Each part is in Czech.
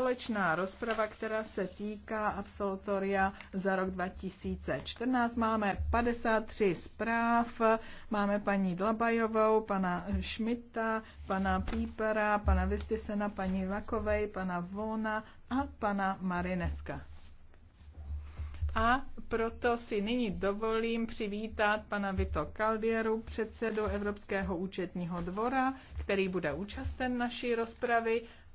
společná rozprava, která se týká absolutoria za rok 2014. Máme 53 zpráv, máme paní Dlabajovou, pana Šmita, pana Pípera, pana Vistisena, paní Vakovej, pana Vona a pana Marineska. A proto si nyní dovolím přivítat pana Vito Caldieru, předsedu Evropského účetního dvora, který bude účasten naší rozpravy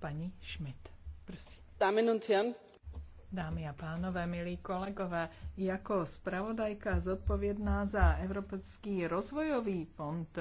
Paní Schmidt, prosím. Dámy Dámy a pánové, milí kolegové, jako zpravodajka zodpovědná za Evropský rozvojový fond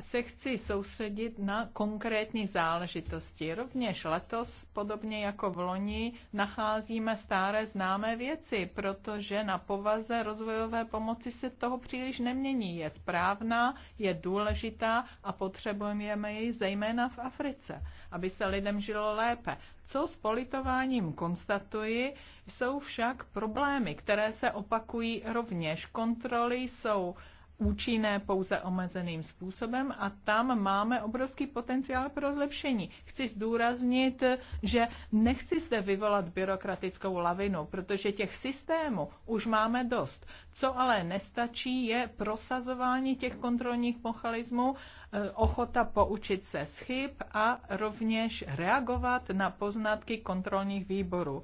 se chci soustředit na konkrétní záležitosti. Rovněž letos, podobně jako v loni, nacházíme staré známé věci, protože na povaze rozvojové pomoci se toho příliš nemění. Je správná, je důležitá a potřebujeme ji zejména v Africe, aby se lidem žilo lépe. Co s politováním konstatuji, jsou však problémy, které se opakují rovněž. Kontroly jsou účinné pouze omezeným způsobem a tam máme obrovský potenciál pro zlepšení. Chci zdůraznit, že nechci zde vyvolat byrokratickou lavinu, protože těch systémů už máme dost. Co ale nestačí, je prosazování těch kontrolních mechanismů, eh, ochota poučit se z chyb a rovněž reagovat na poznatky kontrolních výborů.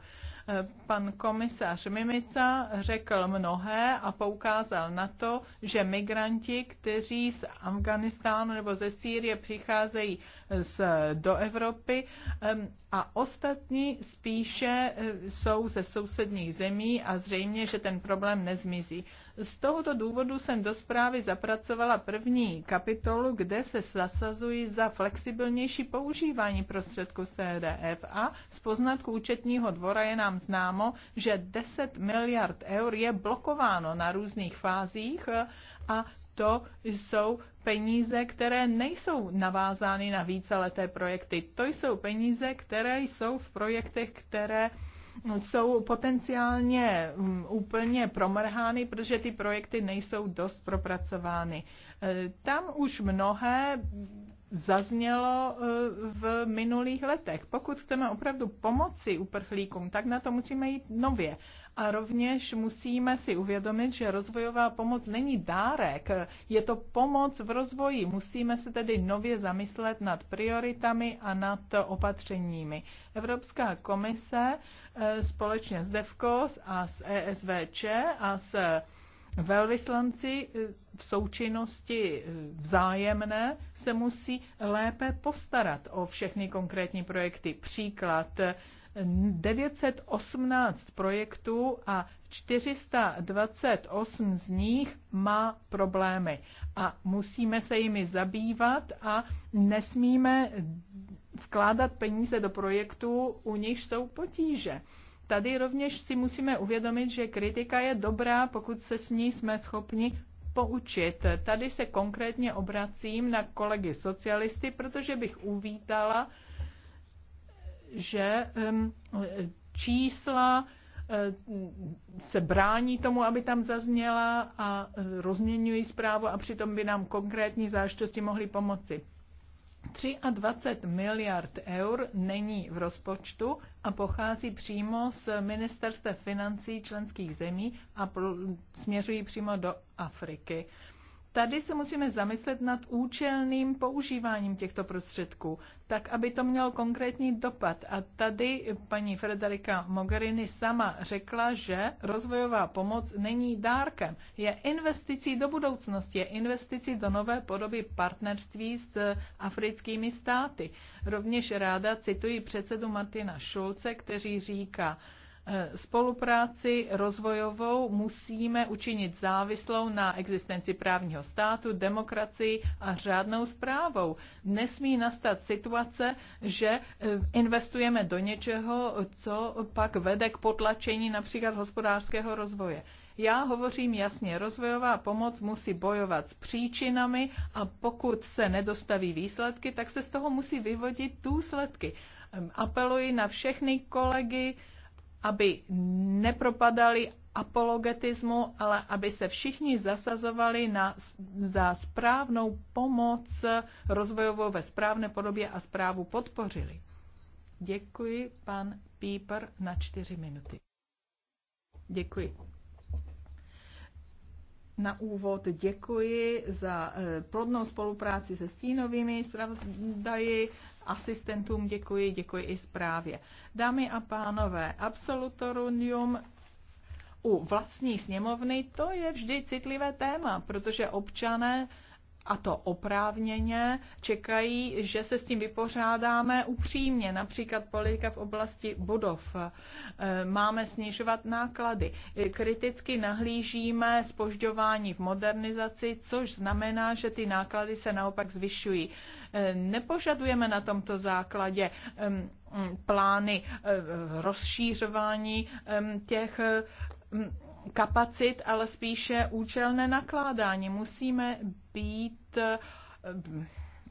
Eh, pan komisař Mimica řekl mnohé a poukázal na to, že migranti, kteří z Afganistánu nebo ze Sýrie přicházejí z, do Evropy a ostatní spíše eh, jsou ze sousedních zemí a zřejmě, že ten problém nezmizí. Z tohoto důvodu jsem do zprávy zapracovala první kapitolu, kde se zasazují za flexibilnější používání prostředků CDF a z poznatku účetního dvora je nám známo, že 10 miliard eur je blokováno na různých fázích a to jsou peníze, které nejsou navázány na víceleté projekty. To jsou peníze, které jsou v projektech, které jsou potenciálně mm, úplně promrhány, protože ty projekty nejsou dost propracovány. E, tam už mnohé zaznělo e, v minulých letech. Pokud chceme opravdu pomoci uprchlíkům, tak na to musíme jít nově. A rovněž musíme si uvědomit, že rozvojová pomoc není dárek, je to pomoc v rozvoji. Musíme se tedy nově zamyslet nad prioritami a nad opatřeními. Evropská komise eh, společně s DEVKOS a s ESVČ a s eh, velvyslanci eh, v součinnosti vzájemné se musí lépe postarat o všechny konkrétní projekty. Příklad 918 projektů a 428 z nich má problémy a musíme se jimi zabývat a nesmíme vkládat peníze do projektů, u nichž jsou potíže. Tady rovněž si musíme uvědomit, že kritika je dobrá, pokud se s ní jsme schopni poučit. Tady se konkrétně obracím na kolegy socialisty, protože bych uvítala, že čísla se brání tomu, aby tam zazněla a eh, rozměňují zprávu a přitom by nám konkrétní záležitosti mohly pomoci. 23 miliard eur není v rozpočtu a pochází přímo z ministerstva financí členských zemí a směřují přímo do Afriky. Tady se musíme zamyslet nad účelným používáním těchto prostředků, tak aby to mělo konkrétní dopad. A tady paní Frederika Mogherini sama řekla, že rozvojová pomoc není dárkem, je investicí do budoucnosti, je investicí do nové podoby partnerství s africkými státy. Rovněž ráda cituji předsedu Martina Šulce, který říká, Eh, spolupráci rozvojovou musíme učinit závislou na existenci právního státu, demokracii a řádnou zprávou. Nesmí nastat situace, že eh, investujeme do něčeho, co pak vede k potlačení například hospodářského rozvoje. Já hovořím jasně, rozvojová pomoc musí bojovat s příčinami a pokud se nedostaví výsledky, tak se z toho musí vyvodit důsledky. Ehm, apeluji na všechny kolegy, aby nepropadali apologetismu, ale aby se všichni zasazovali na, za správnou pomoc rozvojovou ve správné podobě a zprávu podpořili. Děkuji, pan Píper, na čtyři minuty. Děkuji. Na úvod děkuji za eh, plodnou spolupráci se stínovými zpravodaji asistentům děkuji, děkuji i zprávě. Dámy a pánové, absolutorium u vlastní sněmovny, to je vždy citlivé téma, protože občané a to oprávněně, čekají, že se s tím vypořádáme upřímně. Například politika v oblasti budov. E, máme snižovat náklady. E, kriticky nahlížíme spožďování v modernizaci, což znamená, že ty náklady se naopak zvyšují. E, nepožadujeme na tomto základě plány rozšířování těch kapacit, ale spíše účelné nakládání. Musíme být eh,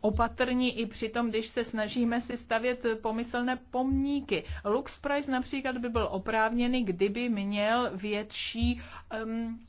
opatrní i přitom, když se snažíme si stavět pomyslné pomníky. Lux Price například by byl oprávněný, kdyby měl větší um,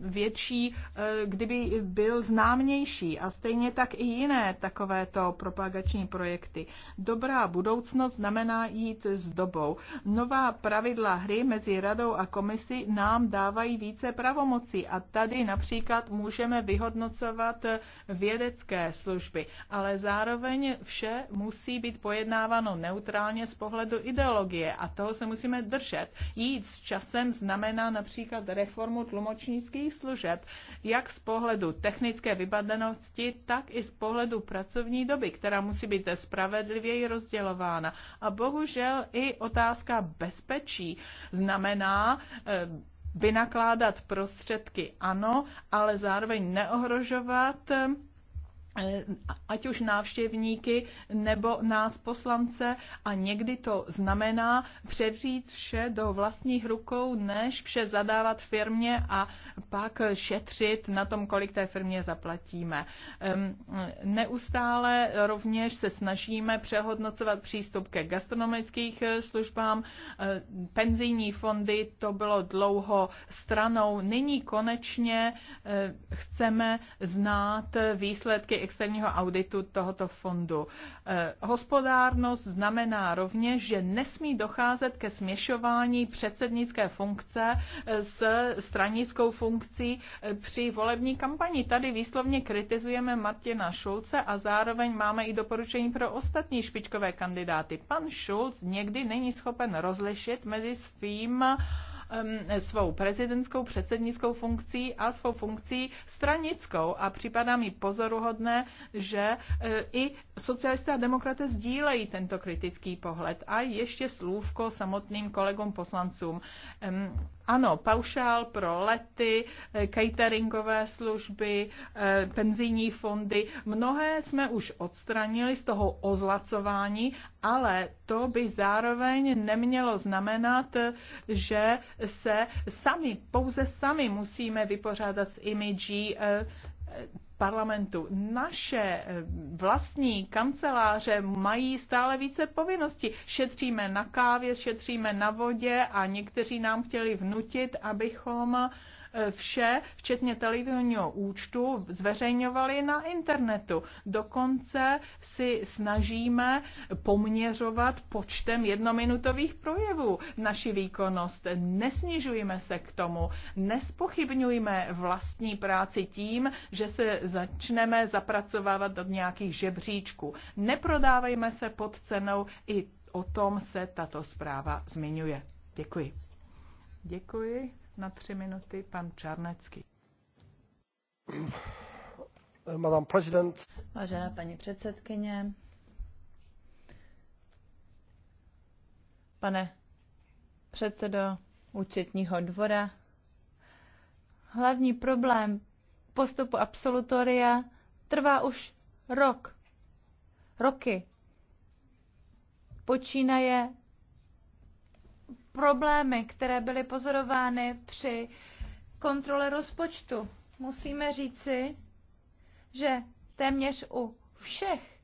větší, eh, kdyby byl známější a stejně tak i jiné takovéto propagační projekty. Dobrá budoucnost znamená jít s dobou. Nová pravidla hry mezi radou a komisi nám dávají více pravomocí a tady například můžeme vyhodnocovat eh, vědecké služby, ale zároveň vše musí být pojednáváno neutrálně z pohledu ideologie a toho se musíme držet. Jít s časem znamená například reformu tlum tlumočnických služeb, jak z pohledu technické vybavenosti, tak i z pohledu pracovní doby, která musí být spravedlivěji rozdělována. A bohužel i otázka bezpečí znamená eh, vynakládat prostředky ano, ale zároveň neohrožovat eh, ať už návštěvníky nebo nás poslance a někdy to znamená převzít vše do vlastních rukou, než vše zadávat firmě a pak šetřit na tom, kolik té firmě zaplatíme. Neustále rovněž se snažíme přehodnocovat přístup ke gastronomických eh, službám. Eh, penzijní fondy to bylo dlouho stranou. Nyní konečně eh, chceme znát výsledky externího auditu tohoto fondu. Eh, hospodárnost znamená rovněž, že nesmí docházet ke směšování předsednické funkce eh, s stranickou funkcí eh, při volební kampani. Tady výslovně kritizujeme Martina Šulce a zároveň máme i doporučení pro ostatní špičkové kandidáty. Pan Šulc někdy není schopen rozlišit mezi svým uh, Um, svou prezidentskou předsednickou funkcí a svou funkcí stranickou. A připadá mi pozoruhodné, že uh, i socialisté a demokraté sdílejí tento kritický pohled. A ještě slůvko samotným kolegům poslancům. Um, ano, paušál pro lety, eh, cateringové služby, eh, penzijní fondy. Mnohé jsme už odstranili z toho ozlacování, ale to by zároveň nemělo znamenat, že se sami, pouze sami musíme vypořádat s imidží eh, parlamentu. Naše eh, vlastní kanceláře mají stále více povinností. Šetříme na kávě, šetříme na vodě a někteří nám chtěli vnutit, abychom vše, včetně televizního účtu, zveřejňovali na internetu. Dokonce si snažíme poměřovat počtem jednominutových projevů naši výkonnost. Nesnižujeme se k tomu, nespochybňujme vlastní práci tím, že se začneme zapracovávat do nějakých žebříčků. Neprodávejme se pod cenou, i o tom se tato zpráva zmiňuje. Děkuji. Děkuji na tři minuty pan Čarnecký. President. Vážená paní předsedkyně, pane předsedo účetního dvora, hlavní problém postupu absolutoria trvá už rok. Roky. Počínaje problémy, které byly pozorovány při kontrole rozpočtu. Musíme říci, že téměř u všech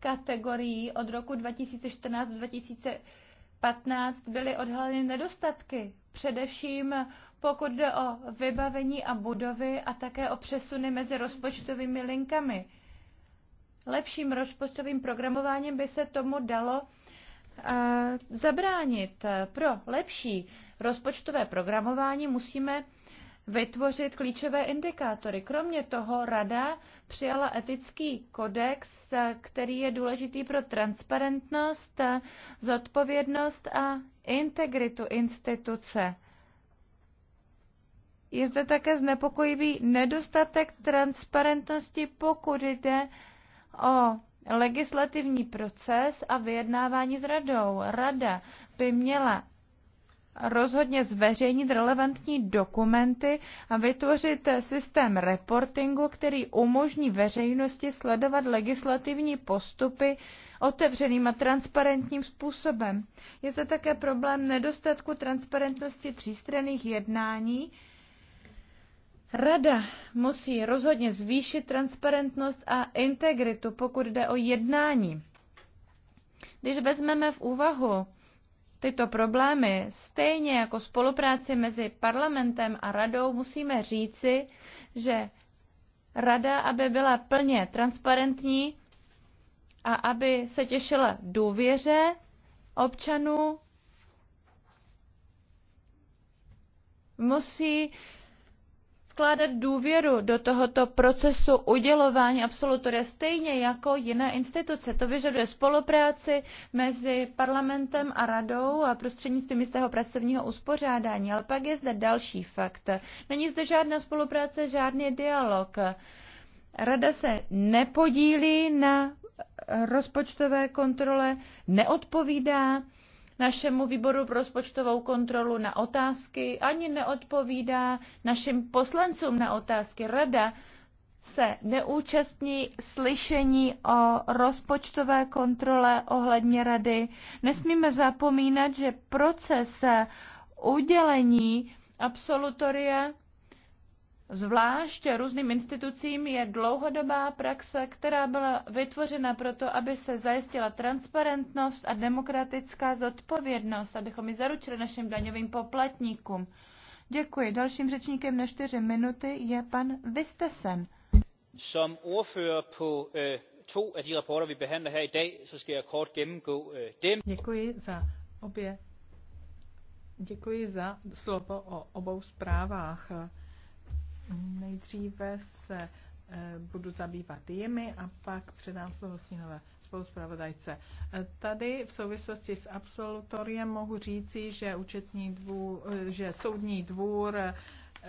kategorií od roku 2014 do 2015 byly odhaleny nedostatky, především pokud jde o vybavení a budovy a také o přesuny mezi rozpočtovými linkami. Lepším rozpočtovým programováním by se tomu dalo zabránit. Eh, pro lepší rozpočtové programování musíme vytvořit klíčové indikátory. Kromě toho rada přijala etický kodex, eh, který je důležitý pro transparentnost, eh, zodpovědnost a integritu instituce. Je zde také znepokojivý nedostatek transparentnosti, pokud jde o legislativní proces a vyjednávání s radou. Rada by měla rozhodně zveřejnit relevantní dokumenty a vytvořit systém reportingu, který umožní veřejnosti sledovat legislativní postupy otevřeným a transparentním způsobem. Je zde také problém nedostatku transparentnosti třístranných jednání Rada musí rozhodně zvýšit transparentnost a integritu, pokud jde o jednání. Když vezmeme v úvahu tyto problémy, stejně jako spolupráci mezi parlamentem a radou, musíme říci, že rada, aby byla plně transparentní a aby se těšila důvěře občanů, musí vkládat důvěru do tohoto procesu udělování absolutoria stejně jako jiné instituce. To vyžaduje spolupráci mezi parlamentem a radou a prostřednictvím jistého pracovního uspořádání. Ale pak je zde další fakt. Není zde žádná spolupráce, žádný dialog. Rada se nepodílí na rozpočtové kontrole, neodpovídá našemu výboru pro rozpočtovou kontrolu na otázky, ani neodpovídá našim poslancům na otázky. Rada se neúčastní slyšení o rozpočtové kontrole ohledně rady. Nesmíme zapomínat, že proces udělení absolutoria Zvlášť různým institucím je dlouhodobá praxe, která byla vytvořena proto, aby se zajistila transparentnost a demokratická zodpovědnost, abychom ji zaručili našim daňovým poplatníkům. Děkuji. Dalším řečníkem na čtyři minuty je pan Vistesen. Som ordfører på øh, to af de rapporter, vi behandler her i dag, så skal jeg kort gennemgå øh, dem. Děkuji za obě. Děkuji za slovo o obou zprávách. Nejdříve se eh, budu zabývat jimi a pak předám slovo Stínové spoluzpravodajce. Eh, tady v souvislosti s absolutoriem mohu říci, že, účetní dvůr, eh, že soudní dvůr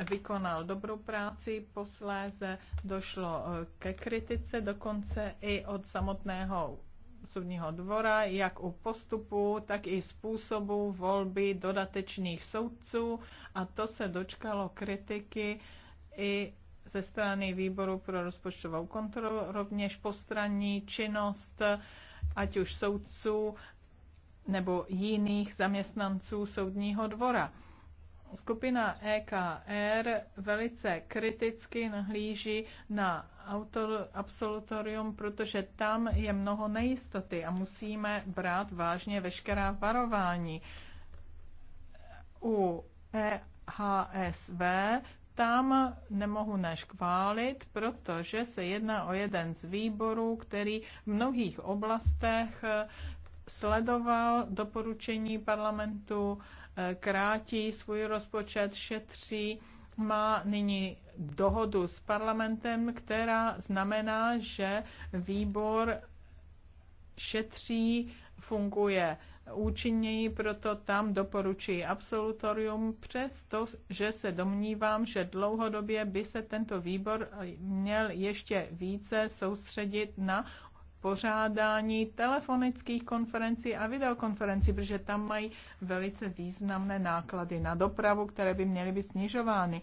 vykonal dobrou práci, posléze došlo ke kritice, dokonce i od samotného soudního dvora, jak u postupu, tak i způsobu volby dodatečných soudců a to se dočkalo kritiky i ze strany výboru pro rozpočtovou kontrolu, rovněž postranní činnost, ať už soudců nebo jiných zaměstnanců soudního dvora. Skupina EKR velice kriticky nahlíží na autor, absolutorium, protože tam je mnoho nejistoty a musíme brát vážně veškerá varování. U EHSV tam nemohu než kválit, protože se jedná o jeden z výborů, který v mnohých oblastech eh, sledoval doporučení parlamentu, eh, krátí svůj rozpočet, šetří, má nyní dohodu s parlamentem, která znamená, že výbor šetří, funguje účinněji, proto tam doporučuji absolutorium, přesto, že se domnívám, že dlouhodobě by se tento výbor měl ještě více soustředit na pořádání telefonických konferencí a videokonferencí, protože tam mají velice významné náklady na dopravu, které by měly být snižovány.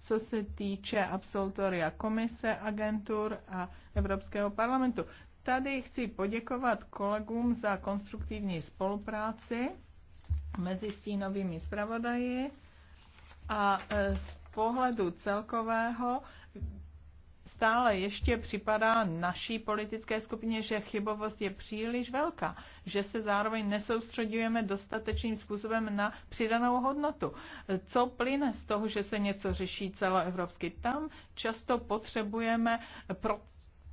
Co se týče absolutoria komise, agentur a Evropského parlamentu, Tady chci poděkovat kolegům za konstruktivní spolupráci mezi stínovými zpravodaji a e, z pohledu celkového stále ještě připadá naší politické skupině, že chybovost je příliš velká, že se zároveň nesoustředujeme dostatečným způsobem na přidanou hodnotu. Co plyne z toho, že se něco řeší celoevropsky? Tam často potřebujeme pro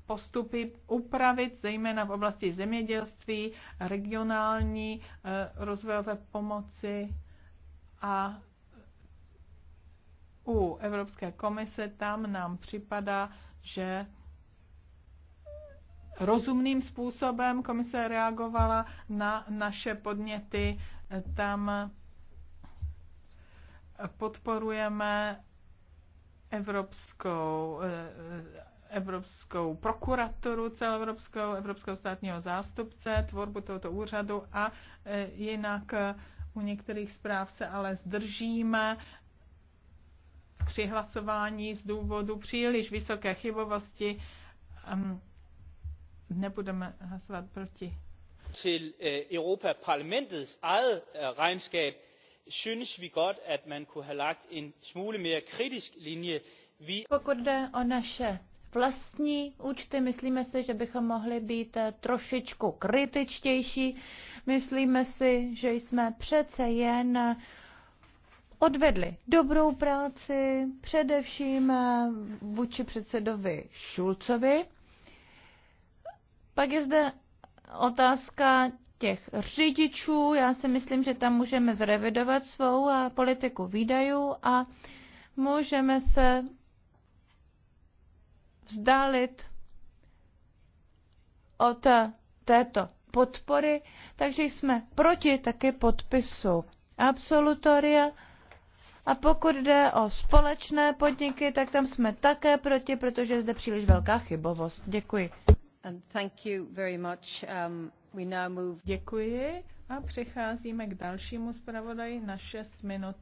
postupy upravit, zejména v oblasti zemědělství, regionální eh, rozvojové pomoci a u Evropské komise tam nám připadá, že rozumným způsobem komise reagovala na naše podněty. Tam podporujeme evropskou eh, eh, Evropskou prokuraturu celoevropskou, Evropského státního zástupce, tvorbu tohoto úřadu a e, jinak e, u některých zpráv se ale zdržíme při hlasování z důvodu příliš vysoké chybovosti. Nebudeme hlasovat proti. Til e, Europa parlamentets eget regnskab synes vi godt, at man kunne have lagt en smule mere kritisk linje. Vi... Pokud jde o naše vlastní účty. Myslíme si, že bychom mohli být eh, trošičku kritičtější. Myslíme si, že jsme přece jen eh, odvedli dobrou práci, především eh, vůči předsedovi Šulcovi. Pak je zde otázka těch řidičů. Já si myslím, že tam můžeme zrevidovat svou politiku výdajů a můžeme se vzdálit od této podpory, takže jsme proti taky podpisu absolutoria. A pokud jde o společné podniky, tak tam jsme také proti, protože je zde příliš velká chybovost. Děkuji. Um, move... Děkuji a přecházíme k dalšímu zpravodaji na 6 minut.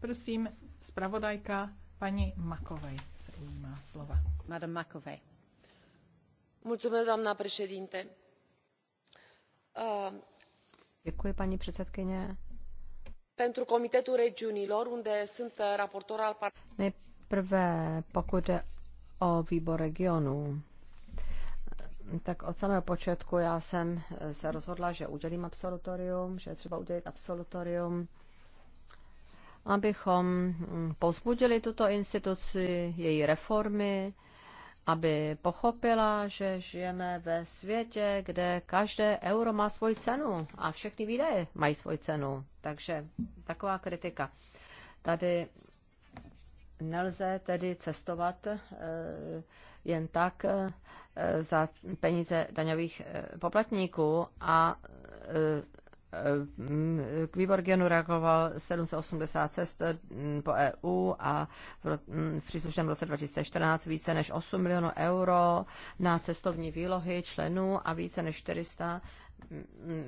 Prosím, zpravodajka paní Makovej. Madam paní předsedkyně. Eh, Nejprve, pokud jde o výbor regionů, tak od samého počátku já jsem eh, se rozhodla, že udělím absolutorium, že je třeba udělit absolutorium abychom mm, pozbudili tuto instituci, její reformy, aby pochopila, že žijeme ve světě, kde každé euro má svoji cenu a všechny výdaje mají svoji cenu. Takže taková kritika. Tady nelze tedy cestovat eh, jen tak eh, za peníze daňových eh, poplatníků a Eh, mm, k Výborgenu reagoval 780 cest eh, mm, po EU a v, mm, v příslušném roce 2014 více než 8 milionů euro na cestovní výlohy členů a více než 400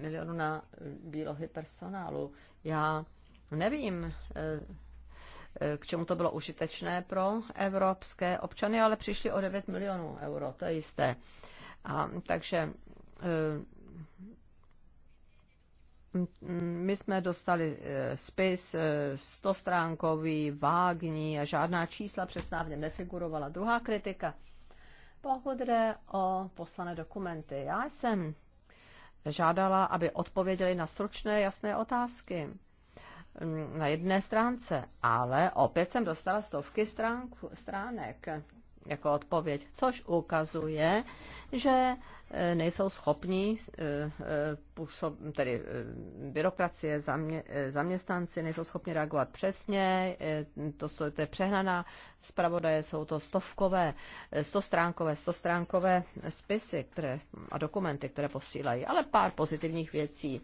milionů na eh, výlohy personálu. Já nevím, k čemu to bylo užitečné pro evropské občany, ale přišli o 9 milionů euro, to je jisté. A, takže my jsme dostali e, spis e, stostránkový, vágní a žádná čísla přesná v něm nefigurovala. Druhá kritika. Pokud jde o poslané dokumenty, já jsem žádala, aby odpověděli na stručné, jasné otázky na jedné stránce, ale opět jsem dostala stovky stránk, stránek jako odpověď, což ukazuje, že e, nejsou schopní, e, e, působ, tedy byrokracie, zamě, zaměstnanci nejsou schopni reagovat přesně, to, jsou, to je přehnaná zpravodaje, jsou to stovkové, stostránkové, stostránkové spisy které, a dokumenty, které posílají, ale pár pozitivních věcí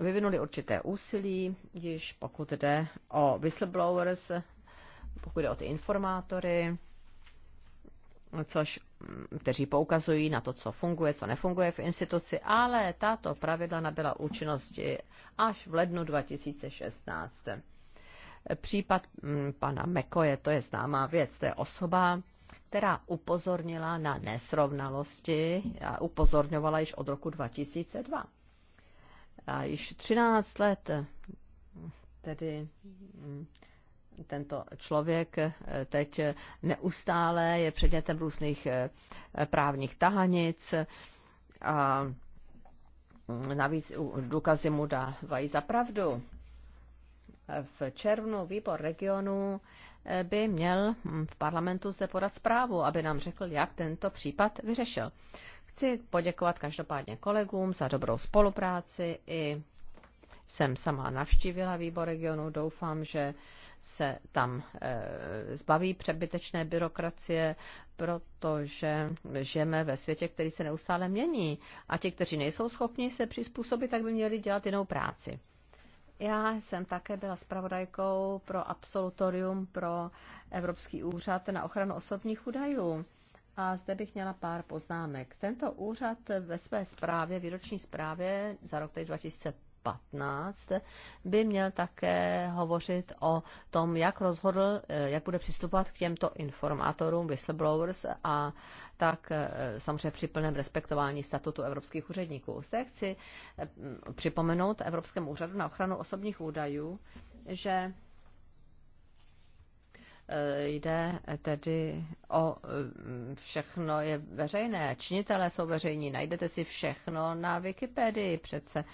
vyvinuli určité úsilí, již pokud jde o whistleblowers, pokud jde o ty informátory, což, mm, kteří poukazují na to, co funguje, co nefunguje v instituci, ale tato pravidla nabyla účinnosti až v lednu 2016. Případ mm, pana Mekoje, to je známá věc, to je osoba, která upozornila na nesrovnalosti a upozorňovala již od roku 2002. A již 13 let mm, tedy tento člověk eh, teď neustále je předmětem různých eh, právních tahanic a mm, navíc důkazy mu dávají za pravdu. V červnu výbor regionu eh, by měl mm, v parlamentu zde podat zprávu, aby nám řekl, jak tento případ vyřešil. Chci poděkovat každopádně kolegům za dobrou spolupráci i jsem sama navštívila výbor regionu. Doufám, že se tam eh, zbaví přebytečné byrokracie, protože žijeme ve světě, který se neustále mění a ti, kteří nejsou schopni se přizpůsobit, tak by měli dělat jinou práci. Já jsem také byla zpravodajkou pro absolutorium pro Evropský úřad na ochranu osobních údajů. A zde bych měla pár poznámek. Tento úřad ve své zprávě, výroční zprávě za rok 2005, 15 by měl také hovořit o tom, jak rozhodl, eh, jak bude přistupovat k těmto informátorům, whistleblowers a tak eh, samozřejmě při plném respektování statutu evropských úředníků. Zde chci eh, připomenout Evropskému úřadu na ochranu osobních údajů, že jde tedy o mm, všechno je veřejné, činitelé jsou veřejní, najdete si všechno na Wikipedii přece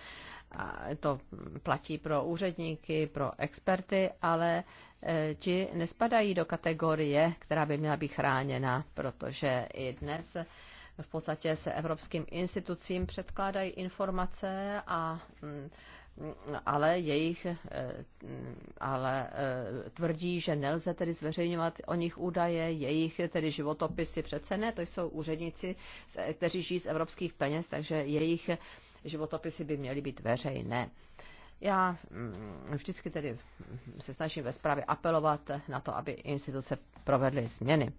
a to platí pro úředníky, pro experty, ale e, ti nespadají do kategorie, která by měla být chráněna, protože i dnes v podstatě se evropským institucím předkládají informace a mm, ale jejich e, ale e, tvrdí, že nelze tedy zveřejňovat o nich údaje, jejich tedy životopisy přece ne, to jsou úředníci, kteří žijí z evropských peněz, takže jejich životopisy by měly být veřejné. Já mm, vždycky tedy se snažím ve zprávě apelovat na to, aby instituce provedly změny.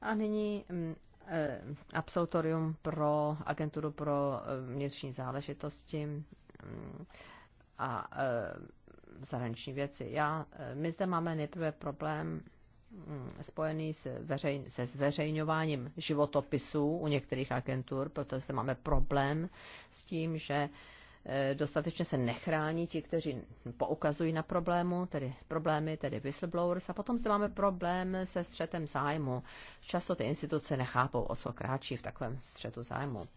A nyní mm, eh, absolutorium pro agenturu pro eh, vnitřní záležitosti mm, a eh, zahraniční věci. Já, my zde máme nejprve problém Mm, spojený se, veřejn, se zveřejňováním životopisů u některých agentur, protože máme problém s tím, že e, dostatečně se nechrání ti, kteří poukazují na problému, tedy problémy, tedy whistleblowers. A potom zde máme problém se střetem zájmu. Často ty instituce nechápou, o co kráčí v takovém střetu zájmu.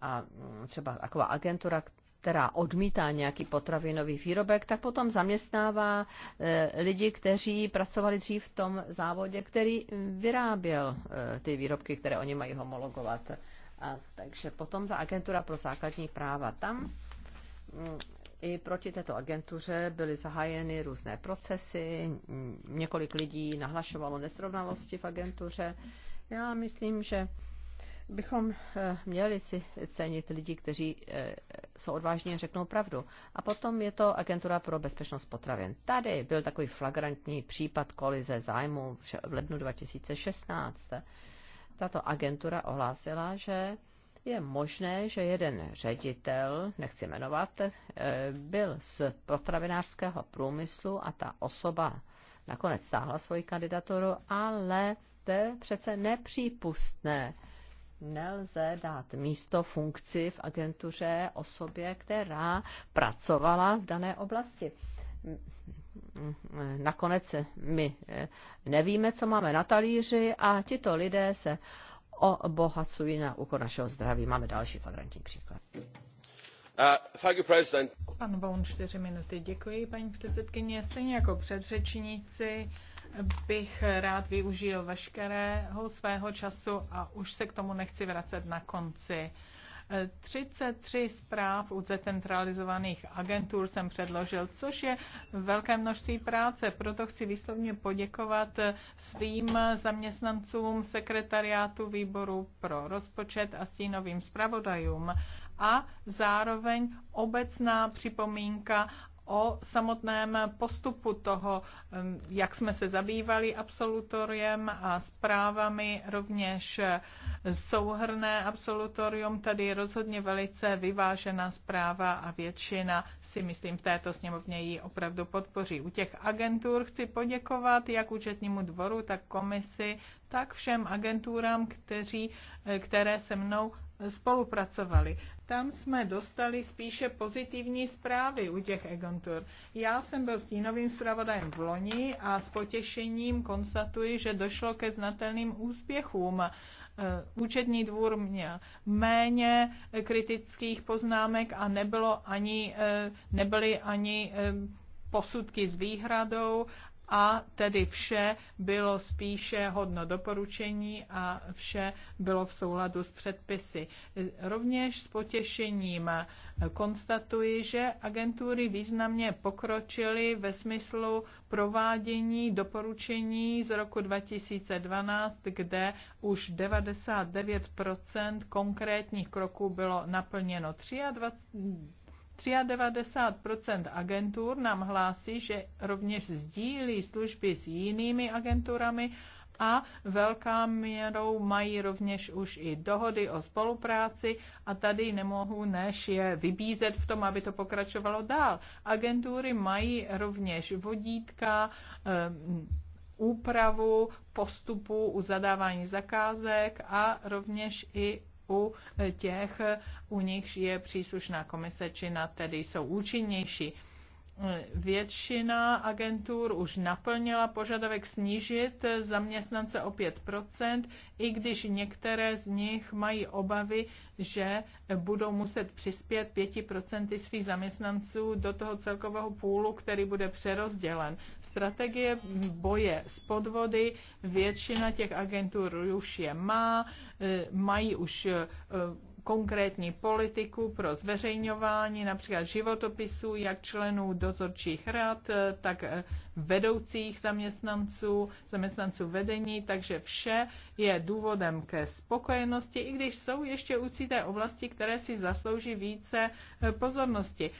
A mm, třeba taková agentura, která odmítá nějaký potravinový výrobek, tak potom zaměstnává eh, lidi, kteří pracovali dřív v tom závodě, který vyráběl eh, ty výrobky, které oni mají homologovat. A takže potom ta agentura pro základní práva tam mm, i proti této agentuře byly zahájeny různé procesy, několik lidí nahlašovalo nesrovnalosti v agentuře. Já myslím, že bychom eh, měli si cenit lidi, kteří eh, jsou odvážní a řeknou pravdu. A potom je to Agentura pro bezpečnost potravin. Tady byl takový flagrantní případ kolize zájmu v lednu 2016. Tato agentura ohlásila, že je možné, že jeden ředitel, nechci jmenovat, eh, byl z potravinářského průmyslu a ta osoba nakonec stáhla svoji kandidaturu, ale to je přece nepřípustné nelze dát místo funkci v agentuře osobě, která pracovala v dané oblasti. Nakonec my eh, nevíme, co máme na talíři a tito lidé se obohacují na úkor našeho zdraví. Máme další flagrantní příklad. Uh, you, President. Pan Boun, čtyři minuty. Děkuji, paní předsedkyně. Stejně jako předřečníci, bych rád využil veškerého svého času a už se k tomu nechci vracet na konci. 33 zpráv u decentralizovaných agentur jsem předložil, což je velké množství práce. Proto chci výslovně poděkovat svým zaměstnancům sekretariátu výboru pro rozpočet a stínovým zpravodajům. A zároveň obecná připomínka o samotném postupu toho, jak jsme se zabývali absolutoriem a zprávami, rovněž souhrné absolutorium, tady je rozhodně velice vyvážená zpráva a většina si myslím v této sněmovně ji opravdu podpoří. U těch agentur chci poděkovat jak účetnímu dvoru, tak komisi, tak všem agenturám, kteří, které se mnou spolupracovali. Tam jsme dostali spíše pozitivní zprávy u těch agentur. Já jsem byl stínovým zpravodajem v loni a s potěšením konstatuji, že došlo ke znatelným úspěchům. E, účetní dvůr měl méně kritických poznámek a nebylo ani, e, nebyly ani e, posudky s výhradou a tedy vše bylo spíše hodno doporučení a vše bylo v souladu s předpisy. Rovněž s potěšením konstatuji, že agentury významně pokročily ve smyslu provádění doporučení z roku 2012, kde už 99 konkrétních kroků bylo naplněno. 23 93 agentur nám hlásí, že rovněž sdílí služby s jinými agenturami a velká měrou mají rovněž už i dohody o spolupráci a tady nemohu než je vybízet v tom, aby to pokračovalo dál. Agentury mají rovněž vodítka, eh, úpravu postupu u zadávání zakázek a rovněž i u těch, u nichž je příslušná komise činná, tedy jsou účinnější. Většina agentur už naplnila požadavek snížit zaměstnance o 5%, i když některé z nich mají obavy, že budou muset přispět 5% svých zaměstnanců do toho celkového půlu, který bude přerozdělen. Strategie boje s podvody většina těch agentur už je má, e, mají už e, konkrétní politiku pro zveřejňování například životopisů jak členů dozorčích rad, eh, tak eh, vedoucích zaměstnanců, zaměstnanců vedení, takže vše je důvodem ke spokojenosti, i když jsou ještě určité oblasti, které si zaslouží více eh, pozornosti.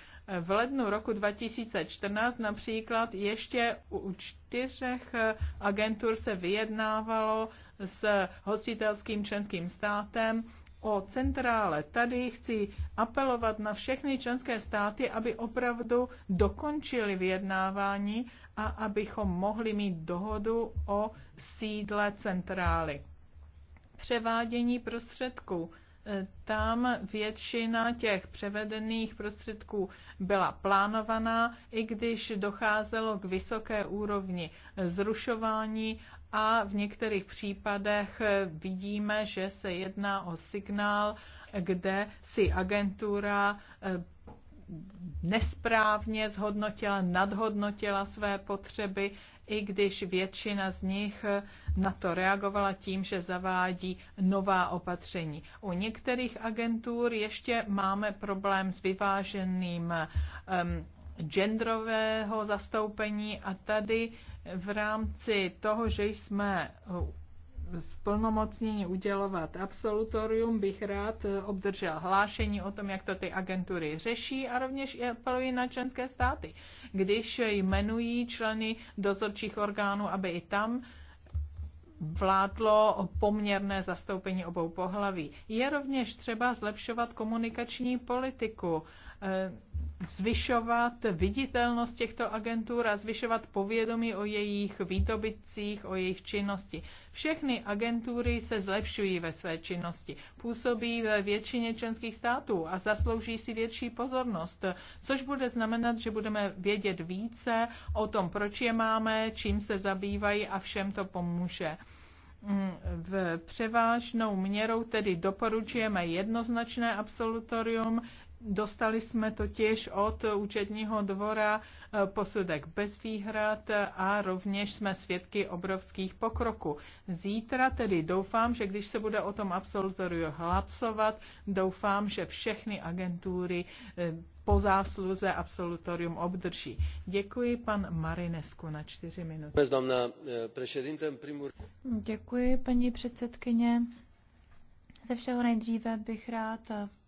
V lednu roku 2014 například ještě u čtyřech agentur se vyjednávalo s hostitelským členským státem o centrále. Tady chci apelovat na všechny členské státy, aby opravdu dokončili vyjednávání a abychom mohli mít dohodu o sídle centrály. Převádění prostředků. E, tam většina těch převedených prostředků byla plánovaná, i když docházelo k vysoké úrovni zrušování a v některých případech vidíme, že se jedná o signál, kde si agentura eh, nesprávně zhodnotila, nadhodnotila své potřeby, i když většina z nich eh, na to reagovala tím, že zavádí nová opatření. U některých agentur ještě máme problém s vyváženým um, genderového zastoupení a tady v rámci toho, že jsme splnomocnění udělovat absolutorium, bych rád obdržel hlášení o tom, jak to ty agentury řeší a rovněž apeluji na členské státy. Když jmenují členy dozorčích orgánů, aby i tam vládlo poměrné zastoupení obou pohlaví. Je rovněž třeba zlepšovat komunikační politiku zvyšovat viditelnost těchto agentur a zvyšovat povědomí o jejich výdobytcích, o jejich činnosti. Všechny agentury se zlepšují ve své činnosti, působí ve většině členských států a zaslouží si větší pozornost, což bude znamenat, že budeme vědět více o tom, proč je máme, čím se zabývají a všem to pomůže mm, v převážnou měrou tedy doporučujeme jednoznačné absolutorium, Dostali jsme totiž od účetního dvora eh, posudek bez výhrad a rovněž jsme svědky obrovských pokroků. Zítra tedy doufám, že když se bude o tom absolutoriu hlasovat, doufám, že všechny agentury eh, po zásluze absolutorium obdrží. Děkuji pan Marinesku na čtyři minuty. Eh, Děkuji paní předsedkyně. Ze všeho nejdříve bych rád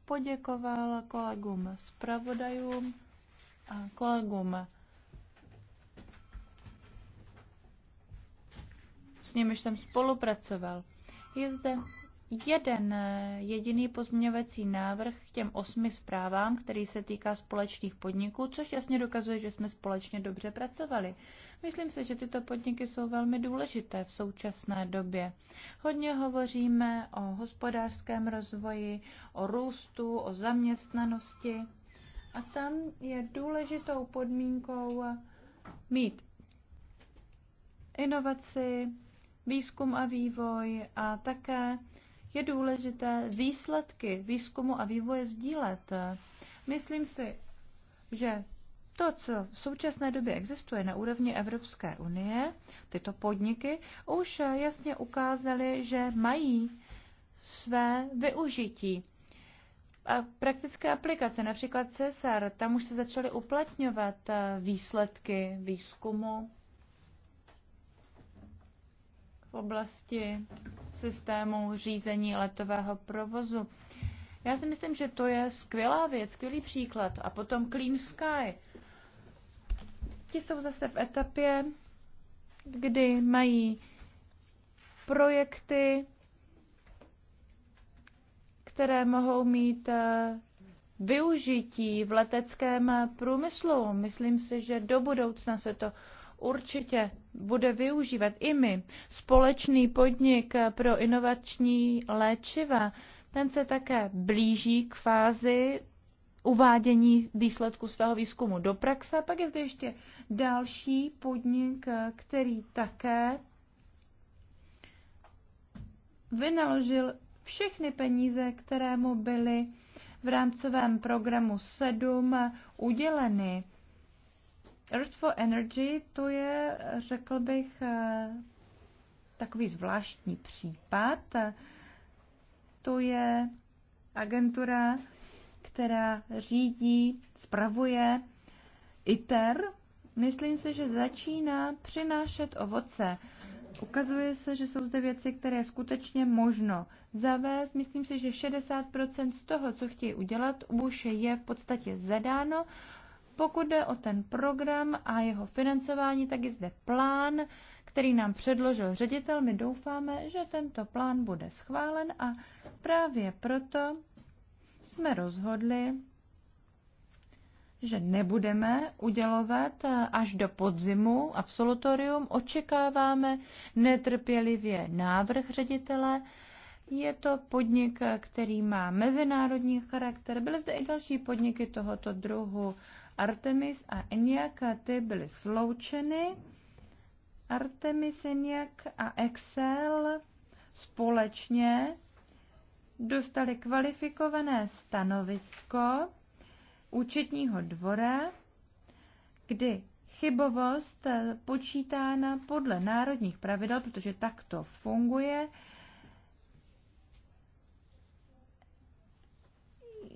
poděkoval kolegům zpravodajům a kolegům, s nimiž jsem spolupracoval. Je zde jeden jediný pozměňovací návrh k těm osmi zprávám, který se týká společných podniků, což jasně dokazuje, že jsme společně dobře pracovali. Myslím si, že tyto podniky jsou velmi důležité v současné době. Hodně hovoříme o hospodářském rozvoji, o růstu, o zaměstnanosti a tam je důležitou podmínkou mít inovaci, výzkum a vývoj a také je důležité výsledky výzkumu a vývoje sdílet. Myslím si, že to, co v současné době existuje na úrovni Evropské unie, tyto podniky už jasně ukázaly, že mají své využití. A praktické aplikace, například CESAR, tam už se začaly uplatňovat eh, výsledky výzkumu v oblasti systému řízení letového provozu. Já si myslím, že to je skvělá věc, skvělý příklad. A potom Clean Sky. Ti jsou zase v etapě, kdy mají projekty, které mohou mít eh, využití v leteckém průmyslu. Myslím si, že do budoucna se to určitě bude využívat i my. Společný podnik pro inovační léčiva, ten se také blíží k fázi uvádění výsledku svého výzkumu do praxe. Pak je zde ještě další podnik, který také vynaložil všechny peníze, které mu byly v rámcovém programu 7 uděleny. Earth for Energy to je, řekl bych, takový zvláštní případ. To je agentura, která řídí, spravuje ITER, myslím si, že začíná přinášet ovoce. Ukazuje se, že jsou zde věci, které je skutečně možno zavést. Myslím si, že 60% z toho, co chtějí udělat, už je v podstatě zadáno. Pokud jde o ten program a jeho financování, tak je zde plán, který nám předložil ředitel. My doufáme, že tento plán bude schválen a právě proto jsme rozhodli, že nebudeme udělovat eh, až do podzimu absolutorium. Očekáváme netrpělivě návrh ředitele. Je to podnik, eh, který má mezinárodní charakter. Byly zde i další podniky tohoto druhu. Artemis a Eniak, eh, ty byly sloučeny. Artemis, Eniak a Excel společně dostali kvalifikované stanovisko účetního dvora, kdy chybovost eh, počítána podle národních pravidel, protože tak to funguje,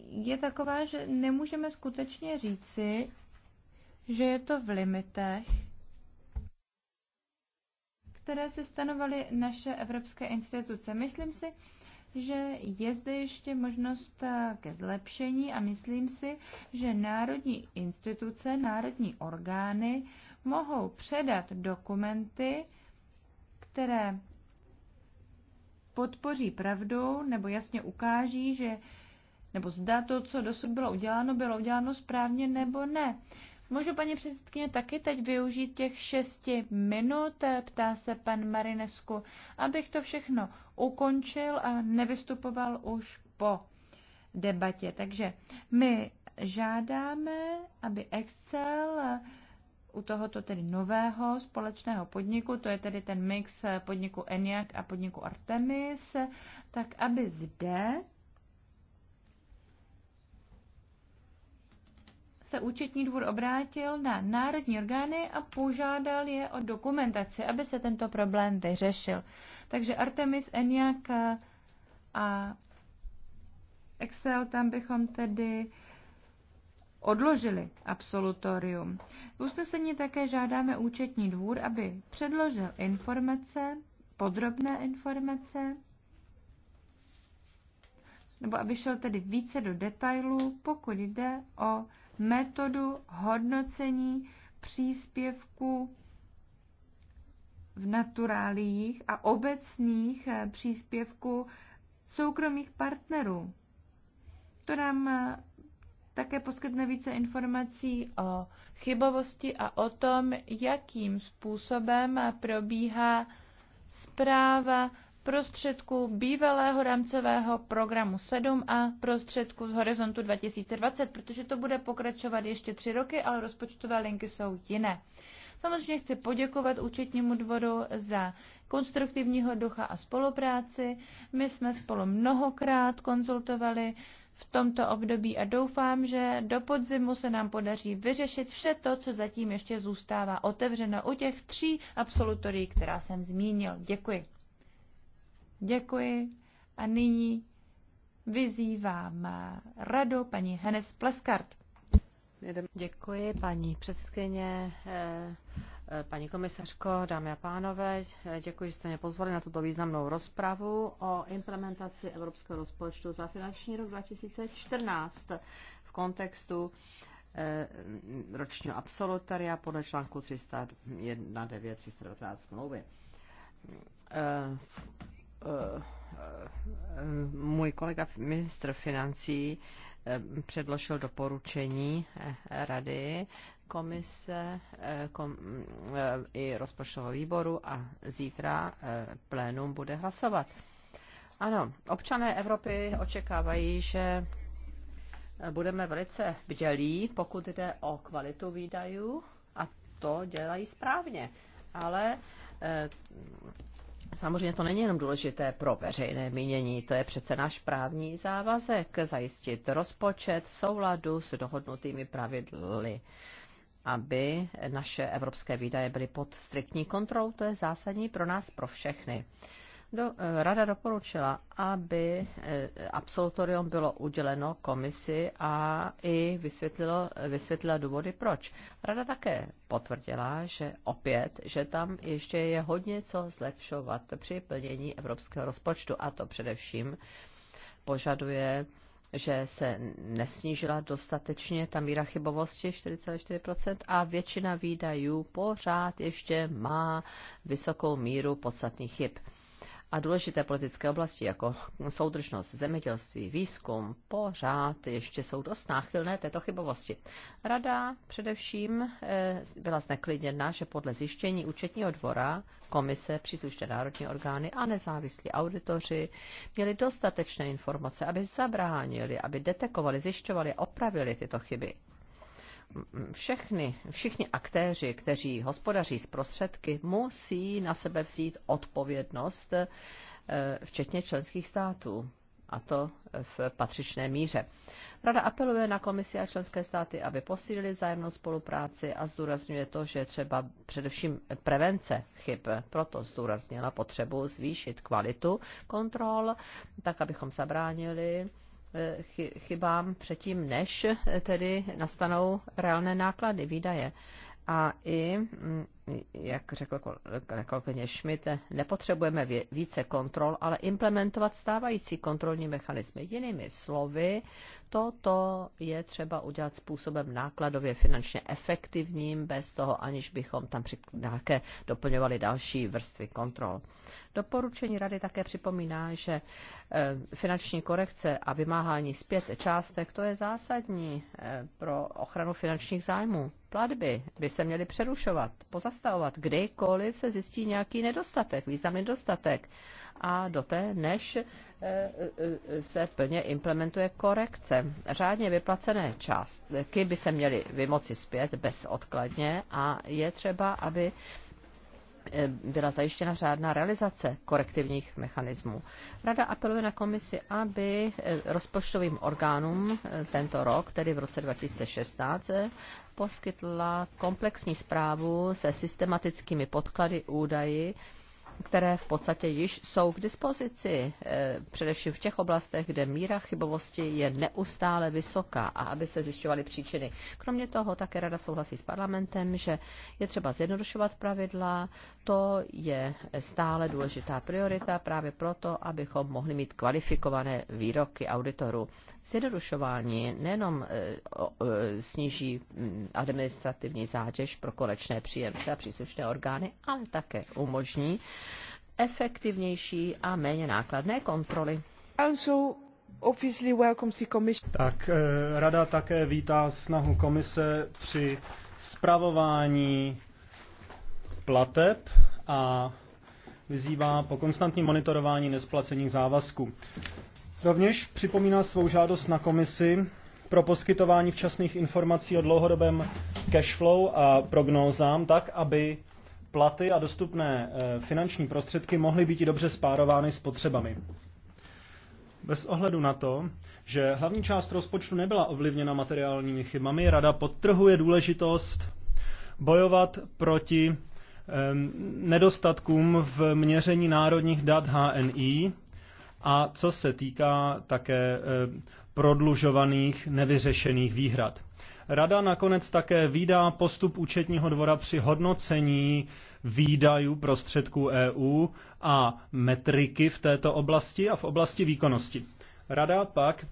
je taková, že nemůžeme skutečně říci, že je to v limitech, které se stanovaly naše evropské instituce. Myslím si, že je zde ještě možnost eh, ke zlepšení a myslím si, že národní instituce, národní orgány mohou předat dokumenty, které podpoří pravdu nebo jasně ukáží, že nebo zda to, co dosud bylo uděláno, bylo uděláno správně nebo ne. Můžu, paní předsedkyně, taky teď využít těch šesti minut, ptá se pan Marinesku, abych to všechno ukončil a nevystupoval už po debatě. Takže my žádáme, aby Excel u tohoto tedy nového společného podniku, to je tedy ten mix podniku ENIAC a podniku Artemis, tak aby zde se účetní dvůr obrátil na národní orgány a požádal je o dokumentaci, aby se tento problém vyřešil. Takže Artemis, Eniak a Excel, tam bychom tedy odložili absolutorium. V usnesení také žádáme účetní dvůr, aby předložil informace, podrobné informace, nebo aby šel tedy více do detailů, pokud jde o metodu hodnocení příspěvků v naturálích a obecných eh, příspěvků soukromých partnerů. To nám eh, také poskytne více informací o chybovosti a o tom, jakým způsobem probíhá zpráva prostředků bývalého rámcového programu 7 a prostředků z horizontu 2020, protože to bude pokračovat ještě tři roky, ale rozpočtové linky jsou jiné. Samozřejmě chci poděkovat účetnímu dvoru za konstruktivního ducha a spolupráci. My jsme spolu mnohokrát konzultovali v tomto období a doufám, že do podzimu se nám podaří vyřešit vše to, co zatím ještě zůstává otevřeno u těch tří absolutorií, která jsem zmínil. Děkuji. Děkuji a nyní vyzývám radu paní Hennes Pleskart. Děkuji, paní předsedkyně, eh, paní komisařko, dámy a pánové. Děkuji, že jste mě pozvali na tuto významnou rozpravu o implementaci evropského rozpočtu za finanční rok 2014 v kontextu eh, ročního absolutaria podle článku 301.9.319 smlouvy. Eh, Eh, eh, můj kolega ministr financí eh, předložil doporučení rady komise kom, i rozpočtového výboru a zítra plénum bude hlasovat. Ano, občané Evropy očekávají, že budeme velice bdělí, pokud jde o kvalitu výdajů a to dělají správně. Ale Samozřejmě to není jenom důležité pro veřejné mínění, to je přece náš právní závazek zajistit rozpočet v souladu s dohodnutými pravidly, aby naše evropské výdaje byly pod striktní kontrolou, to je zásadní pro nás, pro všechny do, eh, rada doporučila, aby eh, absolutorium bylo uděleno komisi a i vysvětlilo, eh, vysvětlila důvody, proč. Rada také potvrdila, že opět, že tam ještě je hodně co zlepšovat při plnění evropského rozpočtu a to především požaduje že se nesnížila dostatečně ta míra chybovosti 4,4% a většina výdajů pořád ještě má vysokou míru podstatných chyb a důležité politické oblasti, jako soudržnost, zemědělství, výzkum, pořád ještě jsou dost náchylné této chybovosti. Rada především eh, byla zneklidněna, že podle zjištění účetního dvora komise, příslušné národní orgány a nezávislí auditoři měli dostatečné informace, aby zabránili, aby detekovali, zjišťovali a opravili tyto chyby všechny, všichni aktéři, kteří hospodaří s prostředky, musí na sebe vzít odpovědnost, eh, včetně členských států, a to v patřičné míře. Rada apeluje na komisi a členské státy, aby posílili vzájemnou spolupráci a zdůrazňuje to, že třeba především prevence chyb. Proto zdůraznila potřebu zvýšit kvalitu kontrol, tak abychom zabránili chybám předtím, než tedy nastanou reálné náklady, výdaje. A i, mm, jak řekl kolegyně Schmidt, nepotřebujeme více kontrol, ale implementovat stávající kontrolní mechanismy. Jinými slovy, toto je třeba udělat způsobem nákladově finančně efektivním, bez toho, aniž bychom tam nějaké doplňovali další vrstvy kontrol. Doporučení rady také připomíná, že eh, finanční korekce a vymáhání zpět částek, to je zásadní eh, pro ochranu finančních zájmů platby by se měly přerušovat, pozastavovat, kdykoliv se zjistí nějaký nedostatek, významný nedostatek. A do té, než eh, eh, eh, se plně implementuje korekce. Řádně vyplacené částky by se měly vymoci zpět bezodkladně a je třeba, aby byla zajištěna řádná realizace korektivních mechanismů. Rada apeluje na komisi, aby eh, rozpočtovým orgánům eh, tento rok, tedy v roce 2016, eh, poskytla komplexní zprávu se systematickými podklady údaji, které v podstatě již jsou k dispozici, eh, především v těch oblastech, kde míra chybovosti je neustále vysoká a aby se zjišťovaly příčiny. Kromě toho také Rada souhlasí s parlamentem, že je třeba zjednodušovat pravidla, to je stále důležitá priorita právě proto, abychom mohli mít kvalifikované výroky auditorů. Zjednodušování nejenom eh, sníží mm, administrativní zátěž pro konečné příjemce a příslušné orgány, ale také umožní efektivnější a méně nákladné kontroly. Tak eh, rada také vítá snahu komise při zpravování plateb a vyzývá po konstantním monitorování nesplacených závazků. Rovněž připomíná svou žádost na komisi pro poskytování včasných informací o dlouhodobém cashflow a prognózám tak, aby platy a dostupné eh, finanční prostředky mohly být dobře spárovány s potřebami. Bez ohledu na to, že hlavní část rozpočtu nebyla ovlivněna materiálními chybami, Rada podtrhuje důležitost bojovat proti eh, nedostatkům v měření národních dat HNI a co se týká také eh, prodlužovaných nevyřešených výhrad. Rada nakonec také výdá postup účetního dvora při hodnocení výdajů prostředků EU a metriky v této oblasti a v oblasti výkonnosti. Rada pak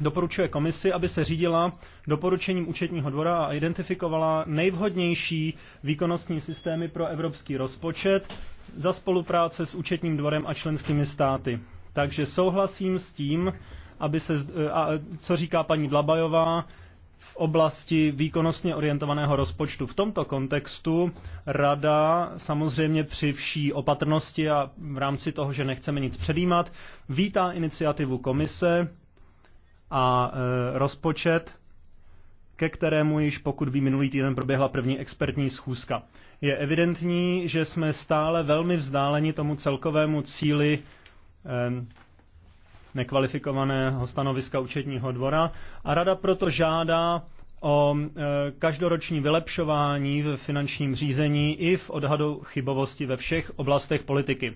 doporučuje komisi, aby se řídila doporučením účetního dvora a identifikovala nejvhodnější výkonnostní systémy pro evropský rozpočet za spolupráce s účetním dvorem a členskými státy. Takže souhlasím s tím, aby se, a, co říká paní Dlabajová, v oblasti výkonnostně orientovaného rozpočtu. V tomto kontextu rada samozřejmě při vší opatrnosti a v rámci toho, že nechceme nic předjímat, vítá iniciativu komise a e, rozpočet, ke kterému již pokud by minulý týden proběhla první expertní schůzka. Je evidentní, že jsme stále velmi vzdáleni tomu celkovému cíli e, nekvalifikovaného stanoviska účetního dvora a rada proto žádá o e, každoroční vylepšování v finančním řízení i v odhadu chybovosti ve všech oblastech politiky.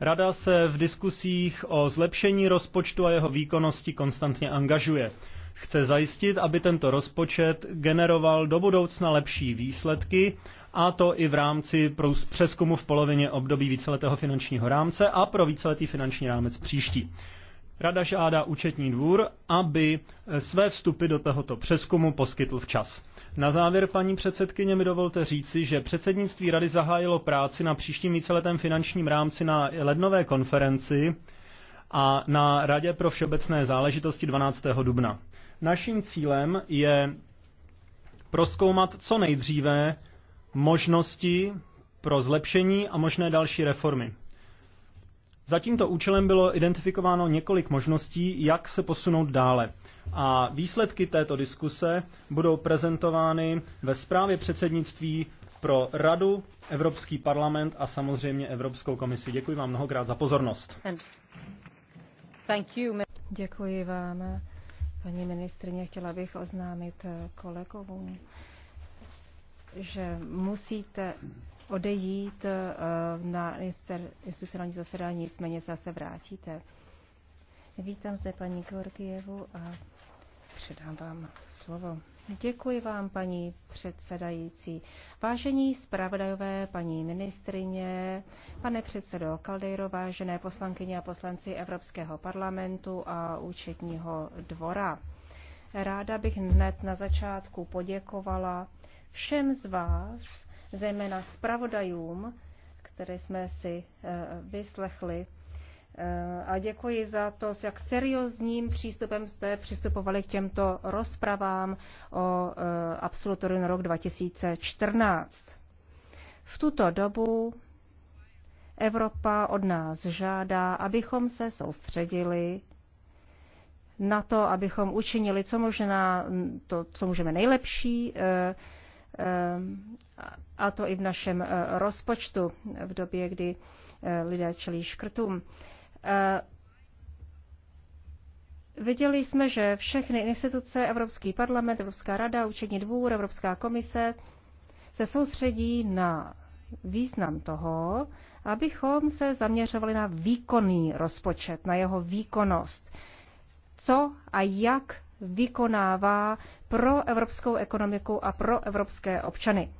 Rada se v diskusích o zlepšení rozpočtu a jeho výkonnosti konstantně angažuje. Chce zajistit, aby tento rozpočet generoval do budoucna lepší výsledky, a to i v rámci přeskumu v polovině období víceletého finančního rámce a pro víceletý finanční rámec příští. Rada žádá účetní dvůr, aby eh, své vstupy do tohoto přeskumu poskytl včas. Na závěr, paní předsedkyně, mi dovolte říci, že předsednictví rady zahájilo práci na příštím víceletém finančním rámci na lednové konferenci a na Radě pro všeobecné záležitosti 12. dubna. Naším cílem je proskoumat co nejdříve možnosti pro zlepšení a možné další reformy. Za tímto účelem bylo identifikováno několik možností, jak se posunout dále. A výsledky této diskuse budou prezentovány ve zprávě předsednictví pro Radu, Evropský parlament a samozřejmě Evropskou komisi. Děkuji vám mnohokrát za pozornost. Děkuji vám, paní ministrině. Chtěla bych oznámit kolegovům, že musíte odejít eh, na institucionální zasedání, nicméně zase vrátíte. Vítám zde paní Georgievu a předám vám slovo. Děkuji vám, paní předsedající. Vážení zpravodajové, paní ministrině, pane předsedo Kaldejro, vážené poslankyně a poslanci Evropského parlamentu a účetního dvora. Ráda bych hned na začátku poděkovala všem z vás, zejména zpravodajům, které jsme si eh, vyslechli. Eh, a děkuji za to, s jak seriózním přístupem jste přistupovali k těmto rozpravám o eh, absolutoriu na rok 2014. V tuto dobu Evropa od nás žádá, abychom se soustředili na to, abychom učinili co možná to, co můžeme nejlepší, Eh, a to i v našem eh, rozpočtu v době, kdy eh, lidé čelí škrtům. Viděli jsme, že všechny instituce, Evropský parlament, Evropská rada, Učení dvůr, Evropská komise, se soustředí na význam toho, abychom se zaměřovali na výkonný rozpočet, na jeho výkonnost. Co a jak vykonává pro evropskou ekonomiku a pro evropské občany.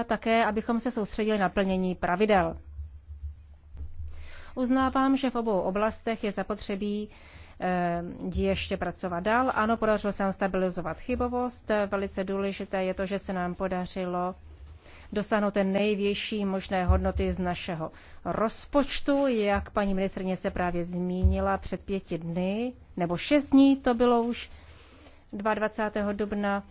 A také, abychom se soustředili na plnění pravidel. Uznávám, že v obou oblastech je zapotřebí eh, ještě pracovat dál. Ano, podařilo se nám stabilizovat chybovost. Velice důležité je to, že se nám podařilo dosáhnout té největší možné hodnoty z našeho rozpočtu, jak paní ministrně se právě zmínila před pěti dny, nebo šest dní to bylo už, 22. dubna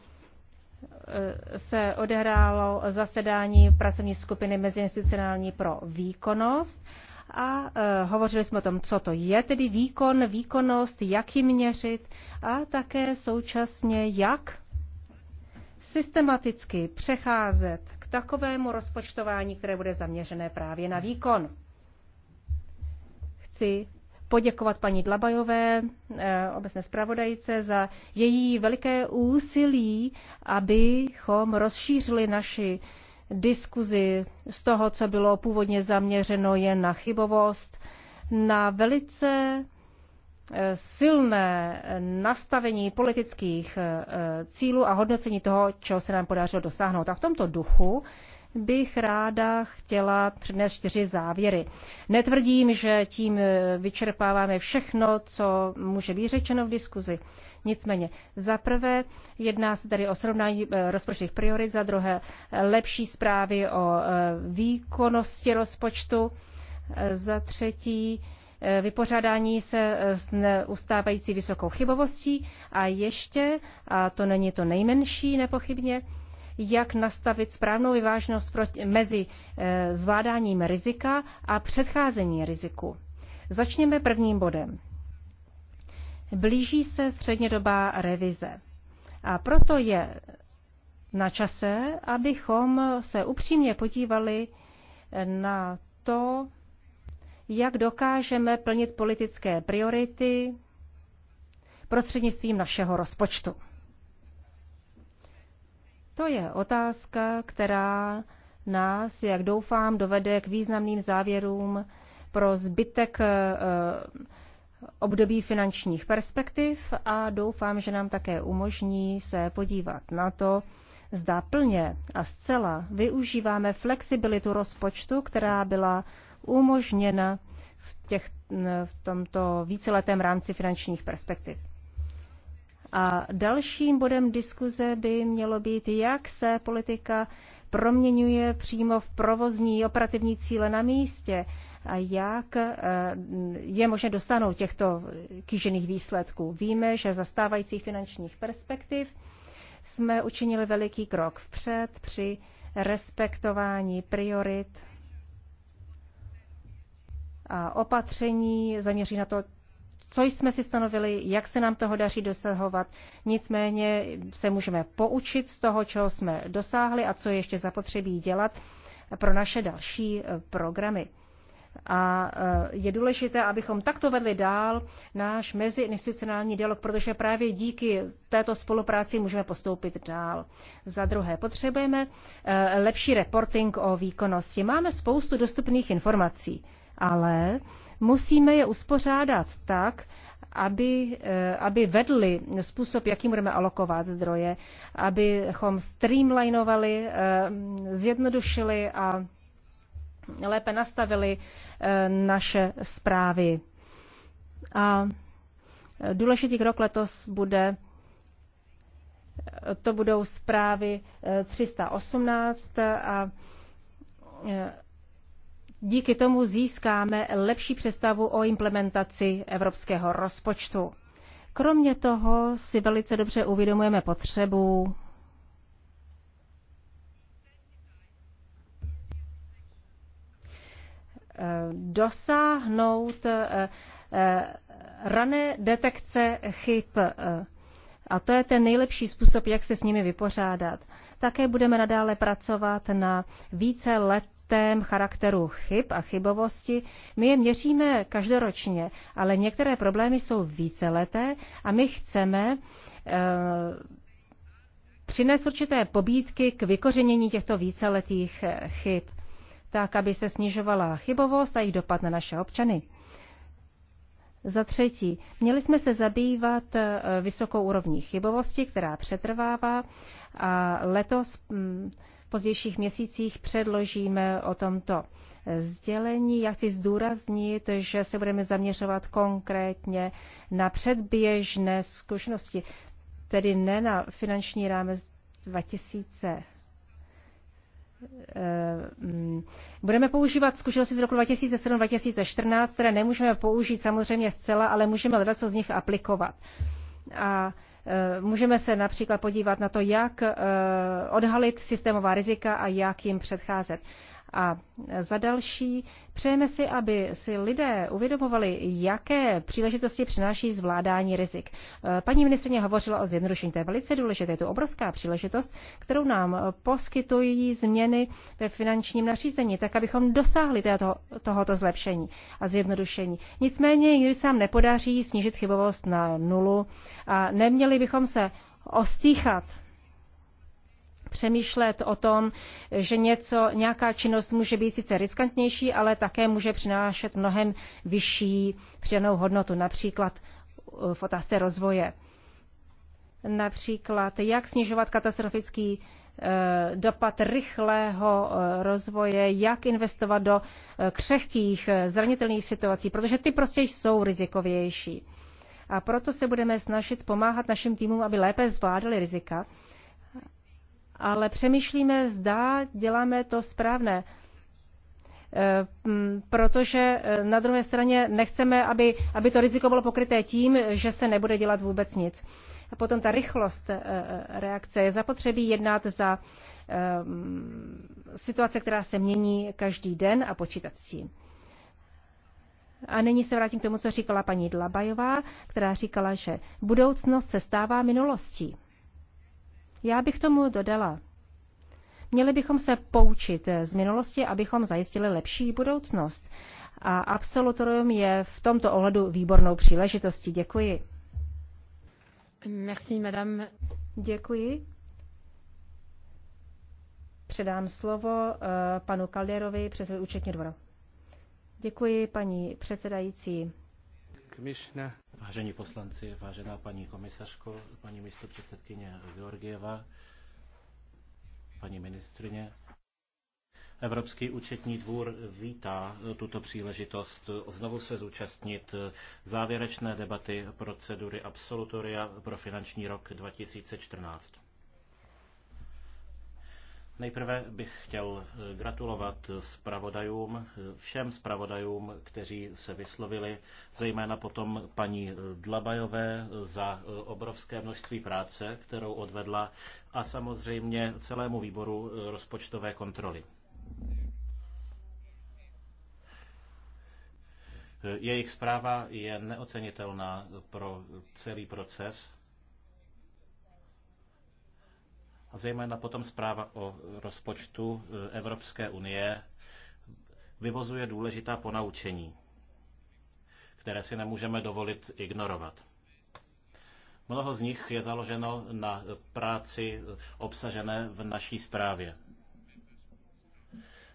eh, se odehrálo zasedání pracovní skupiny meziinstitucionální pro výkonnost a eh, hovořili jsme o tom, co to je tedy výkon, výkonnost, jak ji měřit a také současně jak systematicky přecházet takovému rozpočtování, které bude zaměřené právě na výkon. Chci poděkovat paní Dlabajové, eh, obecné zpravodajce, za její veliké úsilí, abychom rozšířili naši diskuzi z toho, co bylo původně zaměřeno jen na chybovost, na velice silné nastavení politických eh, cílů a hodnocení toho, čeho se nám podařilo dosáhnout. A v tomto duchu bych ráda chtěla přednést čtyři závěry. Netvrdím, že tím eh, vyčerpáváme všechno, co může být řečeno v diskuzi. Nicméně, za prvé jedná se tady o srovnání eh, rozpočtových priorit, za druhé lepší zprávy o výkonnosti rozpočtu, za třetí vypořádání se s neustávající vysokou chybovostí a ještě, a to není to nejmenší nepochybně, jak nastavit správnou vyváženost mezi eh, zvládáním rizika a předcházení riziku. Začněme prvním bodem. Blíží se střednědobá revize. A proto je na čase, abychom se upřímně podívali na to, jak dokážeme plnit politické priority prostřednictvím našeho rozpočtu. To je otázka, která nás, jak doufám, dovede k významným závěrům pro zbytek eh, období finančních perspektiv a doufám, že nám také umožní se podívat na to, zda plně a zcela využíváme flexibilitu rozpočtu, která byla umožněna v, těch, v tomto víceletém rámci finančních perspektiv. A dalším bodem diskuze by mělo být, jak se politika proměňuje přímo v provozní operativní cíle na místě a jak eh, je možné dosáhnout těchto kýžených výsledků. Víme, že za stávajících finančních perspektiv jsme učinili veliký krok vpřed při respektování priorit opatření, zaměří na to, co jsme si stanovili, jak se nám toho daří dosahovat. Nicméně se můžeme poučit z toho, čeho jsme dosáhli a co ještě zapotřebí dělat pro naše další eh, programy. A eh, je důležité, abychom takto vedli dál náš meziinstitucionální dialog, protože právě díky této spolupráci můžeme postoupit dál. Za druhé, potřebujeme eh, lepší reporting o výkonnosti. Máme spoustu dostupných informací ale musíme je uspořádat tak, aby, eh, aby vedli způsob, jakým budeme alokovat zdroje, abychom streamlinovali, eh, zjednodušili a lépe nastavili eh, naše zprávy. A důležitý krok letos bude, to budou zprávy 318 a Díky tomu získáme lepší představu o implementaci evropského rozpočtu. Kromě toho si velice dobře uvědomujeme potřebu dosáhnout eh, eh, rané detekce chyb. A to je ten nejlepší způsob, jak se s nimi vypořádat. Také budeme nadále pracovat na více let systém charakteru chyb a chybovosti. My je měříme každoročně, ale některé problémy jsou víceleté a my chceme e, přinést určité pobídky k vykořenění těchto víceletých eh, chyb, tak aby se snižovala chybovost a jejich dopad na naše občany. Za třetí, měli jsme se zabývat eh, vysokou úrovní chybovosti, která přetrvává a letos mm, pozdějších měsících předložíme o tomto sdělení. Já chci zdůraznit, že se budeme zaměřovat konkrétně na předběžné zkušenosti, tedy ne na finanční rámec 2000 eh, budeme používat zkušenosti z roku 2007-2014, které nemůžeme použít samozřejmě zcela, ale můžeme hledat, co z nich aplikovat. A Eh, můžeme se například podívat na to, jak eh, odhalit systémová rizika a jak jim předcházet. A za další, přejeme si, aby si lidé uvědomovali, jaké příležitosti přináší zvládání rizik. E, paní ministrině hovořila o zjednodušení. To je velice důležité. Je to obrovská příležitost, kterou nám poskytují změny ve finančním nařízení, tak abychom dosáhli této, tohoto zlepšení a zjednodušení. Nicméně, když se nám nepodaří snížit chybovost na nulu, a neměli bychom se ostýchat přemýšlet o tom, že něco, nějaká činnost může být sice riskantnější, ale také může přinášet mnohem vyšší přidanou hodnotu, například eh, v otázce rozvoje. Například, jak snižovat katastrofický eh, dopad rychlého eh, rozvoje, jak investovat do křehkých, zranitelných situací, protože ty prostě jsou rizikovější. A proto se budeme snažit pomáhat našim týmům, aby lépe zvládali rizika ale přemýšlíme, zda děláme to správné. E, protože e, na druhé straně nechceme, aby, aby to riziko bylo pokryté tím, že se nebude dělat vůbec nic. A potom ta rychlost e, reakce je zapotřebí jednat za situace, která se mění každý den a počítat s tím. A nyní se vrátím k tomu, co říkala paní Dlabajová, která říkala, že budoucnost se stává minulostí. Já bych tomu dodala. Měli bychom se poučit z minulosti, abychom zajistili lepší budoucnost. A absolutorium je v tomto ohledu výbornou příležitostí. Děkuji. Merci, madame. Děkuji. Předám slovo eh, panu Kalderovi, předsedu účetní dvora. Děkuji, paní předsedající. Vážení poslanci, vážená paní komisařko, paní místopředsedkyně Georgieva, paní ministrině, Evropský účetní dvůr vítá tuto příležitost znovu se zúčastnit závěrečné debaty procedury absolutoria pro finanční rok 2014. Nejprve bych chtěl eh, gratulovat zpravodajům, eh, všem zpravodajům, kteří se vyslovili, zejména potom paní eh, Dlabajové za obrovské množství práce, kterou odvedla a samozřejmě celému výboru rozpočtové kontroly. Jejich zpráva je neocenitelná pro celý proces a zejména potom zpráva o rozpočtu eh, Evropské unie vyvozuje důležitá ponaučení, které si nemůžeme dovolit ignorovat. Mnoho z nich je založeno na práci eh, obsažené v naší zprávě.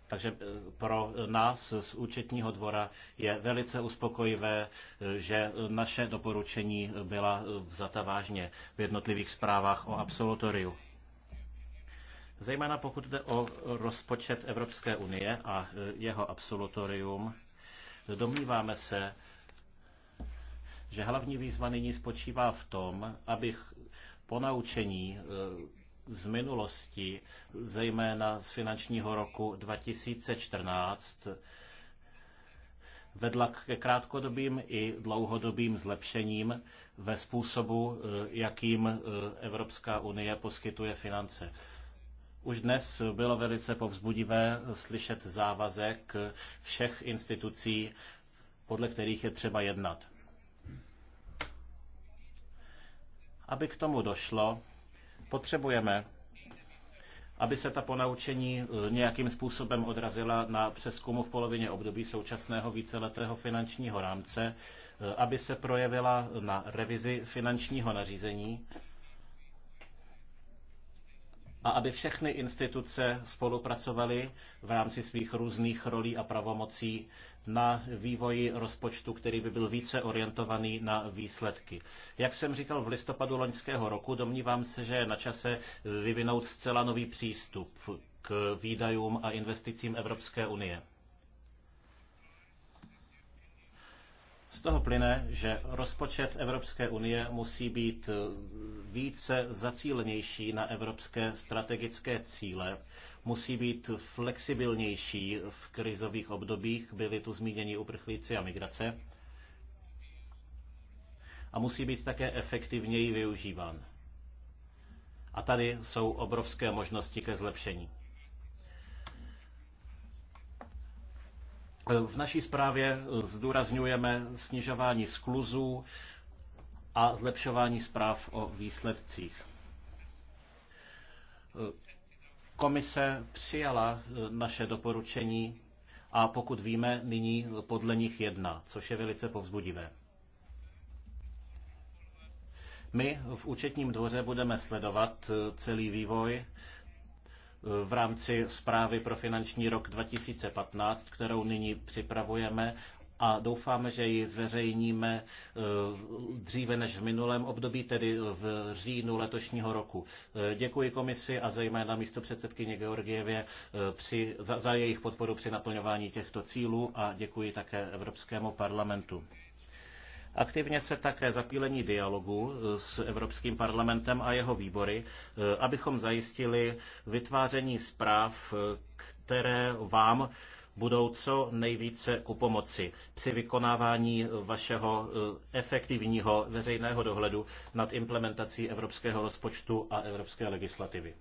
Takže eh, pro nás z účetního dvora je velice uspokojivé, že naše doporučení byla vzata vážně v jednotlivých zprávách o absolutoriu. Zejména pokud jde o rozpočet Evropské unie a e, jeho absolutorium, domníváme se, že hlavní výzva nyní spočívá v tom, abych po naučení e, z minulosti, zejména z finančního roku 2014, vedla k krátkodobým i dlouhodobým zlepšením ve způsobu, e, jakým Evropská unie poskytuje finance. Už dnes bylo velice povzbudivé slyšet závazek všech institucí, podle kterých je třeba jednat. Aby k tomu došlo, potřebujeme, aby se ta ponaučení nějakým způsobem odrazila na přeskumu v polovině období současného víceletého finančního rámce, aby se projevila na revizi finančního nařízení a aby všechny instituce spolupracovaly v rámci svých různých rolí a pravomocí na vývoji rozpočtu, který by byl více orientovaný na výsledky. Jak jsem říkal v listopadu loňského roku, domnívám se, že je na čase vyvinout zcela nový přístup k výdajům a investicím Evropské unie. Z toho plyne, že rozpočet Evropské unie musí být eh, více zacílenější na evropské strategické cíle, musí být flexibilnější v krizových obdobích, byly tu zmíněni uprchlíci a migrace, a musí být také efektivněji využíván. A tady jsou obrovské možnosti ke zlepšení. V naší zprávě zdůrazňujeme snižování skluzů a zlepšování zpráv o výsledcích. Komise přijala naše doporučení a pokud víme, nyní podle nich jedna, což je velice povzbudivé. My v účetním dvoře budeme sledovat celý vývoj v rámci zprávy pro finanční rok 2015, kterou nyní připravujeme a doufáme, že ji zveřejníme eh, dříve než v minulém období, tedy v říjnu letošního roku. Eh, děkuji komisi a zejména místo předsedkyně Georgievě eh, při, za, za jejich podporu při naplňování těchto cílů a děkuji také Evropskému parlamentu. Aktivně se také zapílení dialogu s Evropským parlamentem a jeho výbory, eh, abychom zajistili vytváření zpráv, eh, které vám budou co nejvíce ku pomoci při vykonávání vašeho eh, efektivního veřejného dohledu nad implementací evropského rozpočtu a evropské legislativy.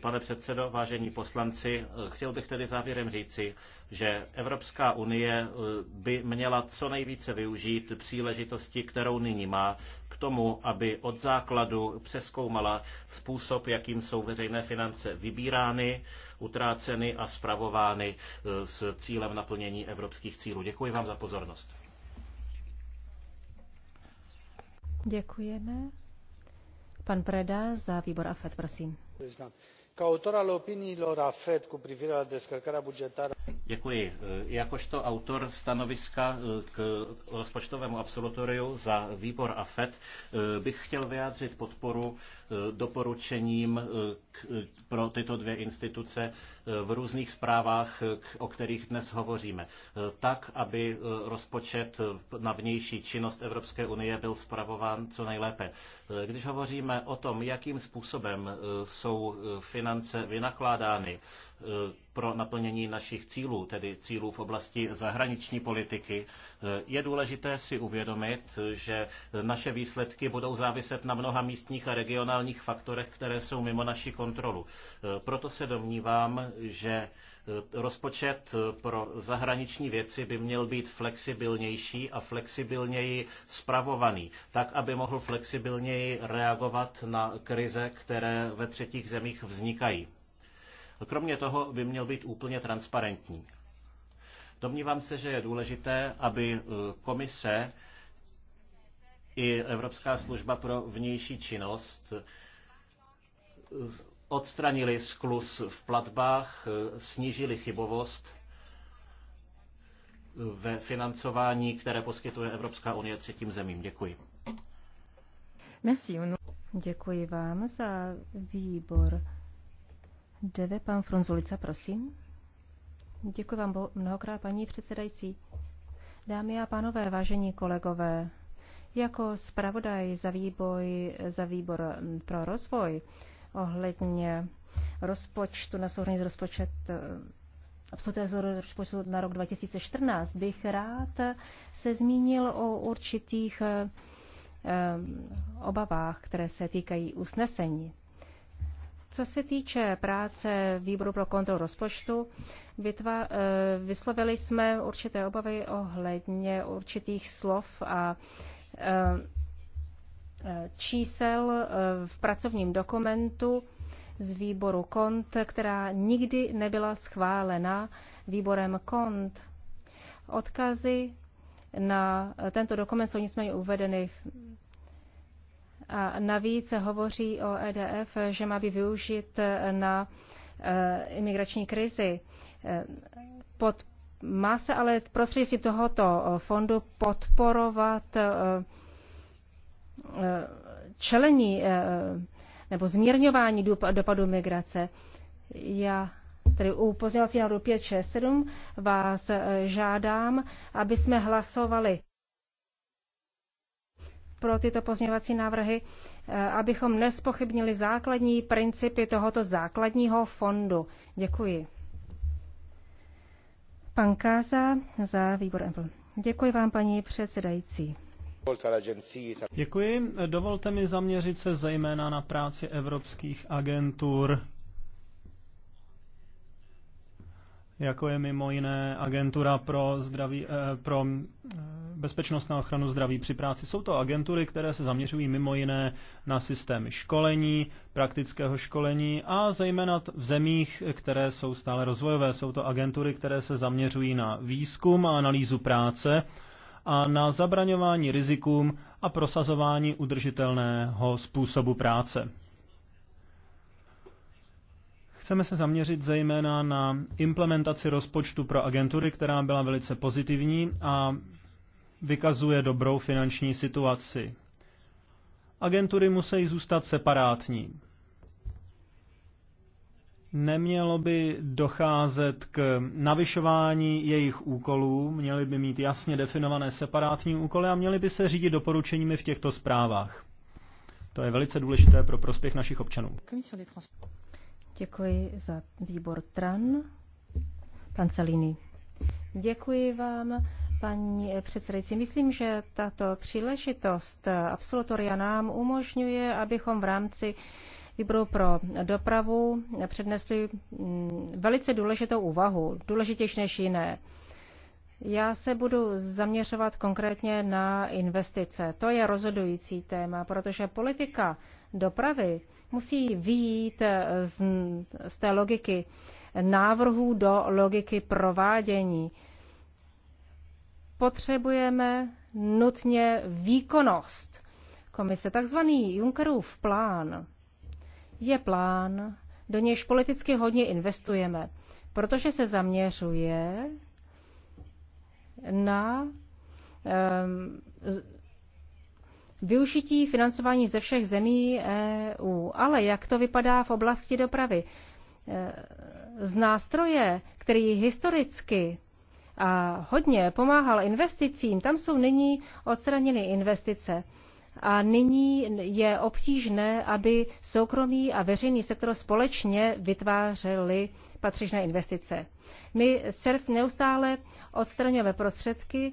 Pane předsedo, vážení poslanci, chtěl bych tedy závěrem říci, že Evropská unie eh, by měla co nejvíce využít příležitosti, kterou nyní má, k tomu, aby od základu přeskoumala způsob, jakým jsou veřejné finance vybírány, utráceny a spravovány eh, s cílem naplnění evropských cílů. Děkuji vám za pozornost. Děkujeme. Pan Preda za výbor AFET, prosím ca autor al opiniilor afet cu privire la descărcarea bugetară. Děkuji. E, jakožto autor stanoviska e, k rozpočtovému absolutoriu za výbor AFET e, bych chtěl vyjádřit podporu doporučením k, pro tyto dvě instituce v různých zprávách, k, o kterých dnes hovoříme. Tak, aby rozpočet na vnější činnost Evropské unie byl spravován co nejlépe. Když hovoříme o tom, jakým způsobem jsou finanční finance vynakládány. Eh, pro naplnění našich cílů, tedy cílů v oblasti zahraniční politiky, eh, je důležité si uvědomit, že naše výsledky budou záviset na mnoha místních a regionálních faktorech, které jsou mimo naši kontrolu. Eh, proto se domnívám, že rozpočet pro zahraniční věci by měl být flexibilnější a flexibilněji spravovaný, tak, aby mohl flexibilněji reagovat na krize, které ve třetích zemích vznikají. Kromě toho by měl být úplně transparentní. Domnívám se, že je důležité, aby eh, komise i Evropská služba pro vnější činnost eh, odstranili sklus v platbách, eh, snížili chybovost ve financování, které poskytuje Evropská unie třetím zemím. Děkuji. Děkuji vám za výbor Deve, pan Fronzulica, prosím. Děkuji vám mnohokrát, paní předsedající. Dámy a pánové, vážení kolegové, jako zpravodaj za, výboj, za výbor pro rozvoj ohledně rozpočtu na souhrný rozpočet e, absolutního rozpočtu na rok 2014 bych rád se zmínil o určitých e, e, obavách, které se týkají usnesení. Co se týče práce výboru pro kontrolu rozpočtu, vytva, eh, vyslovili jsme určité obavy ohledně určitých slov a eh, eh, čísel v pracovním dokumentu z výboru KONT, která nikdy nebyla schválena výborem KONT. Odkazy na tento dokument jsou nicméně uvedeny a navíc hovoří o EDF, že má být využit na eh, imigrační krizi. Eh, pod, má se ale prostřednictvím tohoto eh, fondu podporovat čelení nebo zmírňování dopadu migrace. Já tedy u pozdělací návrhu 567 vás žádám, aby jsme hlasovali pro tyto pozměňovací návrhy, eh, abychom nespochybnili základní principy tohoto základního fondu. Děkuji. Pan Káza za výbor Apple. Děkuji vám, paní předsedající. Děkuji. Dovolte mi zaměřit se zejména na práci evropských agentur jako je mimo jiné agentura pro, zdraví, eh, pro eh, bezpečnost na ochranu zdraví při práci. Jsou to agentury, které se zaměřují mimo jiné na systémy školení, praktického školení a zejména v zemích, které jsou stále rozvojové. Jsou to agentury, které se zaměřují na výzkum a analýzu práce a na zabraňování rizikům a prosazování udržitelného způsobu práce. Chceme se zaměřit zejména na implementaci rozpočtu pro agentury, která byla velice pozitivní a vykazuje dobrou finanční situaci. Agentury musí zůstat separátní. Nemělo by docházet k navyšování jejich úkolů, měly by mít jasně definované separátní úkoly a měly by se řídit doporučeními v těchto zprávách. To je velice důležité pro prospěch našich občanů. Děkuji za výbor TRAN. Pan Salini. Děkuji vám, paní předsedající. Myslím, že tato příležitost absolutoria nám umožňuje, abychom v rámci výboru pro dopravu přednesli mm, velice důležitou úvahu, důležitější než jiné. Já se budu zaměřovat konkrétně na investice. To je rozhodující téma, protože politika dopravy musí výjít z, z té logiky návrhů do logiky provádění. Potřebujeme nutně výkonnost komise. Takzvaný Junckerův plán je plán, do nějž politicky hodně investujeme, protože se zaměřuje na ehm, využití financování ze všech zemí EU. Ale jak to vypadá v oblasti dopravy? E, z nástroje, který historicky a hodně pomáhal investicím, tam jsou nyní odstraněny investice. A nyní je obtížné, aby soukromý a veřejný sektor společně vytvářeli patřičné investice. My SERF neustále odstraňové prostředky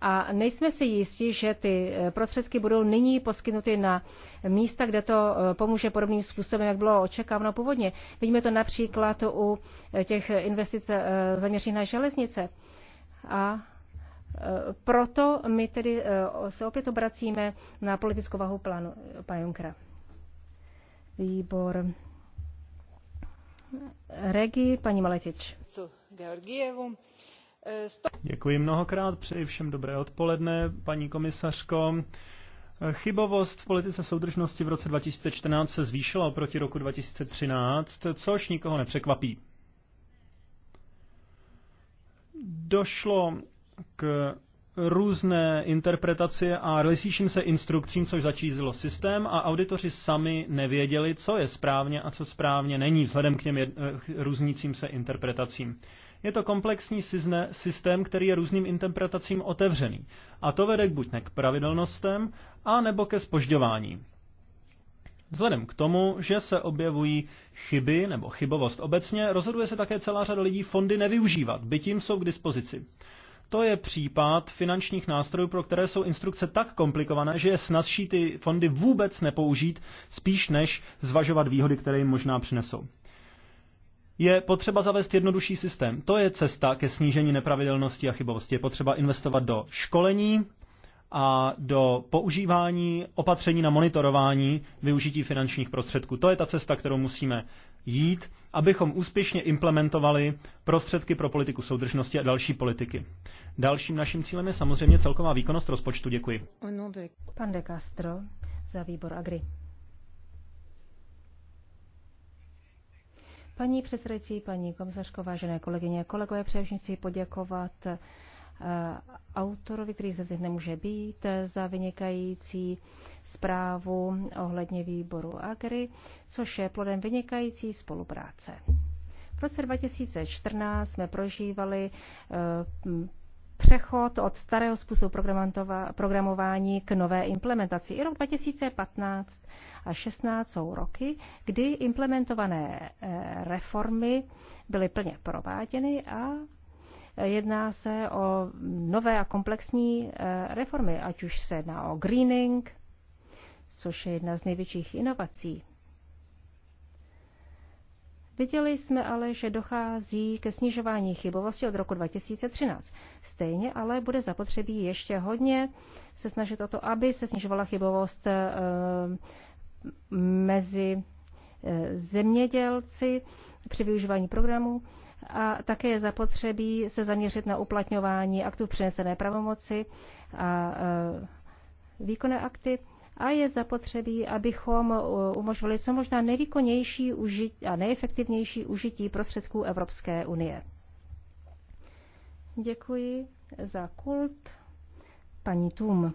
a nejsme si jistí, že ty eh, prostředky budou nyní poskytnuty na místa, kde to eh, pomůže podobným způsobem, jak bylo očekáváno původně. Vidíme to například u eh, těch investic zaměřených na železnice. A proto my tedy se opět obracíme na politickou vahu plánu Pajunkra. Junkera. Výbor Regi, paní Maletič. Georgievu. Děkuji mnohokrát, přeji všem dobré odpoledne, paní komisařko. Chybovost v politice soudržnosti v roce 2014 se zvýšila oproti roku 2013, což nikoho nepřekvapí. Došlo k různé interpretace a lesíším se instrukcím, což začízilo systém a auditoři sami nevěděli, co je správně a co správně není, vzhledem k těm jed, eh, různícím se interpretacím. Je to komplexní systém, který je různým interpretacím otevřený. A to vede k buď k pravidelnostem, a nebo ke spožďování. Vzhledem k tomu, že se objevují chyby nebo chybovost obecně, rozhoduje se také celá řada lidí fondy nevyužívat, bytím jsou k dispozici. To je případ finančních nástrojů, pro které jsou instrukce tak komplikované, že je snazší ty fondy vůbec nepoužít, spíš než zvažovat výhody, které jim možná přinesou. Je potřeba zavést jednodušší systém. To je cesta ke snížení nepravidelnosti a chybovosti. Je potřeba investovat do školení, a do používání opatření na monitorování využití finančních prostředků. To je ta cesta, kterou musíme jít, abychom úspěšně implementovali prostředky pro politiku soudržnosti a další politiky. Dalším naším cílem je samozřejmě celková výkonnost rozpočtu. Děkuji. Pan de Castro za výbor Agri. Paní předsedající, paní komisařko, vážené kolegyně, kolegové, především chci poděkovat Eh, autorovi, který zde teď nemůže být, eh, za vynikající zprávu ohledně výboru Agri, což je plodem vynikající spolupráce. V roce 2014 jsme prožívali eh, přechod od starého způsobu programování k nové implementaci. I rok 2015 a 16 jsou roky, kdy implementované reformy byly plně prováděny a Jedná se o nové a komplexní eh, reformy, ať už se jedná o greening, což je jedna z největších inovací. Viděli jsme ale, že dochází ke snižování chybovosti od roku 2013. Stejně ale bude zapotřebí ještě hodně se snažit o to, aby se snižovala chybovost eh, mezi eh, zemědělci při využívání programů a také je zapotřebí se zaměřit na uplatňování aktů přenesené pravomoci a e, výkonné akty a je zapotřebí, abychom umožnili co možná nejvýkonnější a nejefektivnější užití prostředků Evropské unie. Děkuji za kult. Paní Tum.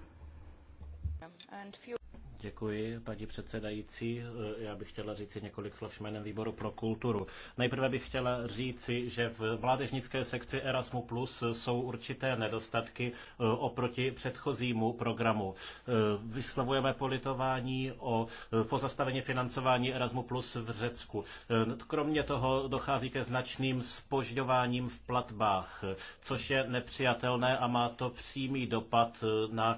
Děkuji, paní předsedající. Já bych chtěla říci několik slov jménem výboru pro kulturu. Nejprve bych chtěla říci, že v mládežnické sekci Erasmu Plus jsou určité nedostatky eh, oproti předchozímu programu. Eh, Vyslavujeme politování o eh, pozastavení financování Erasmu Plus v Řecku. Kromě toho dochází ke značným spožďováním v platbách, což je nepřijatelné a má to přímý dopad na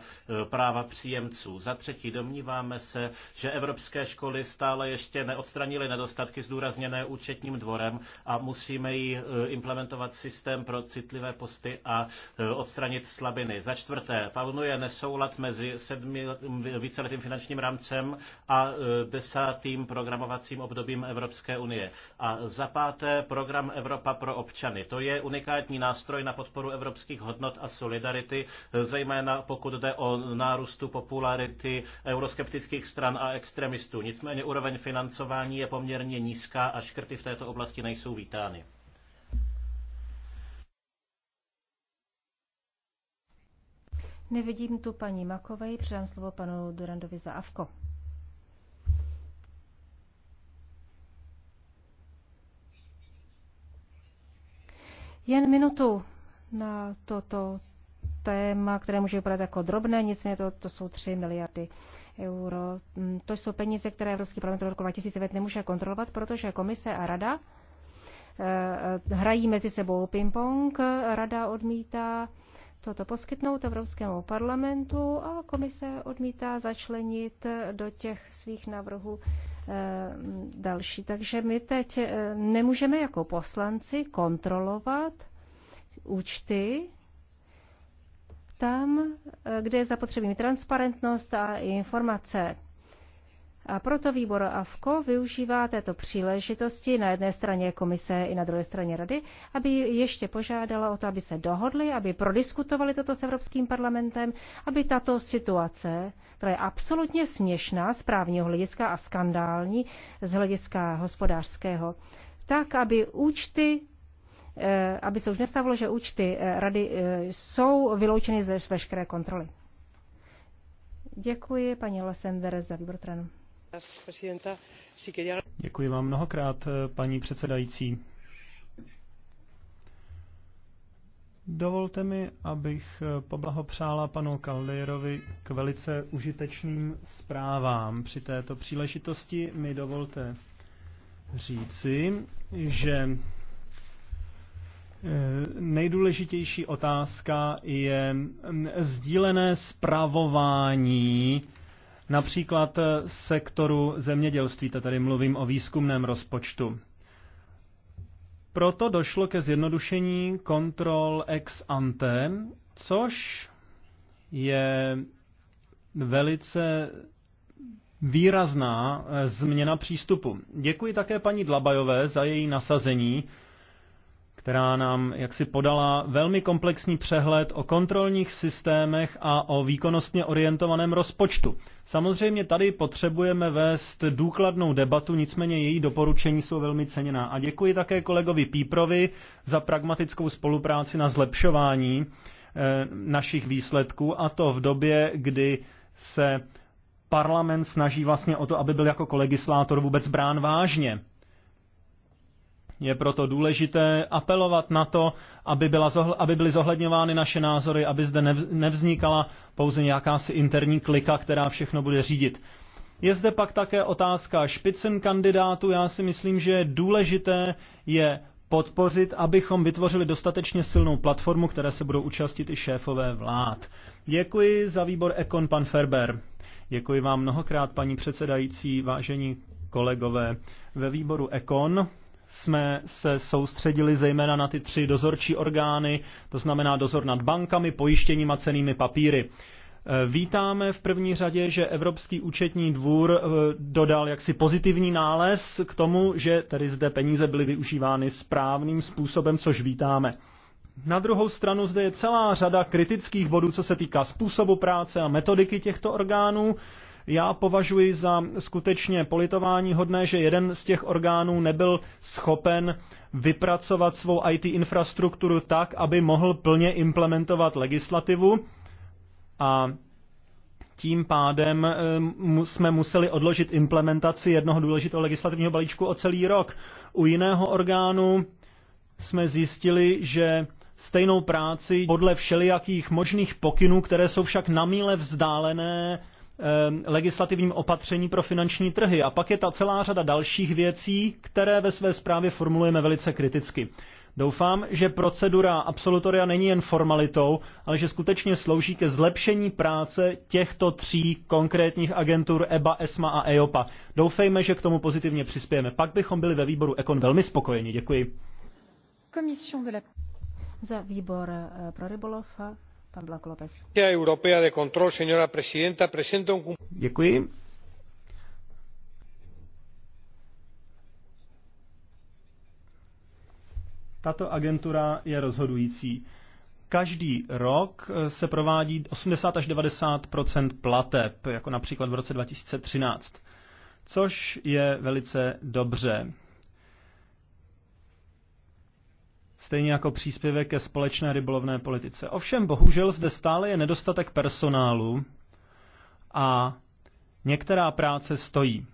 práva příjemců. Za třetí domnívá Domníváme se, že evropské školy stále ještě neodstranily nedostatky zdůrazněné účetním dvorem a musíme jí e, implementovat systém pro citlivé posty a e, odstranit slabiny. Za čtvrté, panuje nesoulad mezi sedmi, víceletým finančním rámcem a e, desátým programovacím obdobím Evropské unie. A za páté, program Evropa pro občany. To je unikátní nástroj na podporu evropských hodnot a solidarity, zejména pokud jde o nárůstu popularity euroskeptických euroskeptických stran a extremistů. Nicméně úroveň financování je poměrně nízká a škrty v této oblasti nejsou vítány. Nevidím tu paní Makovej, předám slovo panu Durandovi za Avko. Jen minutu na toto téma, které může vypadat jako drobné, nicméně to, to jsou 3 miliardy euro. Mm, to jsou peníze, které Evropský parlament v roku 2009 nemůže kontrolovat, protože komise a rada eh, eh, hrají mezi sebou ping-pong, rada odmítá toto poskytnout Evropskému parlamentu a komise odmítá začlenit do těch svých návrhů eh, další. Takže my teď nemůžeme jako poslanci kontrolovat účty tam, eh, kde je zapotřebí transparentnost a informace. A proto výbor AFKO využívá této příležitosti na jedné straně komise i na druhé straně rady, aby ještě požádala o to, aby se dohodli, aby prodiskutovali toto s Evropským parlamentem, aby tato situace, která je absolutně směšná z právního hlediska a skandální z hlediska hospodářského, tak, aby účty Eh, aby se už nestavilo, že účty eh, rady eh, jsou vyloučeny ze veškeré kontroly. Děkuji paní Lesender za Vibrotran. Děkuji vám mnohokrát, paní předsedající. Dovolte mi, abych poblahopřála panu Kaldejerovi k velice užitečným zprávám. Při této příležitosti mi dovolte říci, že Eh, nejdůležitější otázka je mm, sdílené zpravování například eh, sektoru zemědělství, to tady mluvím o výzkumném rozpočtu. Proto došlo ke zjednodušení kontrol ex ante, což je velice výrazná eh, změna přístupu. Děkuji také paní Dlabajové za její nasazení která nám jaksi podala velmi komplexní přehled o kontrolních systémech a o výkonnostně orientovaném rozpočtu. Samozřejmě tady potřebujeme vést důkladnou debatu, nicméně její doporučení jsou velmi ceněná. A děkuji také kolegovi Píprovi za pragmatickou spolupráci na zlepšování eh, našich výsledků a to v době, kdy se parlament snaží vlastně o to, aby byl jako kolegislátor vůbec brán vážně. Je proto důležité apelovat na to, aby, byla zohl- aby byly zohledňovány naše názory, aby zde nevz- nevznikala pouze jakási interní klika, která všechno bude řídit. Je zde pak také otázka špicen kandidátu. Já si myslím, že důležité je podpořit, abychom vytvořili dostatečně silnou platformu, které se budou účastnit i šéfové vlád. Děkuji za výbor Ekon, pan Ferber. Děkuji vám mnohokrát, paní předsedající, vážení kolegové. Ve výboru Ekon jsme se soustředili zejména na ty tři dozorčí orgány, to znamená dozor nad bankami, pojištěním a cenými papíry. E, vítáme v první řadě, že Evropský účetní dvůr e, dodal jaksi pozitivní nález k tomu, že tady zde peníze byly využívány správným způsobem, což vítáme. Na druhou stranu zde je celá řada kritických bodů, co se týká způsobu práce a metodiky těchto orgánů, já považuji za skutečně politování hodné, že jeden z těch orgánů nebyl schopen vypracovat svou IT infrastrukturu tak, aby mohl plně implementovat legislativu a tím pádem eh, jsme museli odložit implementaci jednoho důležitého legislativního balíčku o celý rok. U jiného orgánu jsme zjistili, že stejnou práci podle všelijakých možných pokynů, které jsou však na míle vzdálené Ehm, legislativním opatření pro finanční trhy. A pak je ta celá řada dalších věcí, které ve své zprávě formulujeme velice kriticky. Doufám, že procedura absolutoria není jen formalitou, ale že skutečně slouží ke zlepšení práce těchto tří konkrétních agentur EBA, ESMA a EOPA. E Doufejme, že k tomu pozitivně přispějeme. Pak bychom byli ve výboru Ekon velmi spokojeni. Děkuji. Za výbor eh, pro rybolov tato agentura je rozhodující. Každý rok eh, se provádí 80 až 90 plateb, jako například v roce 2013, což je velice dobře. stejně jako příspěvek ke společné rybolovné politice. Ovšem, bohužel zde stále je nedostatek personálu a některá práce stojí.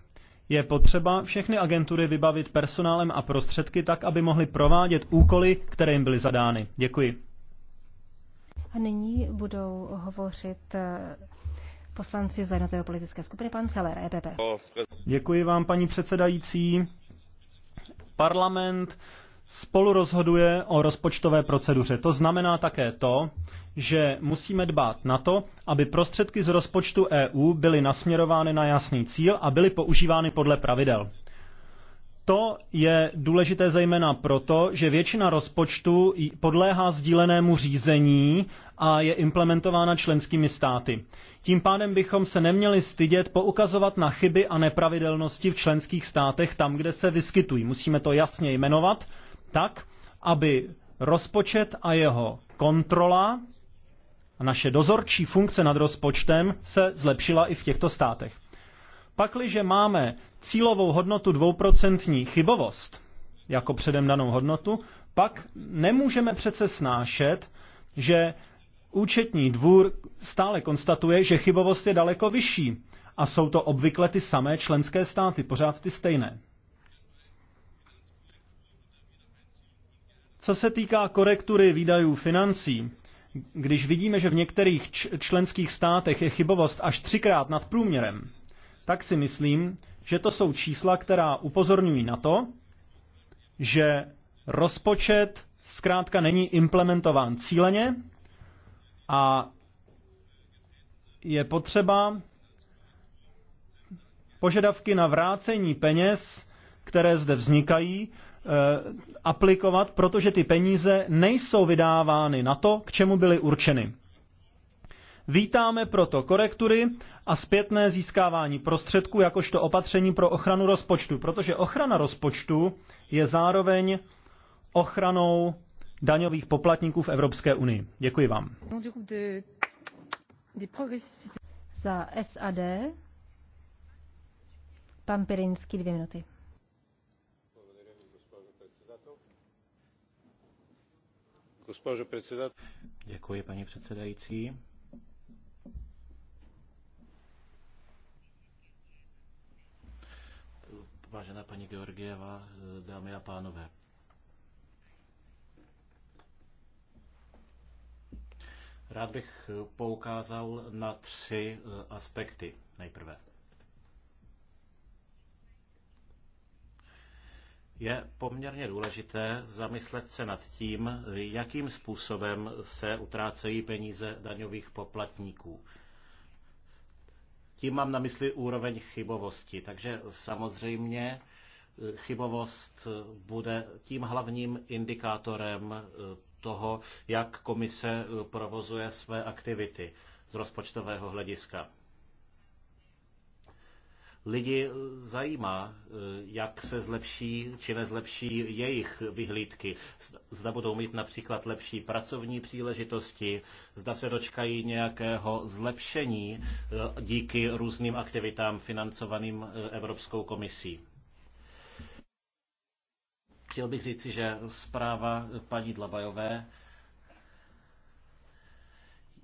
Je potřeba všechny agentury vybavit personálem a prostředky tak, aby mohly provádět úkoly, které jim byly zadány. Děkuji. A nyní budou hovořit eh, poslanci zajednotové politické skupiny, pan Celer, EPP. Děkuji vám, paní předsedající. Parlament spolu rozhoduje o rozpočtové proceduře. To znamená také to, že musíme dbát na to, aby prostředky z rozpočtu EU byly nasměrovány na jasný cíl a byly používány podle pravidel. To je důležité zejména proto, že většina rozpočtu podléhá sdílenému řízení a je implementována členskými státy. Tím pádem bychom se neměli stydět poukazovat na chyby a nepravidelnosti v členských státech tam, kde se vyskytují. Musíme to jasně jmenovat tak, aby rozpočet a jeho kontrola a naše dozorčí funkce nad rozpočtem se zlepšila i v těchto státech. Pakliže máme cílovou hodnotu dvouprocentní chybovost jako předem danou hodnotu, pak nemůžeme přece snášet, že účetní dvůr stále konstatuje, že chybovost je daleko vyšší a jsou to obvykle ty samé členské státy, pořád ty stejné. Co se týká korektury výdajů financí, když vidíme, že v některých členských státech je chybovost až třikrát nad průměrem, tak si myslím, že to jsou čísla, která upozorňují na to, že rozpočet zkrátka není implementován cíleně a je potřeba požadavky na vrácení peněz, které zde vznikají, Eh, aplikovat, protože ty peníze nejsou vydávány na to, k čemu byly určeny. Vítáme proto korektury a zpětné získávání prostředků jakožto opatření pro ochranu rozpočtu, protože ochrana rozpočtu je zároveň ochranou daňových poplatníků v Evropské unii. Děkuji vám. Za SAD pan Pirinský dvě minuty. Děkuji, paní předsedající. Vážená paní Georgieva, dámy a pánové. Rád bych poukázal na tři eh, aspekty nejprve. je poměrně důležité zamyslet se nad tím, jakým způsobem se utrácejí peníze daňových poplatníků. Tím mám na mysli úroveň chybovosti. Takže samozřejmě eh, chybovost bude tím hlavním indikátorem eh, toho, jak komise eh, provozuje své aktivity z rozpočtového hlediska lidi zajímá, eh, jak se zlepší či nezlepší jejich vyhlídky. Zda budou mít například lepší pracovní příležitosti, zda se dočkají nějakého zlepšení eh, díky různým aktivitám financovaným eh, Evropskou komisí. Chtěl bych říci, že zpráva paní Dlabajové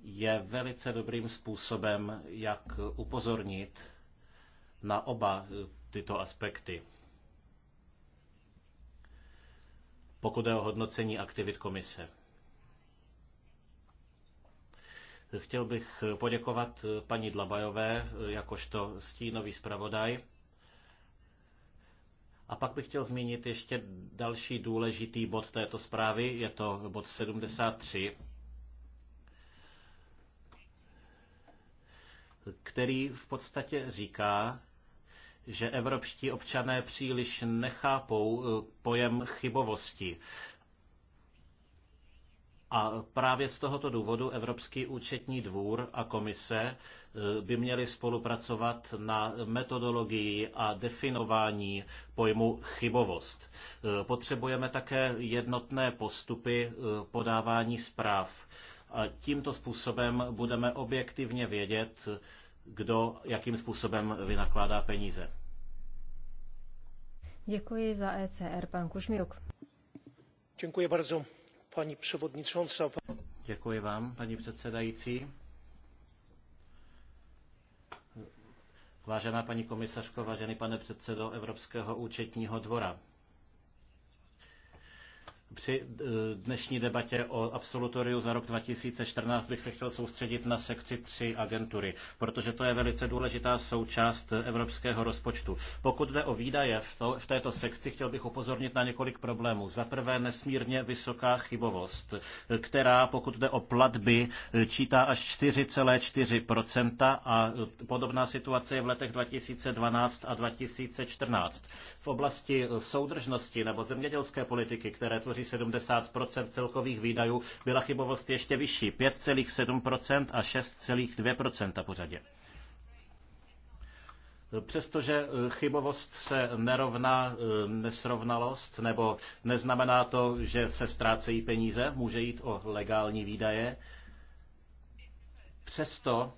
je velice dobrým způsobem, jak upozornit na oba eh, tyto aspekty. Pokud je o hodnocení aktivit komise. Chtěl bych poděkovat eh, paní Dlabajové eh, jakožto stínový zpravodaj. A pak bych chtěl zmínit ještě další důležitý bod této zprávy, je to bod 73, který v podstatě říká, že evropští občané příliš nechápou eh, pojem chybovosti. A právě z tohoto důvodu Evropský účetní dvůr a komise eh, by měly spolupracovat na metodologii a definování pojmu chybovost. Eh, potřebujeme také jednotné postupy podávání zpráv. A tímto způsobem budeme objektivně vědět, kdo jakým způsobem vynakládá peníze. Děkuji za ECR, pan Kušmiuk. Děkuji bardzo, paní předsedající. Děkuji vám, paní předsedající. Vážená paní komisařko, vážený pane předsedo Evropského účetního dvora. Při eh, dnešní debatě o absolutoriu za rok 2014 bych se chtěl soustředit na sekci 3 agentury, protože to je velice důležitá součást eh, evropského rozpočtu. Pokud jde o výdaje v, to, v této sekci, chtěl bych upozornit na několik problémů. Za prvé nesmírně vysoká chybovost, eh, která pokud jde o platby čítá až 4,4% a podobná situace je v letech 2012 a 2014. V oblasti soudržnosti nebo zemědělské politiky, které tvoří tvoří 70 celkových výdajů, byla chybovost ještě vyšší, 5,7 a 6,2 po řadě. Přestože eh, chybovost se nerovná eh, nesrovnalost, nebo neznamená to, že se ztrácejí peníze, může jít o legální výdaje, přesto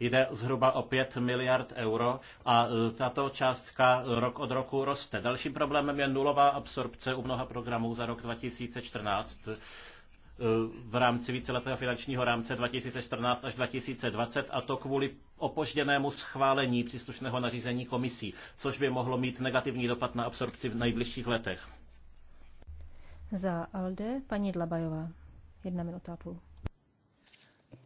Jde zhruba o 5 miliard euro a e, tato částka rok od roku roste. Dalším problémem je nulová absorpce u mnoha programů za rok 2014 e, v rámci víceletého finančního rámce 2014 až 2020 a to kvůli opožděnému schválení příslušného nařízení komisí, což by mohlo mít negativní dopad na absorpci v nejbližších letech. Za ALDE paní Dlabajová. Jedna minuta a půl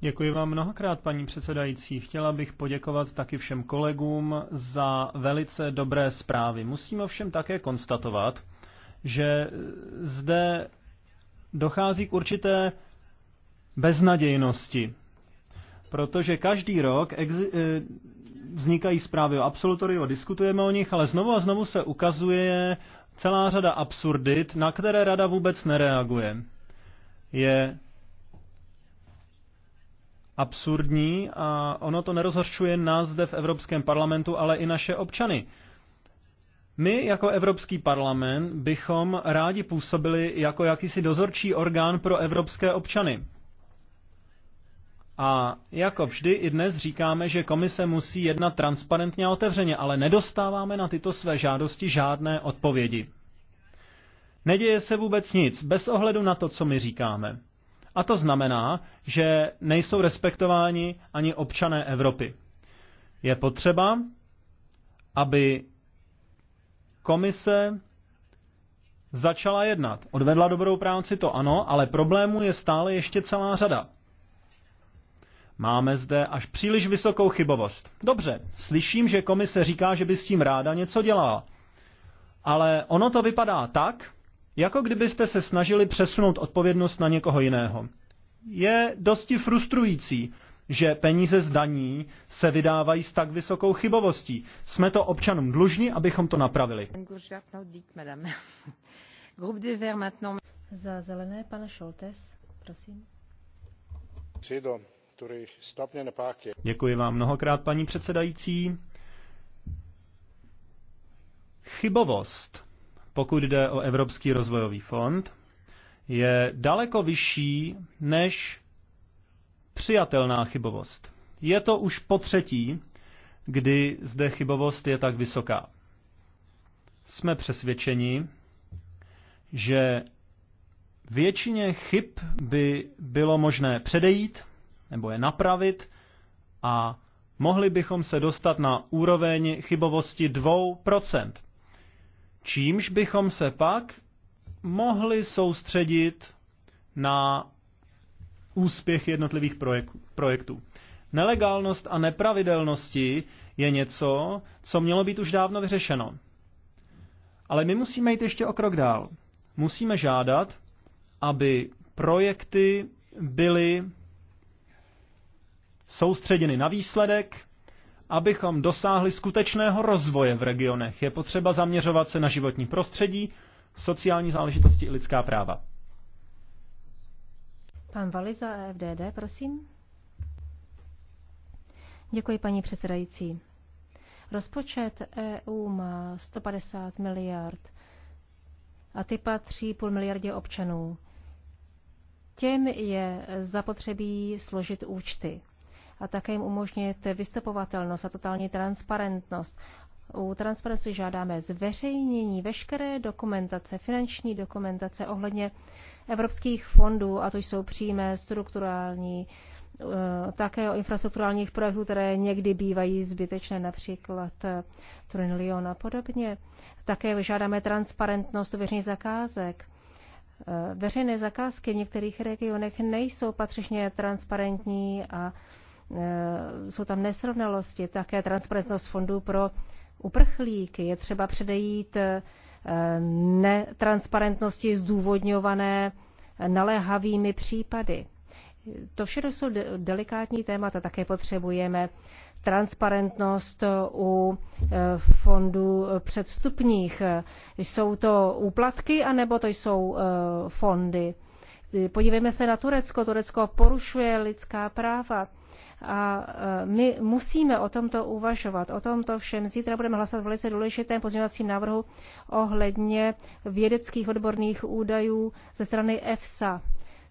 Děkuji vám mnohokrát, paní předsedající. Chtěla bych poděkovat taky všem kolegům za velice dobré zprávy. Musím ovšem také konstatovat, že zde dochází k určité beznadějnosti, protože každý rok eh, vznikají zprávy o absolutoriu, diskutujeme o nich, ale znovu a znovu se ukazuje celá řada absurdit, na které rada vůbec nereaguje je absurdní a ono to nerozhorčuje nás zde v Evropském parlamentu, ale i naše občany. My jako Evropský parlament bychom rádi působili jako jakýsi dozorčí orgán pro evropské občany. A jako vždy i dnes říkáme, že komise musí jednat transparentně a otevřeně, ale nedostáváme na tyto své žádosti žádné odpovědi. Neděje se vůbec nic, bez ohledu na to, co my říkáme. A to znamená, že nejsou respektováni ani občané Evropy. Je potřeba, aby komise začala jednat. Odvedla dobrou práci, to ano, ale problémů je stále ještě celá řada. Máme zde až příliš vysokou chybovost. Dobře, slyším, že komise říká, že by s tím ráda něco dělala. Ale ono to vypadá tak, jako kdybyste se snažili přesunout odpovědnost na někoho jiného. Je dosti frustrující, že peníze z daní se vydávají s tak vysokou chybovostí. Jsme to občanům dlužní, abychom to napravili. Za zelené, pane Šoltes, prosím. Děkuji vám mnohokrát, paní předsedající. Chybovost pokud jde o Evropský rozvojový fond, je daleko vyšší než přijatelná chybovost. Je to už po třetí, kdy zde chybovost je tak vysoká. Jsme přesvědčeni, že většině chyb by bylo možné předejít nebo je napravit a mohli bychom se dostat na úroveň chybovosti 2%. Čímž bychom se pak mohli soustředit na úspěch jednotlivých projektů. Nelegálnost a nepravidelnosti je něco, co mělo být už dávno vyřešeno. Ale my musíme jít ještě o krok dál. Musíme žádat, aby projekty byly soustředěny na výsledek, abychom dosáhli skutečného rozvoje v regionech, je potřeba zaměřovat se na životní prostředí, sociální záležitosti i lidská práva. Pan Valiza, e FDD, prosím. Děkuji, paní předsedající. Rozpočet EU má 150 miliard a ty patří půl miliardě občanů. Těm je zapotřebí složit účty a také jim umožnit vystupovatelnost a totální transparentnost. U transparentnosti žádáme zveřejnění veškeré dokumentace, finanční dokumentace ohledně evropských fondů, a to jsou přímé, strukturální, eh, také o infrastrukturálních projektů, které někdy bývají zbytečné, například eh, Turin Lyon a podobně. Také žádáme transparentnost veřejných zakázek. Eh, veřejné zakázky v některých regionech nejsou patřičně transparentní a Eh, jsou tam nesrovnalosti, také transparentnost fondů pro uprchlíky. Je třeba předejít eh, netransparentnosti zdůvodňované naléhavými případy. To všechno jsou delikátní témata, také potřebujeme transparentnost u eh, fondů předstupních. Jsou to úplatky, anebo to jsou fondy? Podívejme se na Turecko. Turecko porušuje lidská práva a e, my musíme o tomto uvažovat, o tomto všem. Zítra budeme hlasovat v velice důležitém pozměňovacím návrhu ohledně vědeckých odborných údajů ze strany EFSA,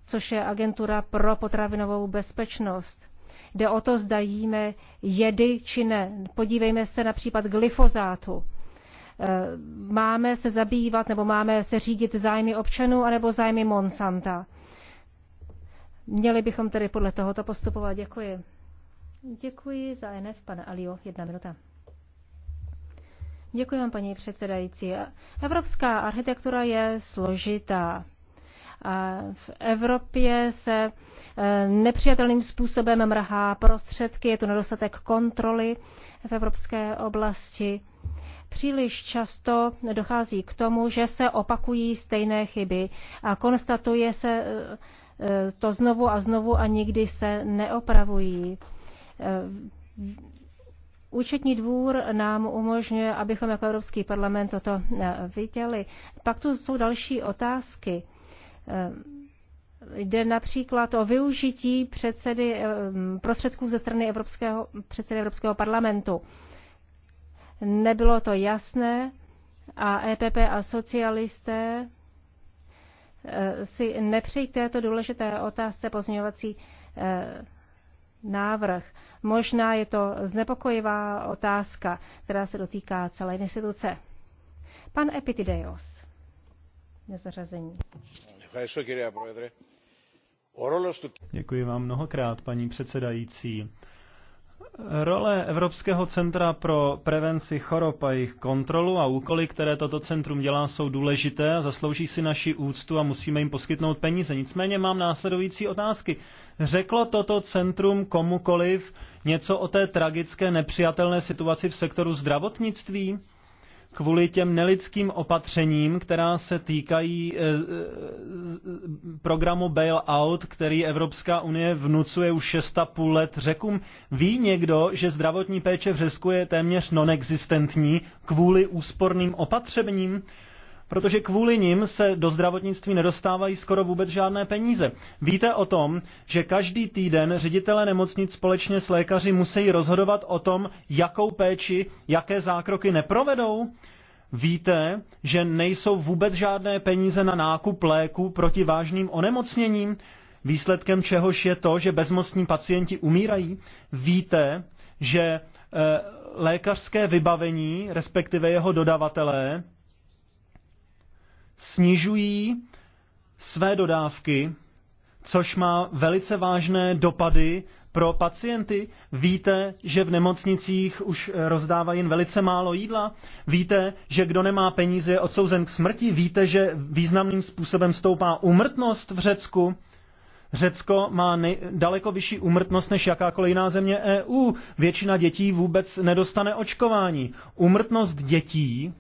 což je agentura pro potravinovou bezpečnost. Jde o to, zdajíme jedy či ne. Podívejme se na případ glyfozátu e, máme se zabývat nebo máme se řídit zájmy občanů anebo zájmy Monsanta. Měli bychom tedy podle tohoto postupovat. Děkuji. Děkuji za NF, pane Alio. Jedna minuta. Děkuji vám, paní předsedající. Evropská architektura je složitá. A v Evropě se eh, nepřijatelným způsobem mrhá prostředky, je tu nedostatek kontroly v evropské oblasti. Příliš často dochází k tomu, že se opakují stejné chyby a konstatuje se eh, Eh, to znovu a znovu a nikdy se neopravují. Eh, účetní dvůr nám umožňuje, abychom jako Evropský parlament toto eh, viděli. Pak tu jsou další otázky. Jde například o využití předsedy, prostředků ze strany Evropského, předsedy Evropského parlamentu. Nebylo to jasné a EPP a socialisté Eh, si nepřeji k této důležité otázce pozměňovací eh, návrh. Možná je to znepokojivá otázka, která se dotýká celé instituce. Pan Epitideos, nezařazení. Děkuji vám mnohokrát, paní předsedající. Role Evropského centra pro prevenci chorob a jejich kontrolu a úkoly, které toto centrum dělá, jsou důležité a zaslouží si naši úctu a musíme jim poskytnout peníze. Nicméně mám následující otázky. Řeklo toto centrum komukoliv něco o té tragické nepřijatelné situaci v sektoru zdravotnictví? kvůli těm nelidským opatřením, která se týkají eh, eh, programu Bailout, který Evropská unie vnucuje už 6,5 let řekům. Ví někdo, že zdravotní péče v Řecku je téměř nonexistentní kvůli úsporným opatřením? protože kvůli nim se do zdravotnictví nedostávají skoro vůbec žádné peníze. Víte o tom, že každý týden ředitele nemocnic společně s lékaři musí rozhodovat o tom, jakou péči, jaké zákroky neprovedou? Víte, že nejsou vůbec žádné peníze na nákup léků proti vážným onemocněním, výsledkem čehož je to, že bezmocní pacienti umírají? Víte, že e, lékařské vybavení, respektive jeho dodavatelé, snižují své dodávky, což má velice vážné dopady pro pacienty. Víte, že v nemocnicích už rozdávají jen velice málo jídla. Víte, že kdo nemá peníze je odsouzen k smrti. Víte, že významným způsobem stoupá úmrtnost v Řecku. Řecko má nej- daleko vyšší úmrtnost než jakákoliv jiná země EU. Většina dětí vůbec nedostane očkování. Úmrtnost dětí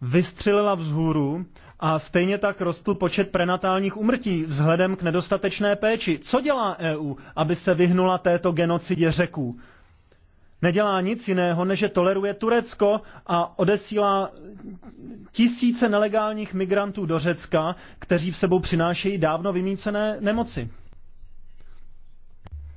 vystřelila vzhůru a stejně tak rostl počet prenatálních umrtí vzhledem k nedostatečné péči. Co dělá EU, aby se vyhnula této genocidě řeků? Nedělá nic jiného, než že toleruje Turecko a odesílá tisíce nelegálních migrantů do Řecka, kteří v sebou přinášejí dávno vymícené nemoci.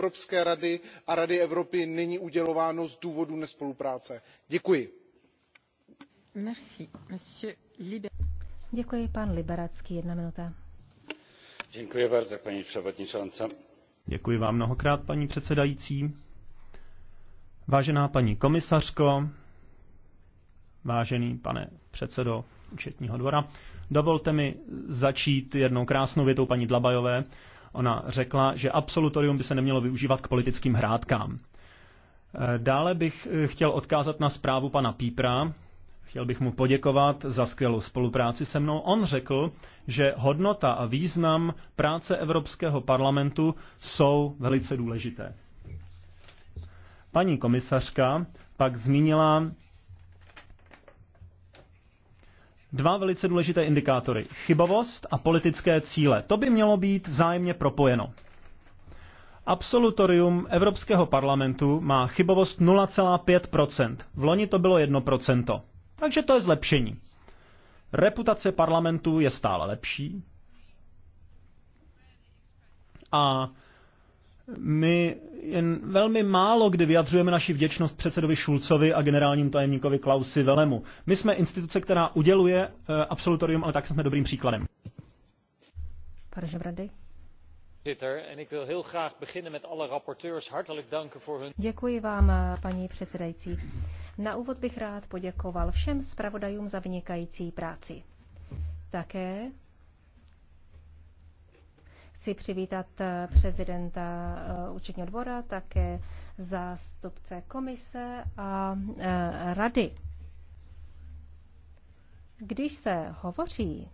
evropské rady a rady evropy není udělováno z důvodu nespolupráce. děkuji. jedna Děkuji vám paní předsedající. Vážená paní komisařko, vážený pane předsedo účetního dvora, dovolte mi začít jednou krásnou větou paní Dlabajové Ona řekla, že absolutorium by se nemělo využívat k politickým hrádkám. Eh, dále bych eh, chtěl odkázat na zprávu pana Pípra. Chtěl bych mu poděkovat za skvělou spolupráci se mnou. On řekl, že hodnota a význam práce Evropského parlamentu jsou velice důležité. Paní komisařka pak zmínila dva velice důležité indikátory. Chybovost a politické cíle. To by mělo být vzájemně propojeno. Absolutorium Evropského parlamentu má chybovost 0,5%. V loni to bylo 1%. Takže to je zlepšení. Reputace parlamentu je stále lepší. A my jen velmi málo kdy vyjadřujeme naši vděčnost předsedovi Šulcovi a generálnímu tajemníkovi Klausi Velemu. My jsme instituce, která uděluje eh, absolutorium, ale tak jsme dobrým příkladem. Děkuji vám, eh, paní předsedající. Na úvod bych rád poděkoval všem zpravodajům za vynikající práci. Také Chci přivítat eh, prezidenta eh, účetního dvora, také zástupce komise a eh, rady. Když se hovoří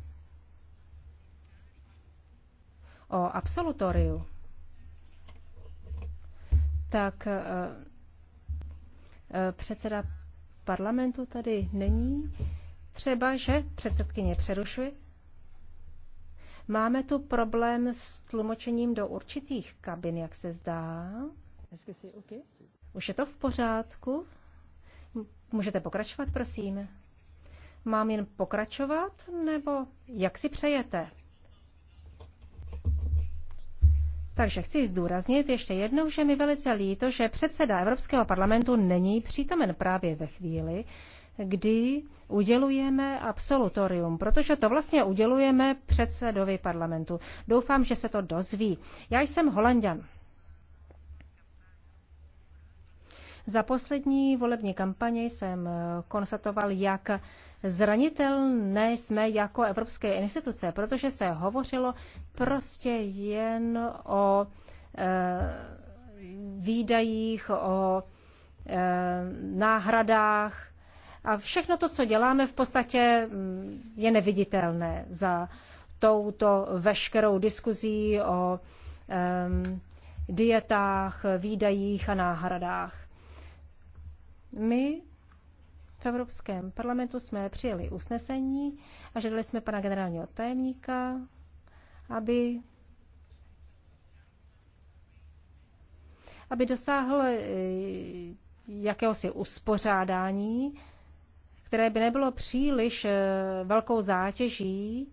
o absolutoriu, tak předseda parlamentu tady není. Třeba, že předsedkyně přerušuje. Máme tu problém s tlumočením do určitých kabin, jak se zdá. Už je to v pořádku? Můžete pokračovat, prosím. Mám jen pokračovat, nebo jak si přejete? Takže chci zdůraznit ještě jednou, že mi velice líto, že předseda Evropského parlamentu není přítomen právě ve chvíli, kdy udělujeme absolutorium, protože to vlastně udělujeme předsedovi parlamentu. Doufám, že se to dozví. Já jsem holanděn. Za poslední volební kampaně jsem konstatoval, jak zranitelné jsme jako evropské instituce, protože se hovořilo prostě jen o e, výdajích, o e, náhradách, a všechno to, co děláme, v podstatě mm, je neviditelné za touto veškerou diskuzí o um, dietách, výdajích a náhradách. My v Evropském parlamentu jsme přijeli usnesení a žádali jsme pana generálního tajemníka, aby aby dosáhl eh, jakéhosi uspořádání které by nebylo příliš eh, velkou zátěží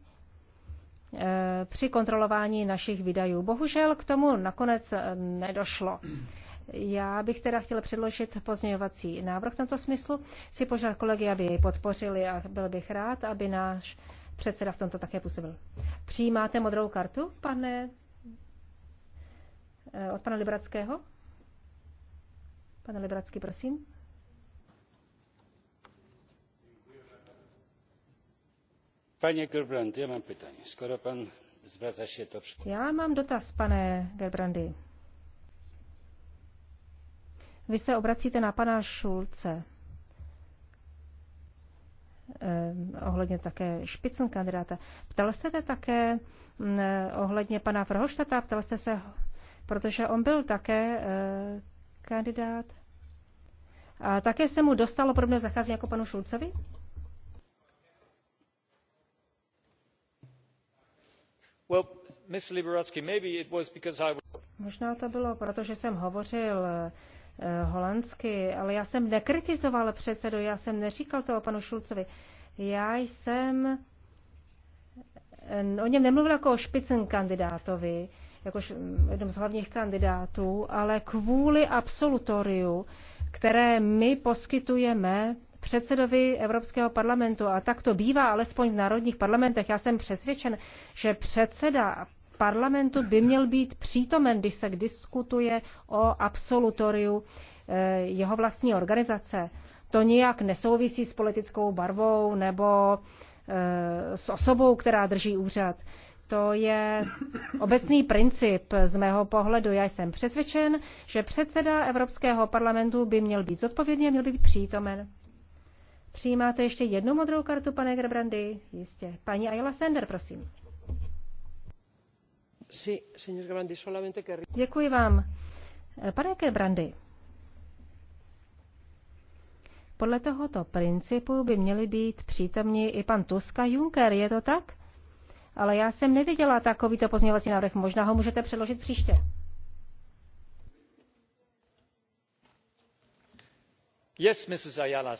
eh, při kontrolování našich výdajů. Bohužel k tomu nakonec eh, nedošlo. Já bych teda chtěla předložit pozměňovací návrh v tomto smyslu. Chci požádat kolegy, aby jej podpořili a byl bych rád, aby náš předseda v tomto také působil. Přijímáte modrou kartu, pane, od pana Libratského? Pane Libracký, prosím. Pane Gerbrand, já mám pytanie. Skoro pan zwraca się do... Já mám dotaz, pane Gerbrandy. Vy se obracíte na pana Šulce ehm, ohledně také špicn kandidáta. Ptal jste se také mm, ohledně pana Frhoštata, ptal jste se, protože on byl také eh, kandidát. A také se mu dostalo podobné zacházení jako panu Šulcovi? Možná to bylo, protože jsem hovořil eh, holandsky, ale já jsem nekritizoval předsedu, já jsem neříkal to o panu Šulcovi. Já jsem eh, o něm nemluvil jako o špicen kandidátovi, jako jednom z hlavních kandidátů, ale kvůli absolutoriu, které my poskytujeme předsedovi Evropského parlamentu. A tak to bývá alespoň v národních parlamentech. Já jsem přesvědčen, že předseda parlamentu by měl být přítomen, když se diskutuje o absolutoriu eh, jeho vlastní organizace. To nijak nesouvisí s politickou barvou nebo eh, s osobou, která drží úřad. To je obecný princip z mého pohledu. Já jsem přesvědčen, že předseda Evropského parlamentu by měl být zodpovědný a měl by být přítomen. Přijímáte ještě jednu modrou kartu, pane Grbrandy? Jistě. Paní Ayla Sender, prosím. Děkuji vám. Pane Gerbrandy, podle tohoto principu by měli být přítomní i pan Tuska Juncker, je to tak? Ale já jsem neviděla takovýto pozměňovací návrh, možná ho můžete předložit příště. Yes, Mrs. Ayala.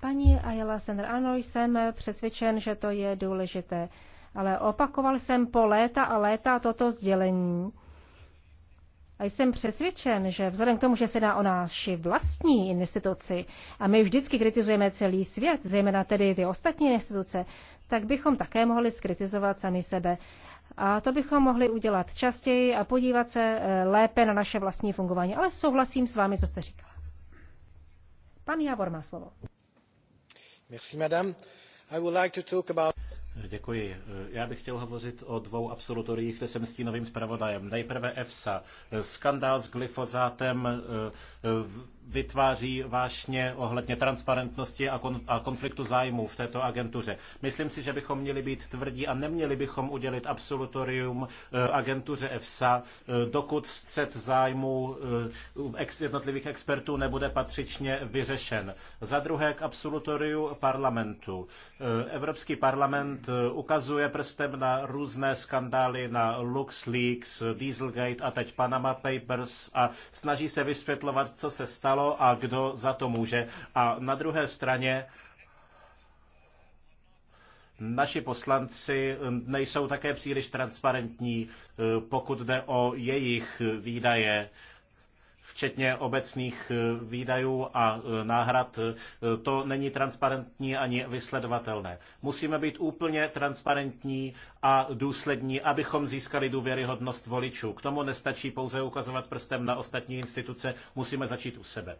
Paní Ayala Senner, ano, jsem přesvědčen, že to je důležité. Ale opakoval jsem po léta a léta toto sdělení. A jsem přesvědčen, že vzhledem k tomu, že se dá o naši vlastní instituci a my vždycky kritizujeme celý svět, zejména tedy ty ostatní instituce, tak bychom také mohli skritizovat sami sebe. A to bychom mohli udělat častěji a podívat se eh, lépe na naše vlastní fungování. Ale souhlasím s vámi, co jste říkala. Pan Javor má slovo. Děkuji. Já bych chtěl hovořit o dvou absolutoriích, kde jsem stínovým zpravodajem. Nejprve EFSA. Skandál s glyfozátem eh, eh, v vytváří vášně ohledně transparentnosti a, kon, a konfliktu zájmů v této agentuře. Myslím si, že bychom měli být tvrdí a neměli bychom udělit absolutorium eh, agentuře EFSA, eh, dokud střed zájmů eh, jednotlivých expertů nebude patřičně vyřešen. Za druhé k absolutoriu parlamentu. Evropský parlament ukazuje prstem na různé skandály, na LuxLeaks, Dieselgate a teď Panama Papers a snaží se vysvětlovat, co se stalo stalo a kdo za to může. A na druhé straně naši poslanci nejsou také příliš transparentní, eh, pokud jde o jejich výdaje včetně obecných eh, výdajů a eh, náhrad, eh, to není transparentní ani vysledovatelné. Musíme být úplně transparentní a důslední, abychom získali důvěryhodnost voličů. K tomu nestačí pouze ukazovat prstem na ostatní instituce, musíme začít u sebe.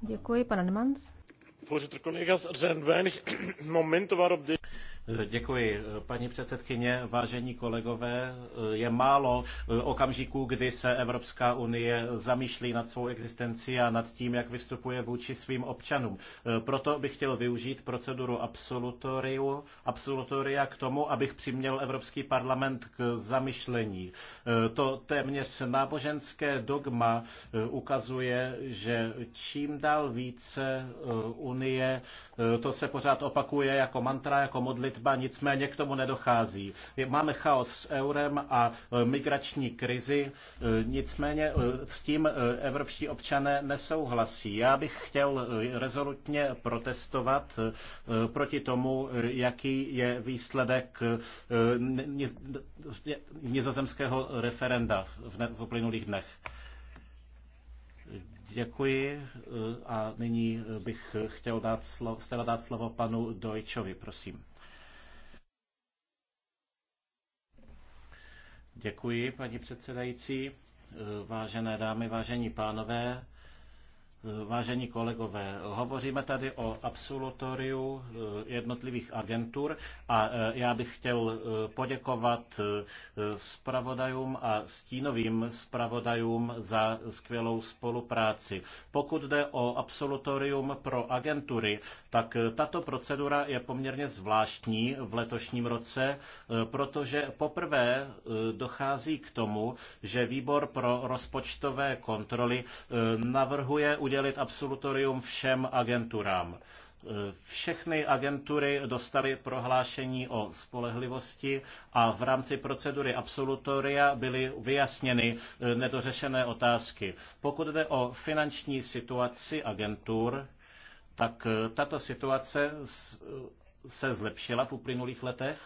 Děkuji, pane Nemans. Voorzitter, collega's, er zijn weinig momenten waarop Děkuji. Paní předsedkyně, vážení kolegové, je málo eh, okamžiků, kdy se Evropská unie zamýšlí nad svou existenci a nad tím, jak vystupuje vůči svým občanům. Eh, proto bych chtěl využít proceduru absolutoriu, absolutoria k tomu, abych přiměl Evropský parlament k zamyšlení. Eh, to téměř náboženské dogma ukazuje, že čím dál více unie, to se pořád opakuje jako mantra, jako modlitba, litba, nicméně k tomu nedochází. Máme chaos s eurem a e, migrační krizi, e, nicméně e, s tím evropští občané nesouhlasí. Já bych chtěl rezolutně protestovat proti tomu, jaký je výsledek nizozemského referenda v uplynulých dnech. Děkuji a nyní bych chtěl dát slovo, dát slovo panu Dojčovi, prosím. Děkuji, paní předsedající. Vážené dámy, vážení pánové, Vážení kolegové, hovoříme tady o absolutoriu eh, jednotlivých agentur a eh, já bych chtěl eh, poděkovat spravodajům a stínovým spravodajům za skvělou spolupráci. Pokud jde o absolutorium pro agentury, tak tato procedura je poměrně zvláštní v letošním roce, protože poprvé dochází k tomu, že výbor pro rozpočtové kontroly navrhuje udělat udělit absolutorium všem agenturám. E, všechny agentury dostaly prohlášení o spolehlivosti a v rámci procedury absolutoria byly vyjasněny e, nedořešené otázky. Pokud jde o finanční situaci agentur, tak e, tato situace se zlepšila v uplynulých letech?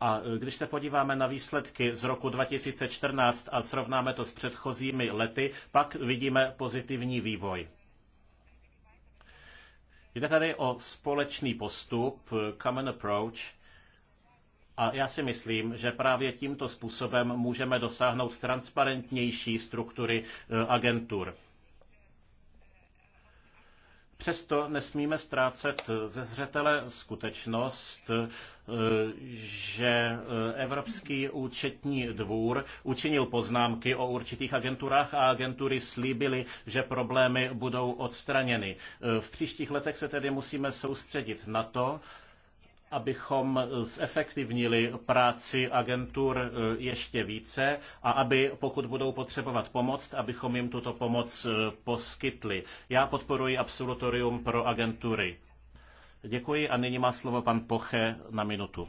A e, když se podíváme na výsledky z roku 2014 a srovnáme to s předchozími lety, pak vidíme pozitivní vývoj. Jde tady o společný postup, e, common approach, a já si myslím, že právě tímto způsobem můžeme dosáhnout transparentnější struktury e, agentur. Přesto nesmíme ztrácet ze zřetele skutečnost, eh, že eh, Evropský účetní dvůr učinil poznámky o určitých agenturách a agentury slíbily, že problémy budou odstraněny. Eh, v příštích letech se tedy musíme soustředit na to, abychom zefektivnili práci agentur e, ještě více a aby, pokud budou potřebovat pomoc, abychom jim tuto pomoc e, poskytli. Já podporuji absolutorium pro agentury. Děkuji a nyní má slovo pan Poche na minutu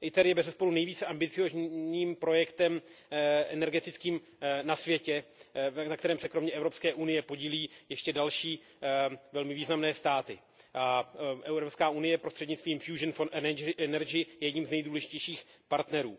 iter je bezesporu nejvíce ambiciózním projektem eh, energetickým eh, na světě eh, na kterém se kromě evropské unie podílí ještě další velmi významné státy. evropská unie prostřednictvím fusion for energy je jedním z nejdůležitějších partnerů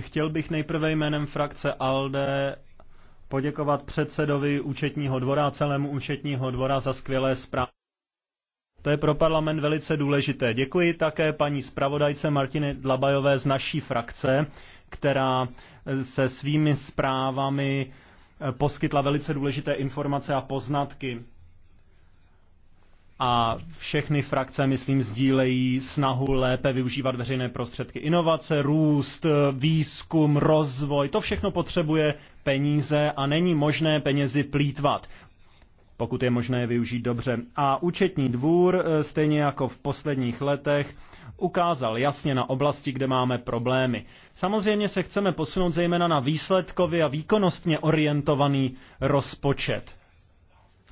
Chtěl bych nejprve jménem frakce ALDE poděkovat předsedovi účetního dvora a celému účetního dvora za skvělé zprávy. To je pro parlament velice důležité. Děkuji také paní zpravodajce Martiny Dlabajové z naší frakce, která se svými zprávami poskytla velice důležité informace a poznatky a všechny frakce, myslím, sdílejí snahu lépe využívat veřejné prostředky. Inovace, růst, výzkum, rozvoj, to všechno potřebuje peníze a není možné penězi plítvat pokud je možné je využít dobře. A účetní dvůr, eh, stejně jako v posledních letech, ukázal jasně na oblasti, kde máme problémy. Samozřejmě se chceme posunout zejména na výsledkově a výkonnostně orientovaný rozpočet.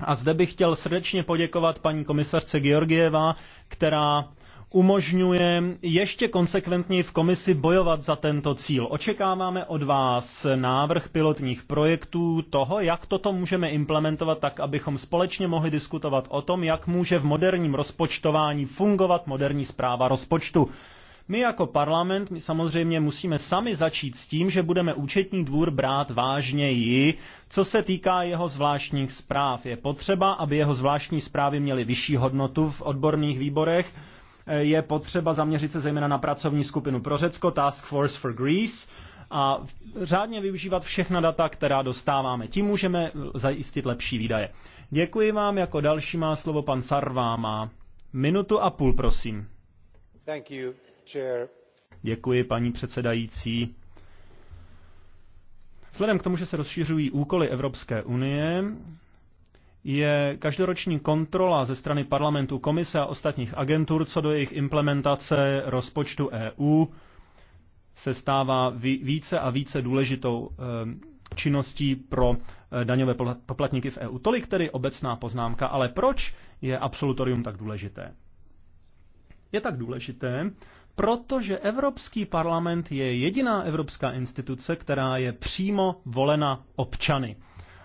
A zde bych chtěl srdečně poděkovat paní komisařce Georgieva, která umožňuje ještě konsekventněji v komisi bojovat za tento cíl. Očekáváme od vás návrh pilotních projektů toho, jak toto můžeme implementovat tak, abychom společně mohli diskutovat o tom, jak může v moderním rozpočtování fungovat moderní zpráva rozpočtu. My jako parlament my samozřejmě musíme sami začít s tím, že budeme účetní dvůr brát vážněji. Co se týká jeho zvláštních zpráv, je potřeba, aby jeho zvláštní zprávy měly vyšší hodnotu v odborných výborech, je potřeba zaměřit se zejména na pracovní skupinu pro Řecko, Task Force for Greece, a řádně využívat všechna data, která dostáváme. Tím můžeme zajistit lepší výdaje. Děkuji vám, jako další má slovo pan Sarváma. Minutu a půl, prosím. Thank you. Děkuji, paní předsedající. Vzhledem k tomu, že se rozšiřují úkoly Evropské unie, je každoroční kontrola ze strany parlamentu, komise a ostatních agentur co do jejich implementace rozpočtu EU se stává více a více důležitou eh, činností pro eh, daňové poplatníky v EU. Tolik tedy obecná poznámka, ale proč je absolutorium tak důležité? Je tak důležité, protože Evropský parlament je jediná evropská instituce, která je přímo volena občany.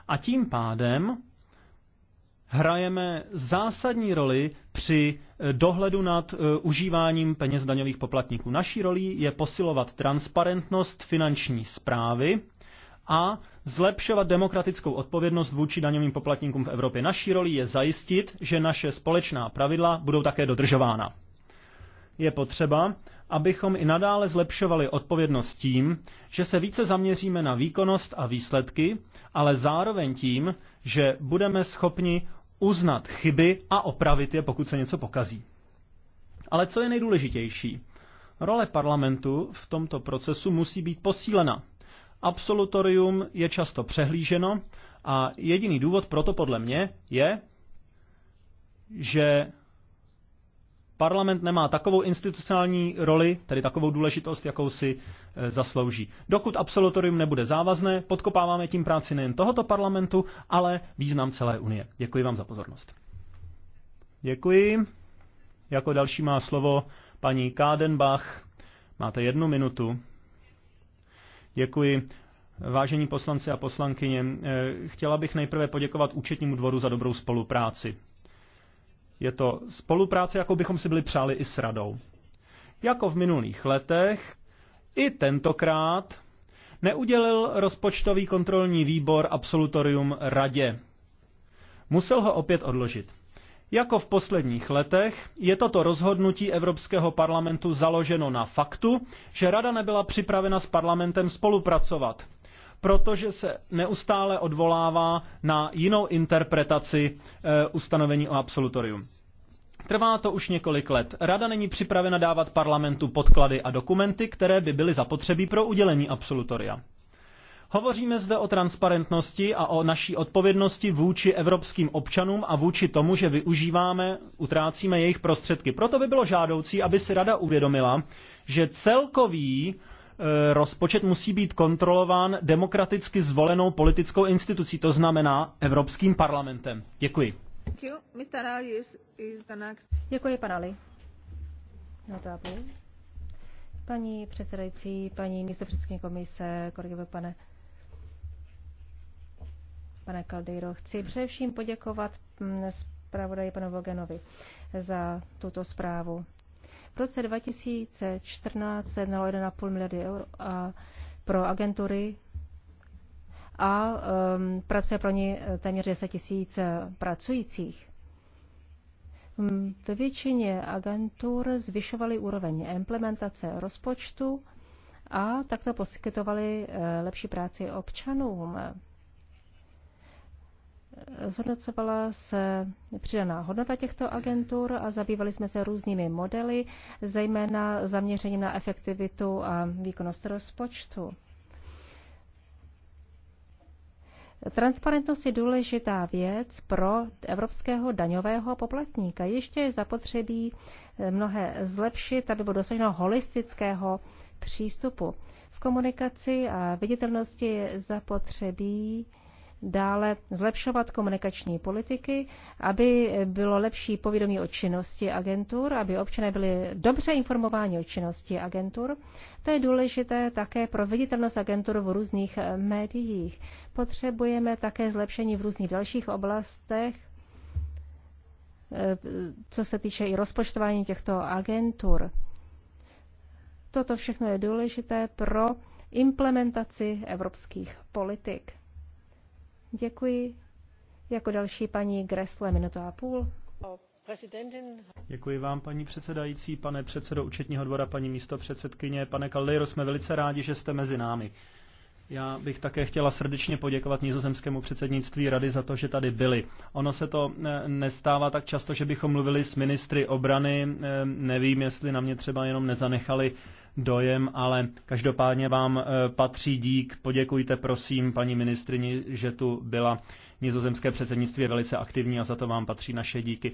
A tím pádem hrajeme zásadní roli při eh, dohledu nad eh, užíváním peněz daňových poplatníků. Naší rolí je posilovat transparentnost finanční zprávy a zlepšovat demokratickou odpovědnost vůči daňovým poplatníkům v Evropě. Naší rolí je zajistit, že naše společná pravidla budou také dodržována je potřeba, abychom i nadále zlepšovali odpovědnost tím, že se více zaměříme na výkonnost a výsledky, ale zároveň tím, že budeme schopni uznat chyby a opravit je, pokud se něco pokazí. Ale co je nejdůležitější? Role parlamentu v tomto procesu musí být posílena. Absolutorium je často přehlíženo a jediný důvod proto podle mě je, že Parlament nemá takovou institucionální roli, tedy takovou důležitost, jakou si e, zaslouží. Dokud absolutorium nebude závazné, podkopáváme tím práci nejen tohoto parlamentu, ale význam celé Unie. Děkuji vám za pozornost. Děkuji. Jako další má slovo paní Kádenbach. Máte jednu minutu. Děkuji. Vážení poslanci a poslankyně, e, chtěla bych nejprve poděkovat účetnímu dvoru za dobrou spolupráci. Je to spolupráce, jako bychom si byli přáli i s radou. Jako v minulých letech, i tentokrát neudělil rozpočtový kontrolní výbor absolutorium radě. Musel ho opět odložit. Jako v posledních letech je toto rozhodnutí Evropského parlamentu založeno na faktu, že Rada nebyla připravena s parlamentem spolupracovat protože se neustále odvolává na jinou interpretaci eh, ustanovení o absolutorium. Trvá to už několik let. Rada není připravena dávat parlamentu podklady a dokumenty, které by byly zapotřebí pro udělení absolutoria. Hovoříme zde o transparentnosti a o naší odpovědnosti vůči evropským občanům a vůči tomu, že využíváme, utrácíme jejich prostředky. Proto by bylo žádoucí, aby si Rada uvědomila, že celkový Eh, rozpočet musí být kontrolován demokraticky zvolenou politickou institucí, to znamená Evropským parlamentem. Děkuji. Děkuji, pan Ali. Na Paní předsedající, paní místopředsedkyně komise, kolegové pane, pane Kaldejro, chci především poděkovat mm, zpravodaji panu Vogenovi za tuto zprávu roce 2014 se jednalo 1,5 miliardy euro a pro agentury a um, pracuje pro ně eh, téměř 10 tisíc eh, pracujících. Mm, ve většině agentur zvyšovali úroveň implementace rozpočtu a takto poskytovali eh, lepší práci občanům. Zhodnocovala se přidaná hodnota těchto agentur a zabývali jsme se různými modely, zejména zaměřením na efektivitu a výkonnost rozpočtu. Transparentnost je důležitá věc pro evropského daňového poplatníka. Ještě je zapotřebí eh, mnohé zlepšit, aby bylo dosaženo holistického přístupu. V komunikaci a viditelnosti je zapotřebí dále zlepšovat komunikační politiky, aby bylo lepší povědomí o činnosti agentur, aby občané byli dobře informováni o činnosti agentur. To je důležité také pro viditelnost agentur v různých eh, médiích. Potřebujeme také zlepšení v různých dalších oblastech, eh, co se týče i rozpočtování těchto agentur. Toto všechno je důležité pro implementaci evropských politik. Děkuji. Jako další paní Gresle, minuta a půl. Děkuji vám, paní předsedající, pane předsedo účetního dvora, paní místo předsedkyně, pane Kaldejro, jsme velice rádi, že jste mezi námi. Já bych také chtěla srdečně poděkovat nizozemskému předsednictví rady za to, že tady byli. Ono se to eh, nestává tak často, že bychom mluvili s ministry obrany. Eh, nevím, jestli na mě třeba jenom nezanechali dojem, ale každopádně vám eh, patří dík. Poděkujte prosím paní ministrini, že tu byla. Nizozemské předsednictví je velice aktivní a za to vám patří naše díky.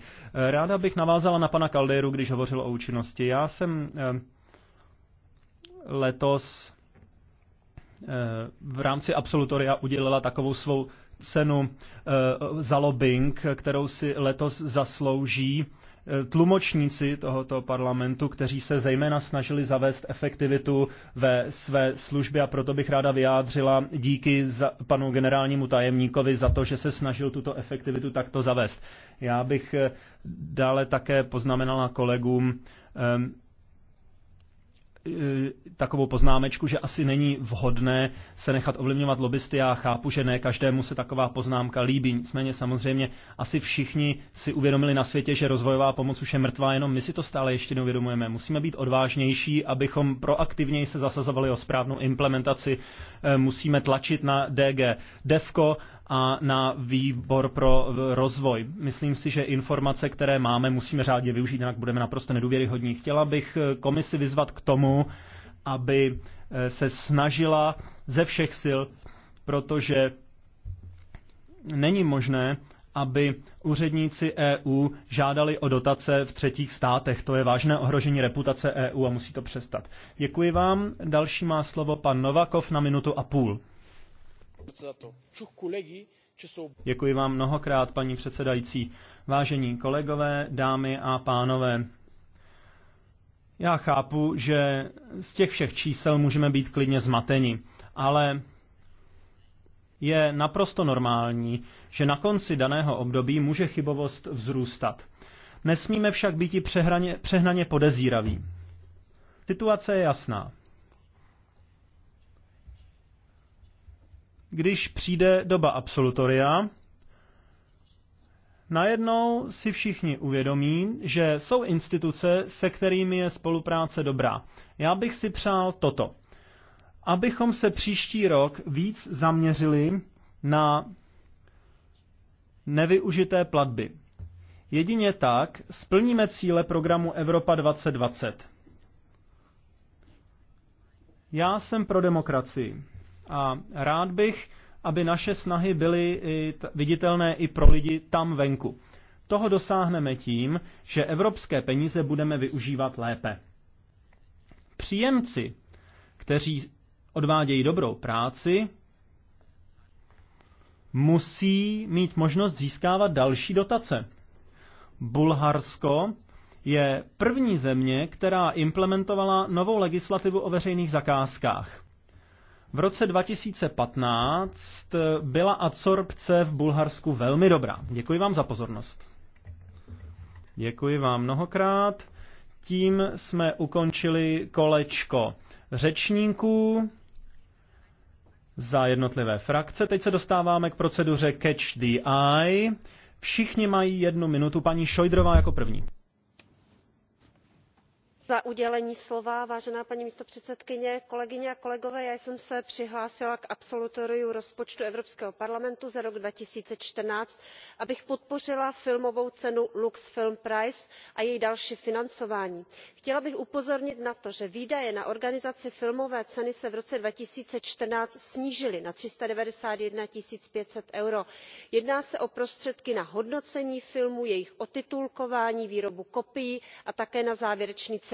Ráda bych navázala na pana Kaldéru, když hovořil o účinnosti. Já jsem letos Eh, v rámci absolutoria udělila takovou svou cenu eh, za lobbying, kterou si letos zaslouží eh, tlumočníci tohoto parlamentu, kteří se zejména snažili zavést efektivitu ve své službě a proto bych ráda vyjádřila díky za panu generálnímu tajemníkovi za to, že se snažil tuto efektivitu takto zavést. Já bych dále také poznamenala kolegům, Eh, takovou poznámečku, že asi není vhodné se nechat ovlivňovat lobbysty. Já chápu, že ne každému se taková poznámka líbí. Nicméně samozřejmě asi všichni si uvědomili na světě, že rozvojová pomoc už je mrtvá, jenom my si to stále ještě neuvědomujeme. Musíme být odvážnější, abychom proaktivněji se zasazovali o správnou implementaci. Eh, musíme tlačit na DG Devko a na výbor pro rozvoj. Myslím si, že informace, které máme, musíme řádně využít, jinak budeme naprosto nedůvěryhodní. Chtěla bych eh, komisi vyzvat k tomu, aby eh, se snažila ze všech sil, protože není možné, aby úředníci EU žádali o dotace v třetích státech. To je vážné ohrožení reputace EU a musí to přestat. Děkuji vám. Další má slovo pan Novakov na minutu a půl. Děkuji vám mnohokrát, paní předsedající. Vážení kolegové, dámy a pánové, já chápu, že z těch všech čísel můžeme být klidně zmateni, ale je naprosto normální, že na konci daného období může chybovost vzrůstat. Nesmíme však být i přehraně, přehnaně podezíraví. Situace je jasná. když přijde doba absolutoria, najednou si všichni uvědomí, že jsou instituce, se kterými je spolupráce dobrá. Já bych si přál toto. Abychom se příští rok víc zaměřili na nevyužité platby. Jedině tak splníme cíle programu Evropa 2020. Já jsem pro demokracii. A rád bych, aby naše snahy byly viditelné i pro lidi tam venku. Toho dosáhneme tím, že evropské peníze budeme využívat lépe. Příjemci, kteří odvádějí dobrou práci, musí mít možnost získávat další dotace. Bulharsko je první země, která implementovala novou legislativu o veřejných zakázkách. V roce 2015 byla adsorbce v Bulharsku velmi dobrá. Děkuji vám za pozornost. Děkuji vám mnohokrát. Tím jsme ukončili kolečko řečníků za jednotlivé frakce. Teď se dostáváme k proceduře Catch the Eye. Všichni mají jednu minutu. Paní Šojdrová jako první vážená paní místopředsedkyně, kolegyně a kolegové já jsem se přihlásila k absolutoriu rozpočtu evropského parlamentu za rok two thousand and fourteen abych podpořila filmovou cenu lux film prize a její další financování. chtěla bych upozornit na to že výdaje na organizaci filmové ceny se v roce two thousand and fourteen snížily na three hundred and ninety one five hundred eur. jedná se o prostředky na hodnocení filmů jejich otitulkování výrobu kopií a také na závěrečný certifikát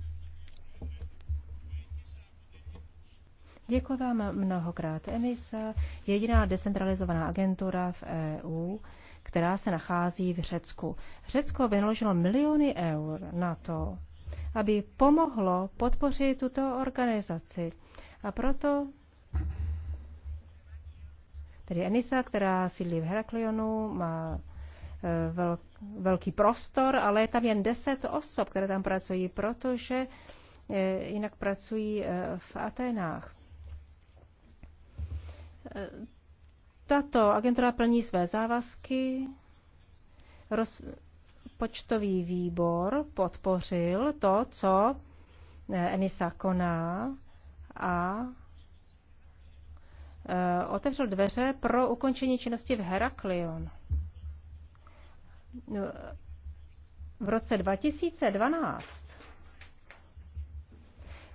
Děkuji vám mnohokrát. Emisa, jediná decentralizovaná agentura v EU, která se nachází v Řecku. Řecko vynaložilo miliony eur na to, aby pomohlo podpořit tuto organizaci. A proto tedy Enisa, která sídlí v Heraklionu, má e, velký prostor, ale je tam jen 10 osob, které tam pracují, protože e, jinak pracují e, v Atenách. Tato agentura plní své závazky. Rozpočtový výbor podpořil to, co eh, Enisa koná a eh, otevřel dveře pro ukončení činnosti v Heraklion. No, v roce 2012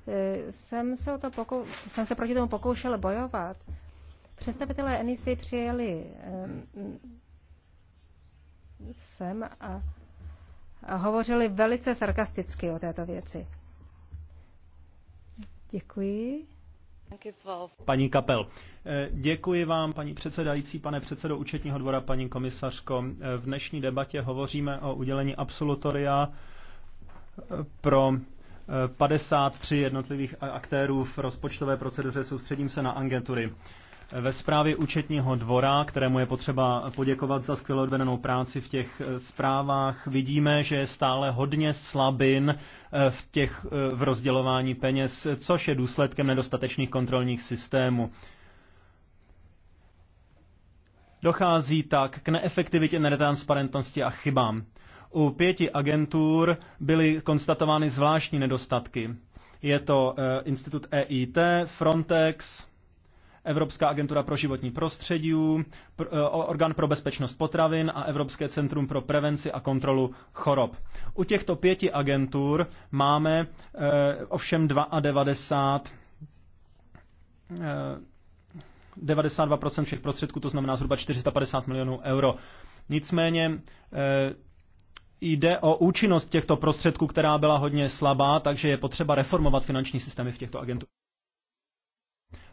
eh, jsem se, o to pokou- jsem se proti tomu pokoušel bojovat. Představitelé NEC přijeli sem a, a hovořili velice sarkasticky o této věci. Děkuji. Paní Kapel, eh, děkuji vám, paní předsedající, pane předsedo účetního dvora, paní komisařko. Eh, v dnešní debatě hovoříme o udělení absolutoria eh, pro 53 jednotlivých aktérů v rozpočtové proceduře. Soustředím se na agentury ve zprávě účetního dvora, kterému je potřeba poděkovat za skvěle odvedenou práci v těch eh, zprávách, vidíme, že je stále hodně slabin eh, v, těch, eh, v rozdělování peněz, což je důsledkem nedostatečných kontrolních systémů. Dochází tak k neefektivitě, netransparentnosti a chybám. U pěti agentur byly konstatovány zvláštní nedostatky. Je to Institut EIT, Frontex, Evropská agentura pro životní prostředí, eh, Orgán pro bezpečnost potravin a Evropské centrum pro prevenci a kontrolu chorob. U těchto pěti agentur máme eh, ovšem 92 92% eh, všech prostředků, to znamená zhruba 450 milionů euro. Nicméně jde o účinnost těchto prostředků, která byla hodně slabá, takže je potřeba reformovat finanční systémy v těchto agenturách.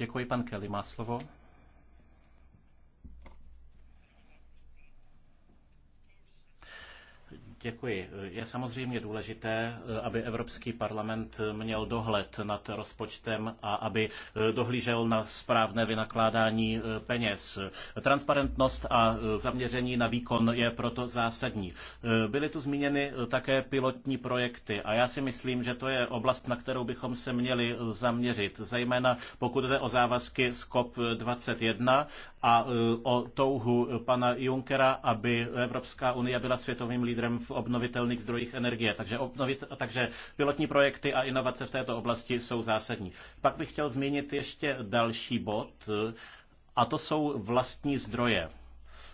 Děkuji, pan Kelly má slovo. Děkuji. Je samozřejmě důležité, eh, aby Evropský parlament eh, měl dohled nad rozpočtem a aby eh, dohlížel na správné vynakládání peněz. Transparentnost a zaměření na výkon je proto zásadní. Byly tu zmíněny také pilotní projekty a já si myslím, že to je oblast, na kterou bychom se měli zaměřit, zejména pokud jde o závazky z COP21 a o touhu pana Junckera, aby Evropská unie byla světovým lídrem v obnovitelných zdrojích energie. Takže, obnovit, takže pilotní projekty a inovace v této oblasti jsou zásadní. Pak bych chtěl zmínit ještě další bod, a to jsou vlastní zdroje.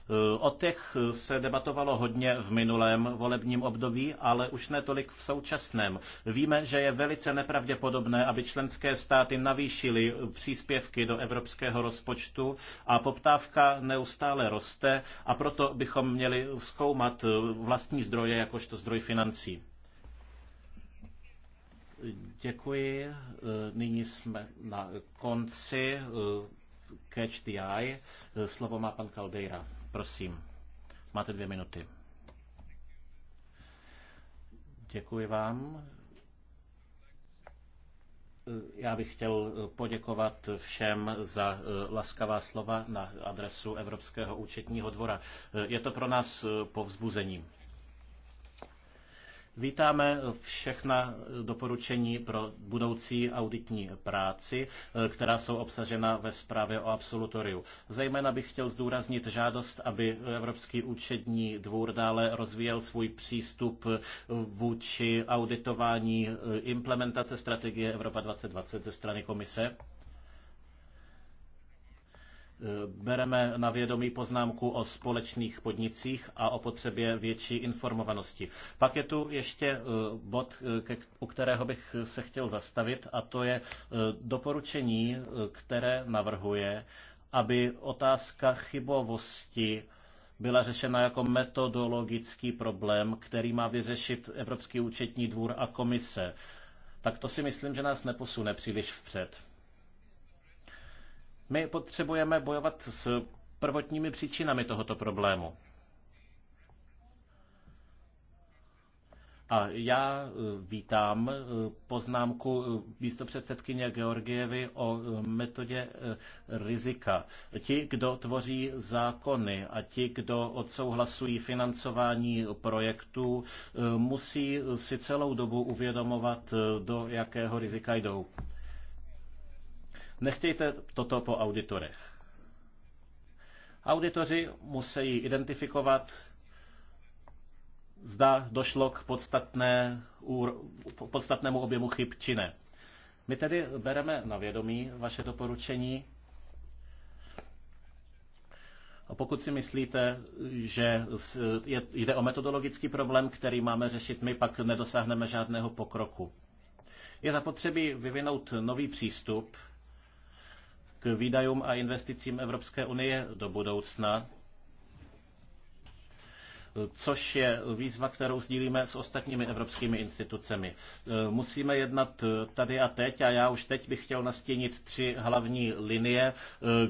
Eh, o těch eh, se debatovalo hodně v minulém volebním období, ale už ne tolik v současném. Víme, že je velice nepravděpodobné, aby členské státy navýšily eh, příspěvky do evropského rozpočtu a poptávka neustále roste a proto bychom měli zkoumat vlastní zdroje jakožto zdroj financí. Děkuji. Nyní jsme na konci Catch the Eye. Slovo má pan Caldeira. Prosím, máte dvě minuty. Děkuji vám. Já bych chtěl poděkovat všem za laskavá slova na adresu Evropského účetního dvora. Je to pro nás povzbuzením. Vítáme všechna doporučení pro budoucí auditní práci, která jsou obsažena ve zprávě o absolutoriu. Zejména bych chtěl zdůraznit žádost, aby Evropský účetní dvůr dále rozvíjel svůj přístup vůči auditování implementace strategie Evropa 2020 ze strany komise Eh, bereme na vědomí poznámku o společných podnicích a o potřebě větší informovanosti. Pak je tu ještě eh, bod, eh, u kterého bych se chtěl zastavit, a to je doporučení, které navrhuje, aby otázka chybovosti byla řešena jako metodologický problém, který má vyřešit Evropský účetní dvůr a komise. Tak to si myslím, že nás neposune příliš vpřed. My potřebujeme bojovat s prvotními příčinami tohoto problému. A já e, vítám e, poznámku e, místopředsedkyně Georgievy o metodě rizika. Ti, kdo tvoří zákony a ti, kdo odsouhlasují financování projektů, musí si celou dobu uvědomovat, do jakého rizika jdou. Nechtějte toto po auditorech. Auditoři musí identifikovat, zda došlo k podstatné, podstatnému objemu chyb či ne. My tedy bereme na vědomí vaše doporučení. A pokud si myslíte, že jde o metodologický problém, který máme řešit my, pak nedosáhneme žádného pokroku. Je zapotřebí vyvinout nový přístup, k výdajům a investicím Evropské unie do budoucna což je výzva, kterou sdílíme s ostatními evropskými institucemi. Musíme jednat tady a teď a já už teď bych chtěl nastínit tři hlavní linie,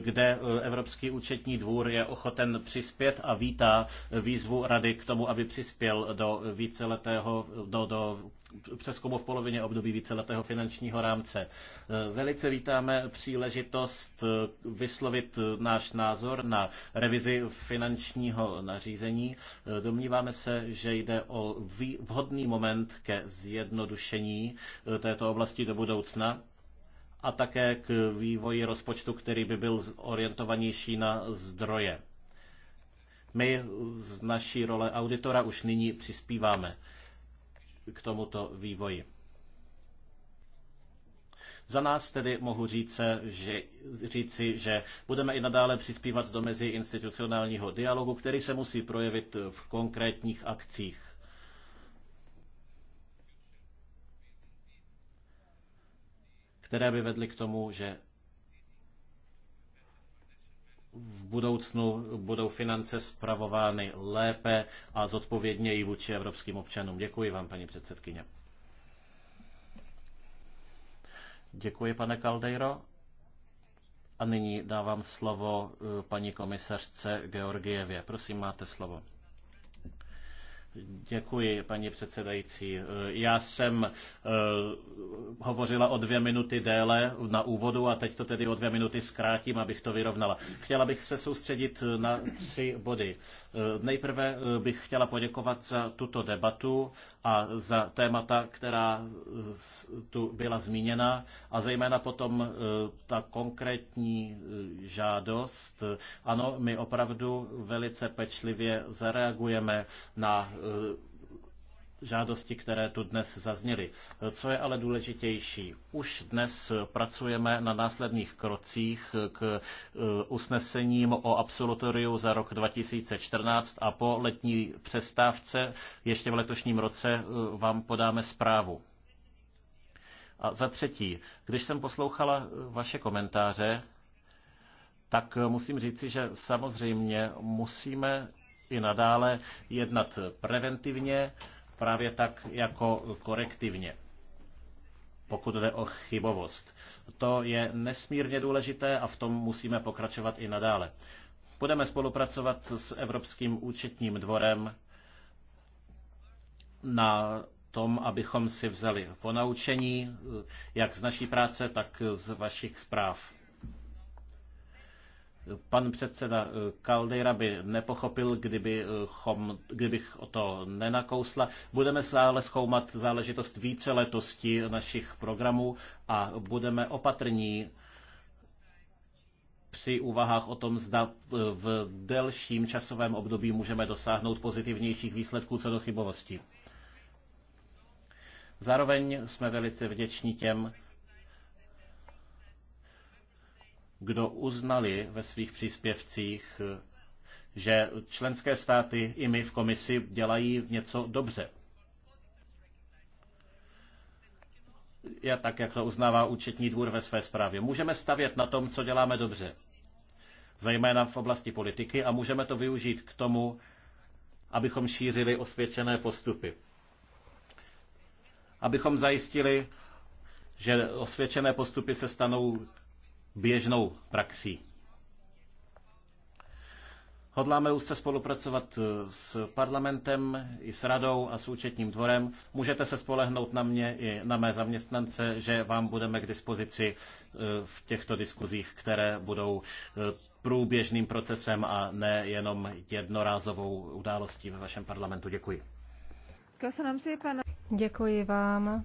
kde Evropský účetní dvůr je ochoten přispět a vítá výzvu rady k tomu, aby přispěl do víceletého, do, do přeskumu v polovině období víceletého finančního rámce. Velice vítáme příležitost vyslovit náš názor na revizi finančního nařízení Domníváme se, že jde o vhodný moment ke zjednodušení eh, této oblasti do budoucna a také k vývoji rozpočtu, který by byl orientovanější na zdroje. My z naší role auditora už nyní přispíváme k tomuto vývoji. Za nás tedy mohu říce, že, říci, že budeme i nadále přispívat do institucionálního dialogu, který se musí projevit v konkrétních akcích. které by vedly k tomu, že v budoucnu budou finance spravovány lépe a zodpovědněji vůči evropským občanům. Děkuji vám, paní předsedkyně. Děkuji, pane Caldeiro. A nyní dávám slovo eh, paní komisařce Georgievě. Prosím, máte slovo. Děkuji, paní předsedající. Já jsem eh, hovořila o dvě minuty déle na úvodu a teď to tedy o dvě minuty zkrátím, abych to vyrovnala. Chtěla bych se soustředit na tři body. Eh, nejprve eh, bych chtěla poděkovat za tuto debatu a za témata, která tu byla zmíněna a zejména potom ta konkrétní žádost. Ano, my opravdu velice pečlivě zareagujeme na Eh, žádosti, které tu dnes zazněly. Eh, co je ale důležitější? Už dnes pracujeme na následných krocích k eh, usnesením o absolutoriu za rok 2014 a po letní přestávce ještě v letošním roce vám podáme zprávu. A za třetí, když jsem poslouchala vaše komentáře, tak musím říci, že samozřejmě musíme i nadále jednat preventivně, právě tak jako korektivně pokud jde o chybovost. To je nesmírně důležité a v tom musíme pokračovat i nadále. Budeme spolupracovat s Evropským účetním dvorem na tom, abychom si vzali ponaučení, jak z naší práce, tak z vašich zpráv. Pan předseda Kaldejra eh, by nepochopil, kdyby eh, chom, kdybych o to nenakousla. Budeme stále zkoumat záležitost letosti našich programů a budeme opatrní při úvahách o tom, zda eh, v delším časovém období můžeme dosáhnout pozitivnějších výsledků co do chybovosti. Zároveň jsme velice vděční těm, kdo uznali ve svých příspěvcích, že členské státy i my v komisi dělají něco dobře. Já tak, jak to uznává účetní dvůr ve své zprávě. Můžeme stavět na tom, co děláme dobře, zejména v oblasti politiky, a můžeme to využít k tomu, abychom šířili osvědčené postupy. Abychom zajistili, že osvědčené postupy se stanou běžnou praxí. Hodláme úzce spolupracovat eh, s parlamentem, i s radou a s účetním dvorem. Můžete se spolehnout na mě i na mé zaměstnance, že vám budeme k dispozici eh, v těchto diskuzích, které budou eh, průběžným procesem a ne jenom jednorázovou událostí ve vašem parlamentu. Děkuji. Děkuji vám.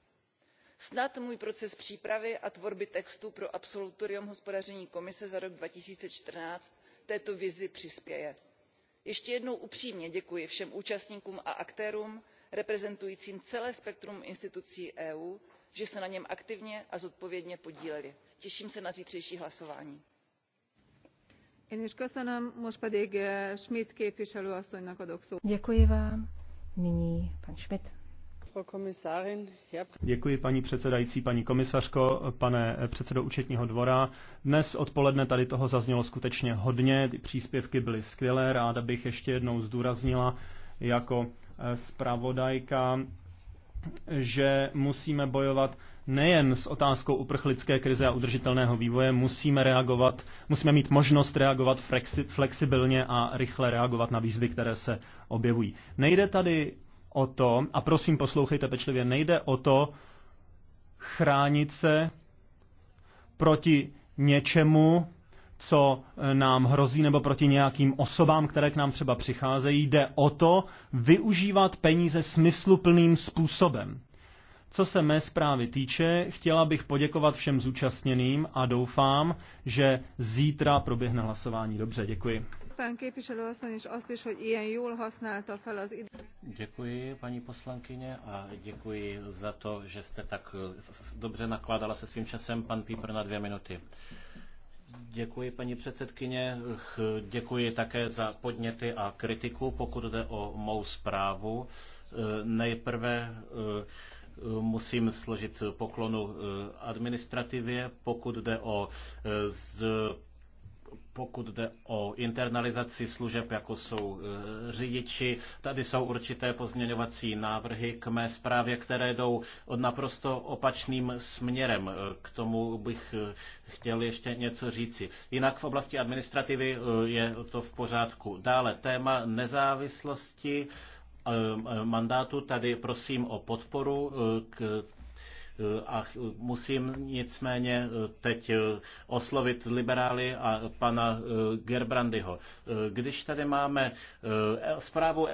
snad můj proces přípravy a tvorby textu pro absolutorium hospodaření komise za rok two thousand and fourteen této vizi přispěje. ještě jednou upřímně děkuji všem účastníkům a aktérům reprezentujícím celé spektrum institucí eu že se na něm aktivně a zodpovědně podíleli. těším se na zítřejší hlasování. Děkuji vám. pan Děkuji paní předsedající, paní komisařko, pane předsedo účetního dvora. Dnes odpoledne tady toho zaznělo skutečně hodně, ty příspěvky byly skvělé, ráda bych ještě jednou zdůraznila jako eh, zpravodajka, že musíme bojovat nejen s otázkou uprchlické krize a udržitelného vývoje, musíme reagovat, musíme mít možnost reagovat flexibilně a rychle reagovat na výzvy, které se objevují. Nejde tady o to, a prosím poslouchejte pečlivě, nejde o to chránit se proti něčemu, co nám hrozí, nebo proti nějakým osobám, které k nám třeba přicházejí. Jde o to využívat peníze smysluplným způsobem. Co se mé zprávy týče, chtěla bych poděkovat všem zúčastněným a doufám, že zítra proběhne hlasování. Dobře, děkuji. Děkuji, paní poslankyně, a děkuji za to, že jste tak eh, dobře nakládala se svým časem. Pan Píper, na dvě minuty. Děkuji, paní předsedkyně. Děkuji také za podněty a kritiku, pokud jde o mou zprávu. Eh, nejprve eh, musím složit poklonu administrativě, pokud jde o z pokud jde o internalizaci služeb, jako jsou e, řidiči, tady jsou určité pozměňovací návrhy k mé zprávě, které jdou od naprosto opačným směrem. E, k tomu bych e, chtěl ještě něco říci. Jinak v oblasti administrativy je to v pořádku. Dále téma nezávislosti mandátu. Tady prosím o podporu k a musím nicméně eh, teď eh, oslovit liberály a pana eh, Gerbrandyho. Když tady máme zprávu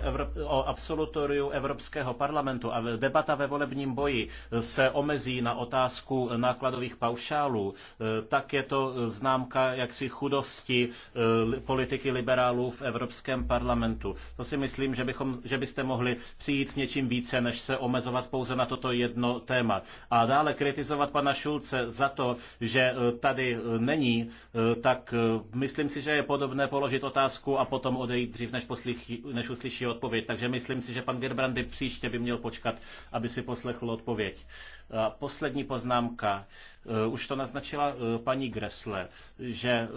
o absolutoriu Evropského parlamentu a debata ve volebním boji se omezí na otázku nákladových paušálů, tak je to známka jaksi chudosti politiky liberálů v Evropském parlamentu. To si myslím, že, bychom, že byste mohli přijít s něčím více, než se omezovat pouze na toto jedno téma. A a dále kritizovat pana Šulce za to, že e, tady e, není, e, tak myslím si, že je podobné položit otázku a potom odejít dřív, než, poslyší, než uslyší odpověď. Takže myslím si, že pan Gerbrandy příště by měl počkat, aby si poslechl odpověď. Eh, poslední poznámka. Eh, už to naznačila eh, paní Gresle, že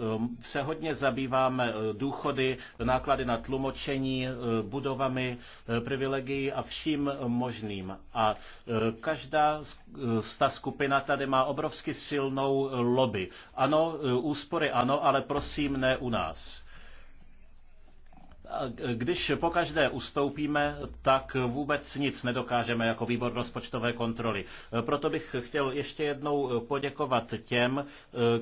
se hodně zabýváme důchody, náklady na tlumočení, budovami, privilegií a vším možným. A každá ta skupina tady má obrovsky silnou lobby. Ano, úspory ano, ale prosím ne u nás. Když po každé ustoupíme, tak vůbec nic nedokážeme jako výbor rozpočtové kontroly. Proto bych chtěl ještě jednou poděkovat těm,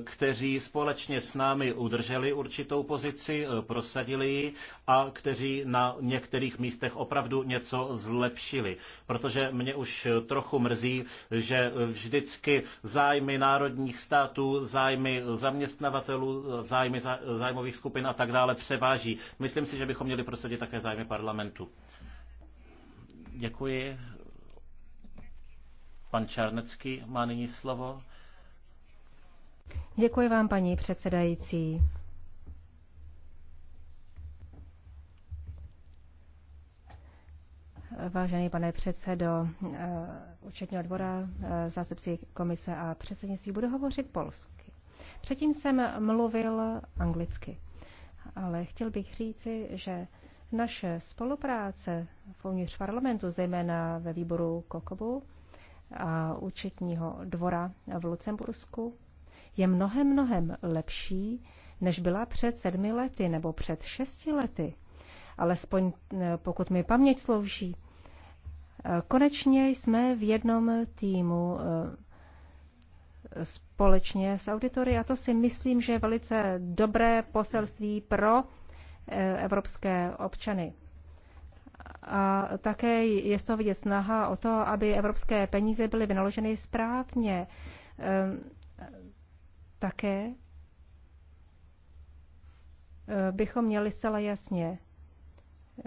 kteří společně s námi udrželi určitou pozici, prosadili ji a kteří na některých místech opravdu něco zlepšili. Protože mě už trochu mrzí, že vždycky zájmy národních států, zájmy zaměstnavatelů, zájmy zájmových skupin a tak dále převáží. Myslím si, že bych bychom měli prosadit také zájmy parlamentu. Děkuji. Pan Čarnecký má nyní slovo. Děkuji vám, paní předsedající. Vážený pane předsedo eh, účetního dvora, eh, zástupci komise a předsednictví, budu hovořit polsky. Předtím jsem mluvil anglicky ale chtěl bych říci, že naše spolupráce v uvnitř parlamentu, zejména ve výboru Kokobu a účetního dvora v Lucembursku, je mnohem, mnohem lepší, než byla před sedmi lety nebo před šesti lety. Alespoň eh, pokud mi paměť slouží. Eh, konečně jsme v jednom týmu eh, společně s auditory a to si myslím, že je velice dobré poselství pro eh, evropské občany. A také je to vidět snaha o to, aby evropské peníze byly vynaloženy správně. Ehm, také eh, bychom měli zcela jasně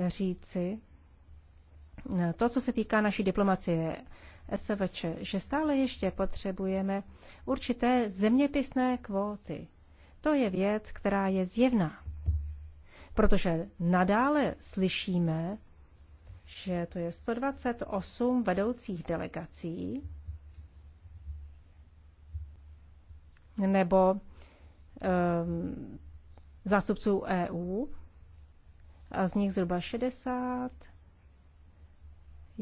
říci, eh, to, co se týká naší diplomacie, SVČ, že stále ještě potřebujeme určité zeměpisné kvóty. To je věc, která je zjevná. Protože nadále slyšíme, že to je 128 vedoucích delegací, nebo um, zástupců EU, a z nich zhruba 60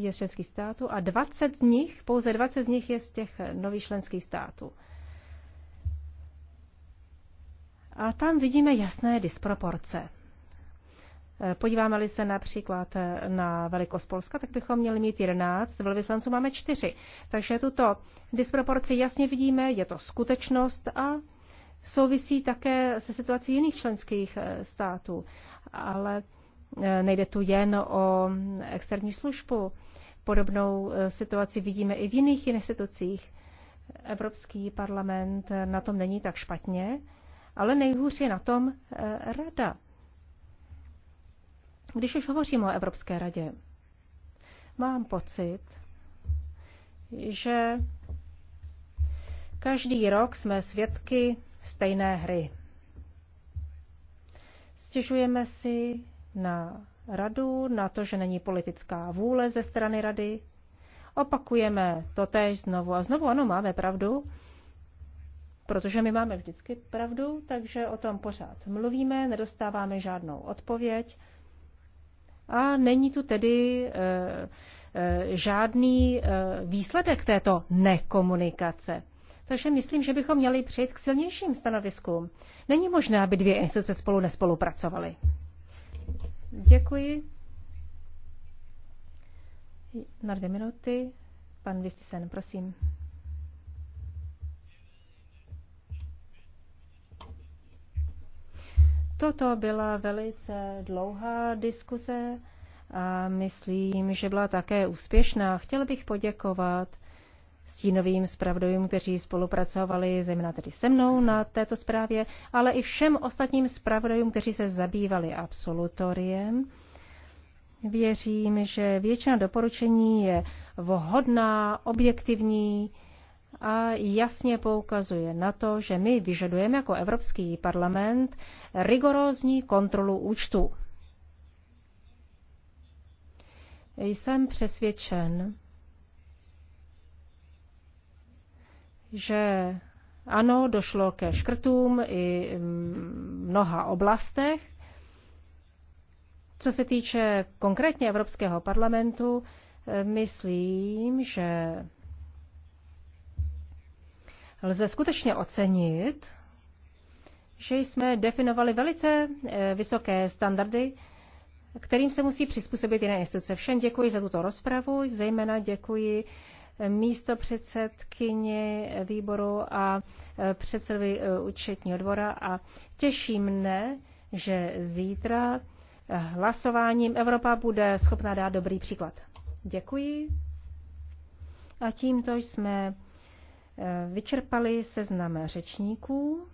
je z členských států a 20 z nich, pouze 20 z nich je z těch nových členských států. A tam vidíme jasné disproporce. Podíváme-li se například na velikost Polska, tak bychom měli mít 11, velvyslanců máme 4. Takže tuto disproporci jasně vidíme, je to skutečnost a souvisí také se situací jiných členských eh, států. Ale eh, nejde tu jen o externí službu. Podobnou eh, situaci vidíme i v jiných institucích. Evropský parlament eh, na tom není tak špatně, ale nejhůř je na tom eh, rada. Když už hovořím o Evropské radě, mám pocit, že každý rok jsme svědky stejné hry. Stěžujeme si na radu, na to, že není politická vůle ze strany rady. Opakujeme to též znovu a znovu. Ano, máme pravdu, protože my máme vždycky pravdu, takže o tom pořád mluvíme, nedostáváme žádnou odpověď. A není tu tedy e, e, žádný e, výsledek této nekomunikace. Takže myslím, že bychom měli přejít k silnějším stanoviskům. Není možné, aby dvě instituce spolu nespolupracovaly. Děkuji. Na dvě minuty. Pan Vistisen, prosím. Toto byla velice dlouhá diskuze a myslím, že byla také úspěšná. Chtěl bych poděkovat stínovým zpravodajům, kteří spolupracovali zejména tedy se mnou na této zprávě, ale i všem ostatním zpravodajům, kteří se zabývali absolutoriem. Věřím, že většina doporučení je vhodná, objektivní a jasně poukazuje na to, že my vyžadujeme jako Evropský parlament rigorózní kontrolu účtu. Jsem přesvědčen, že ano, došlo ke škrtům i mm, v mnoha oblastech. Co se týče konkrétně Evropského parlamentu, eh, myslím, že lze skutečně ocenit, že jsme definovali velice eh, vysoké standardy, kterým se musí přizpůsobit jiné instituce. Všem děkuji za tuto rozpravu, zejména děkuji místo předsedkyni výboru a e, předsedovi e, účetního dvora a těší mne, že zítra hlasováním Evropa bude schopna dát dobrý příklad. Děkuji. A tímto jsme e, vyčerpali seznam řečníků.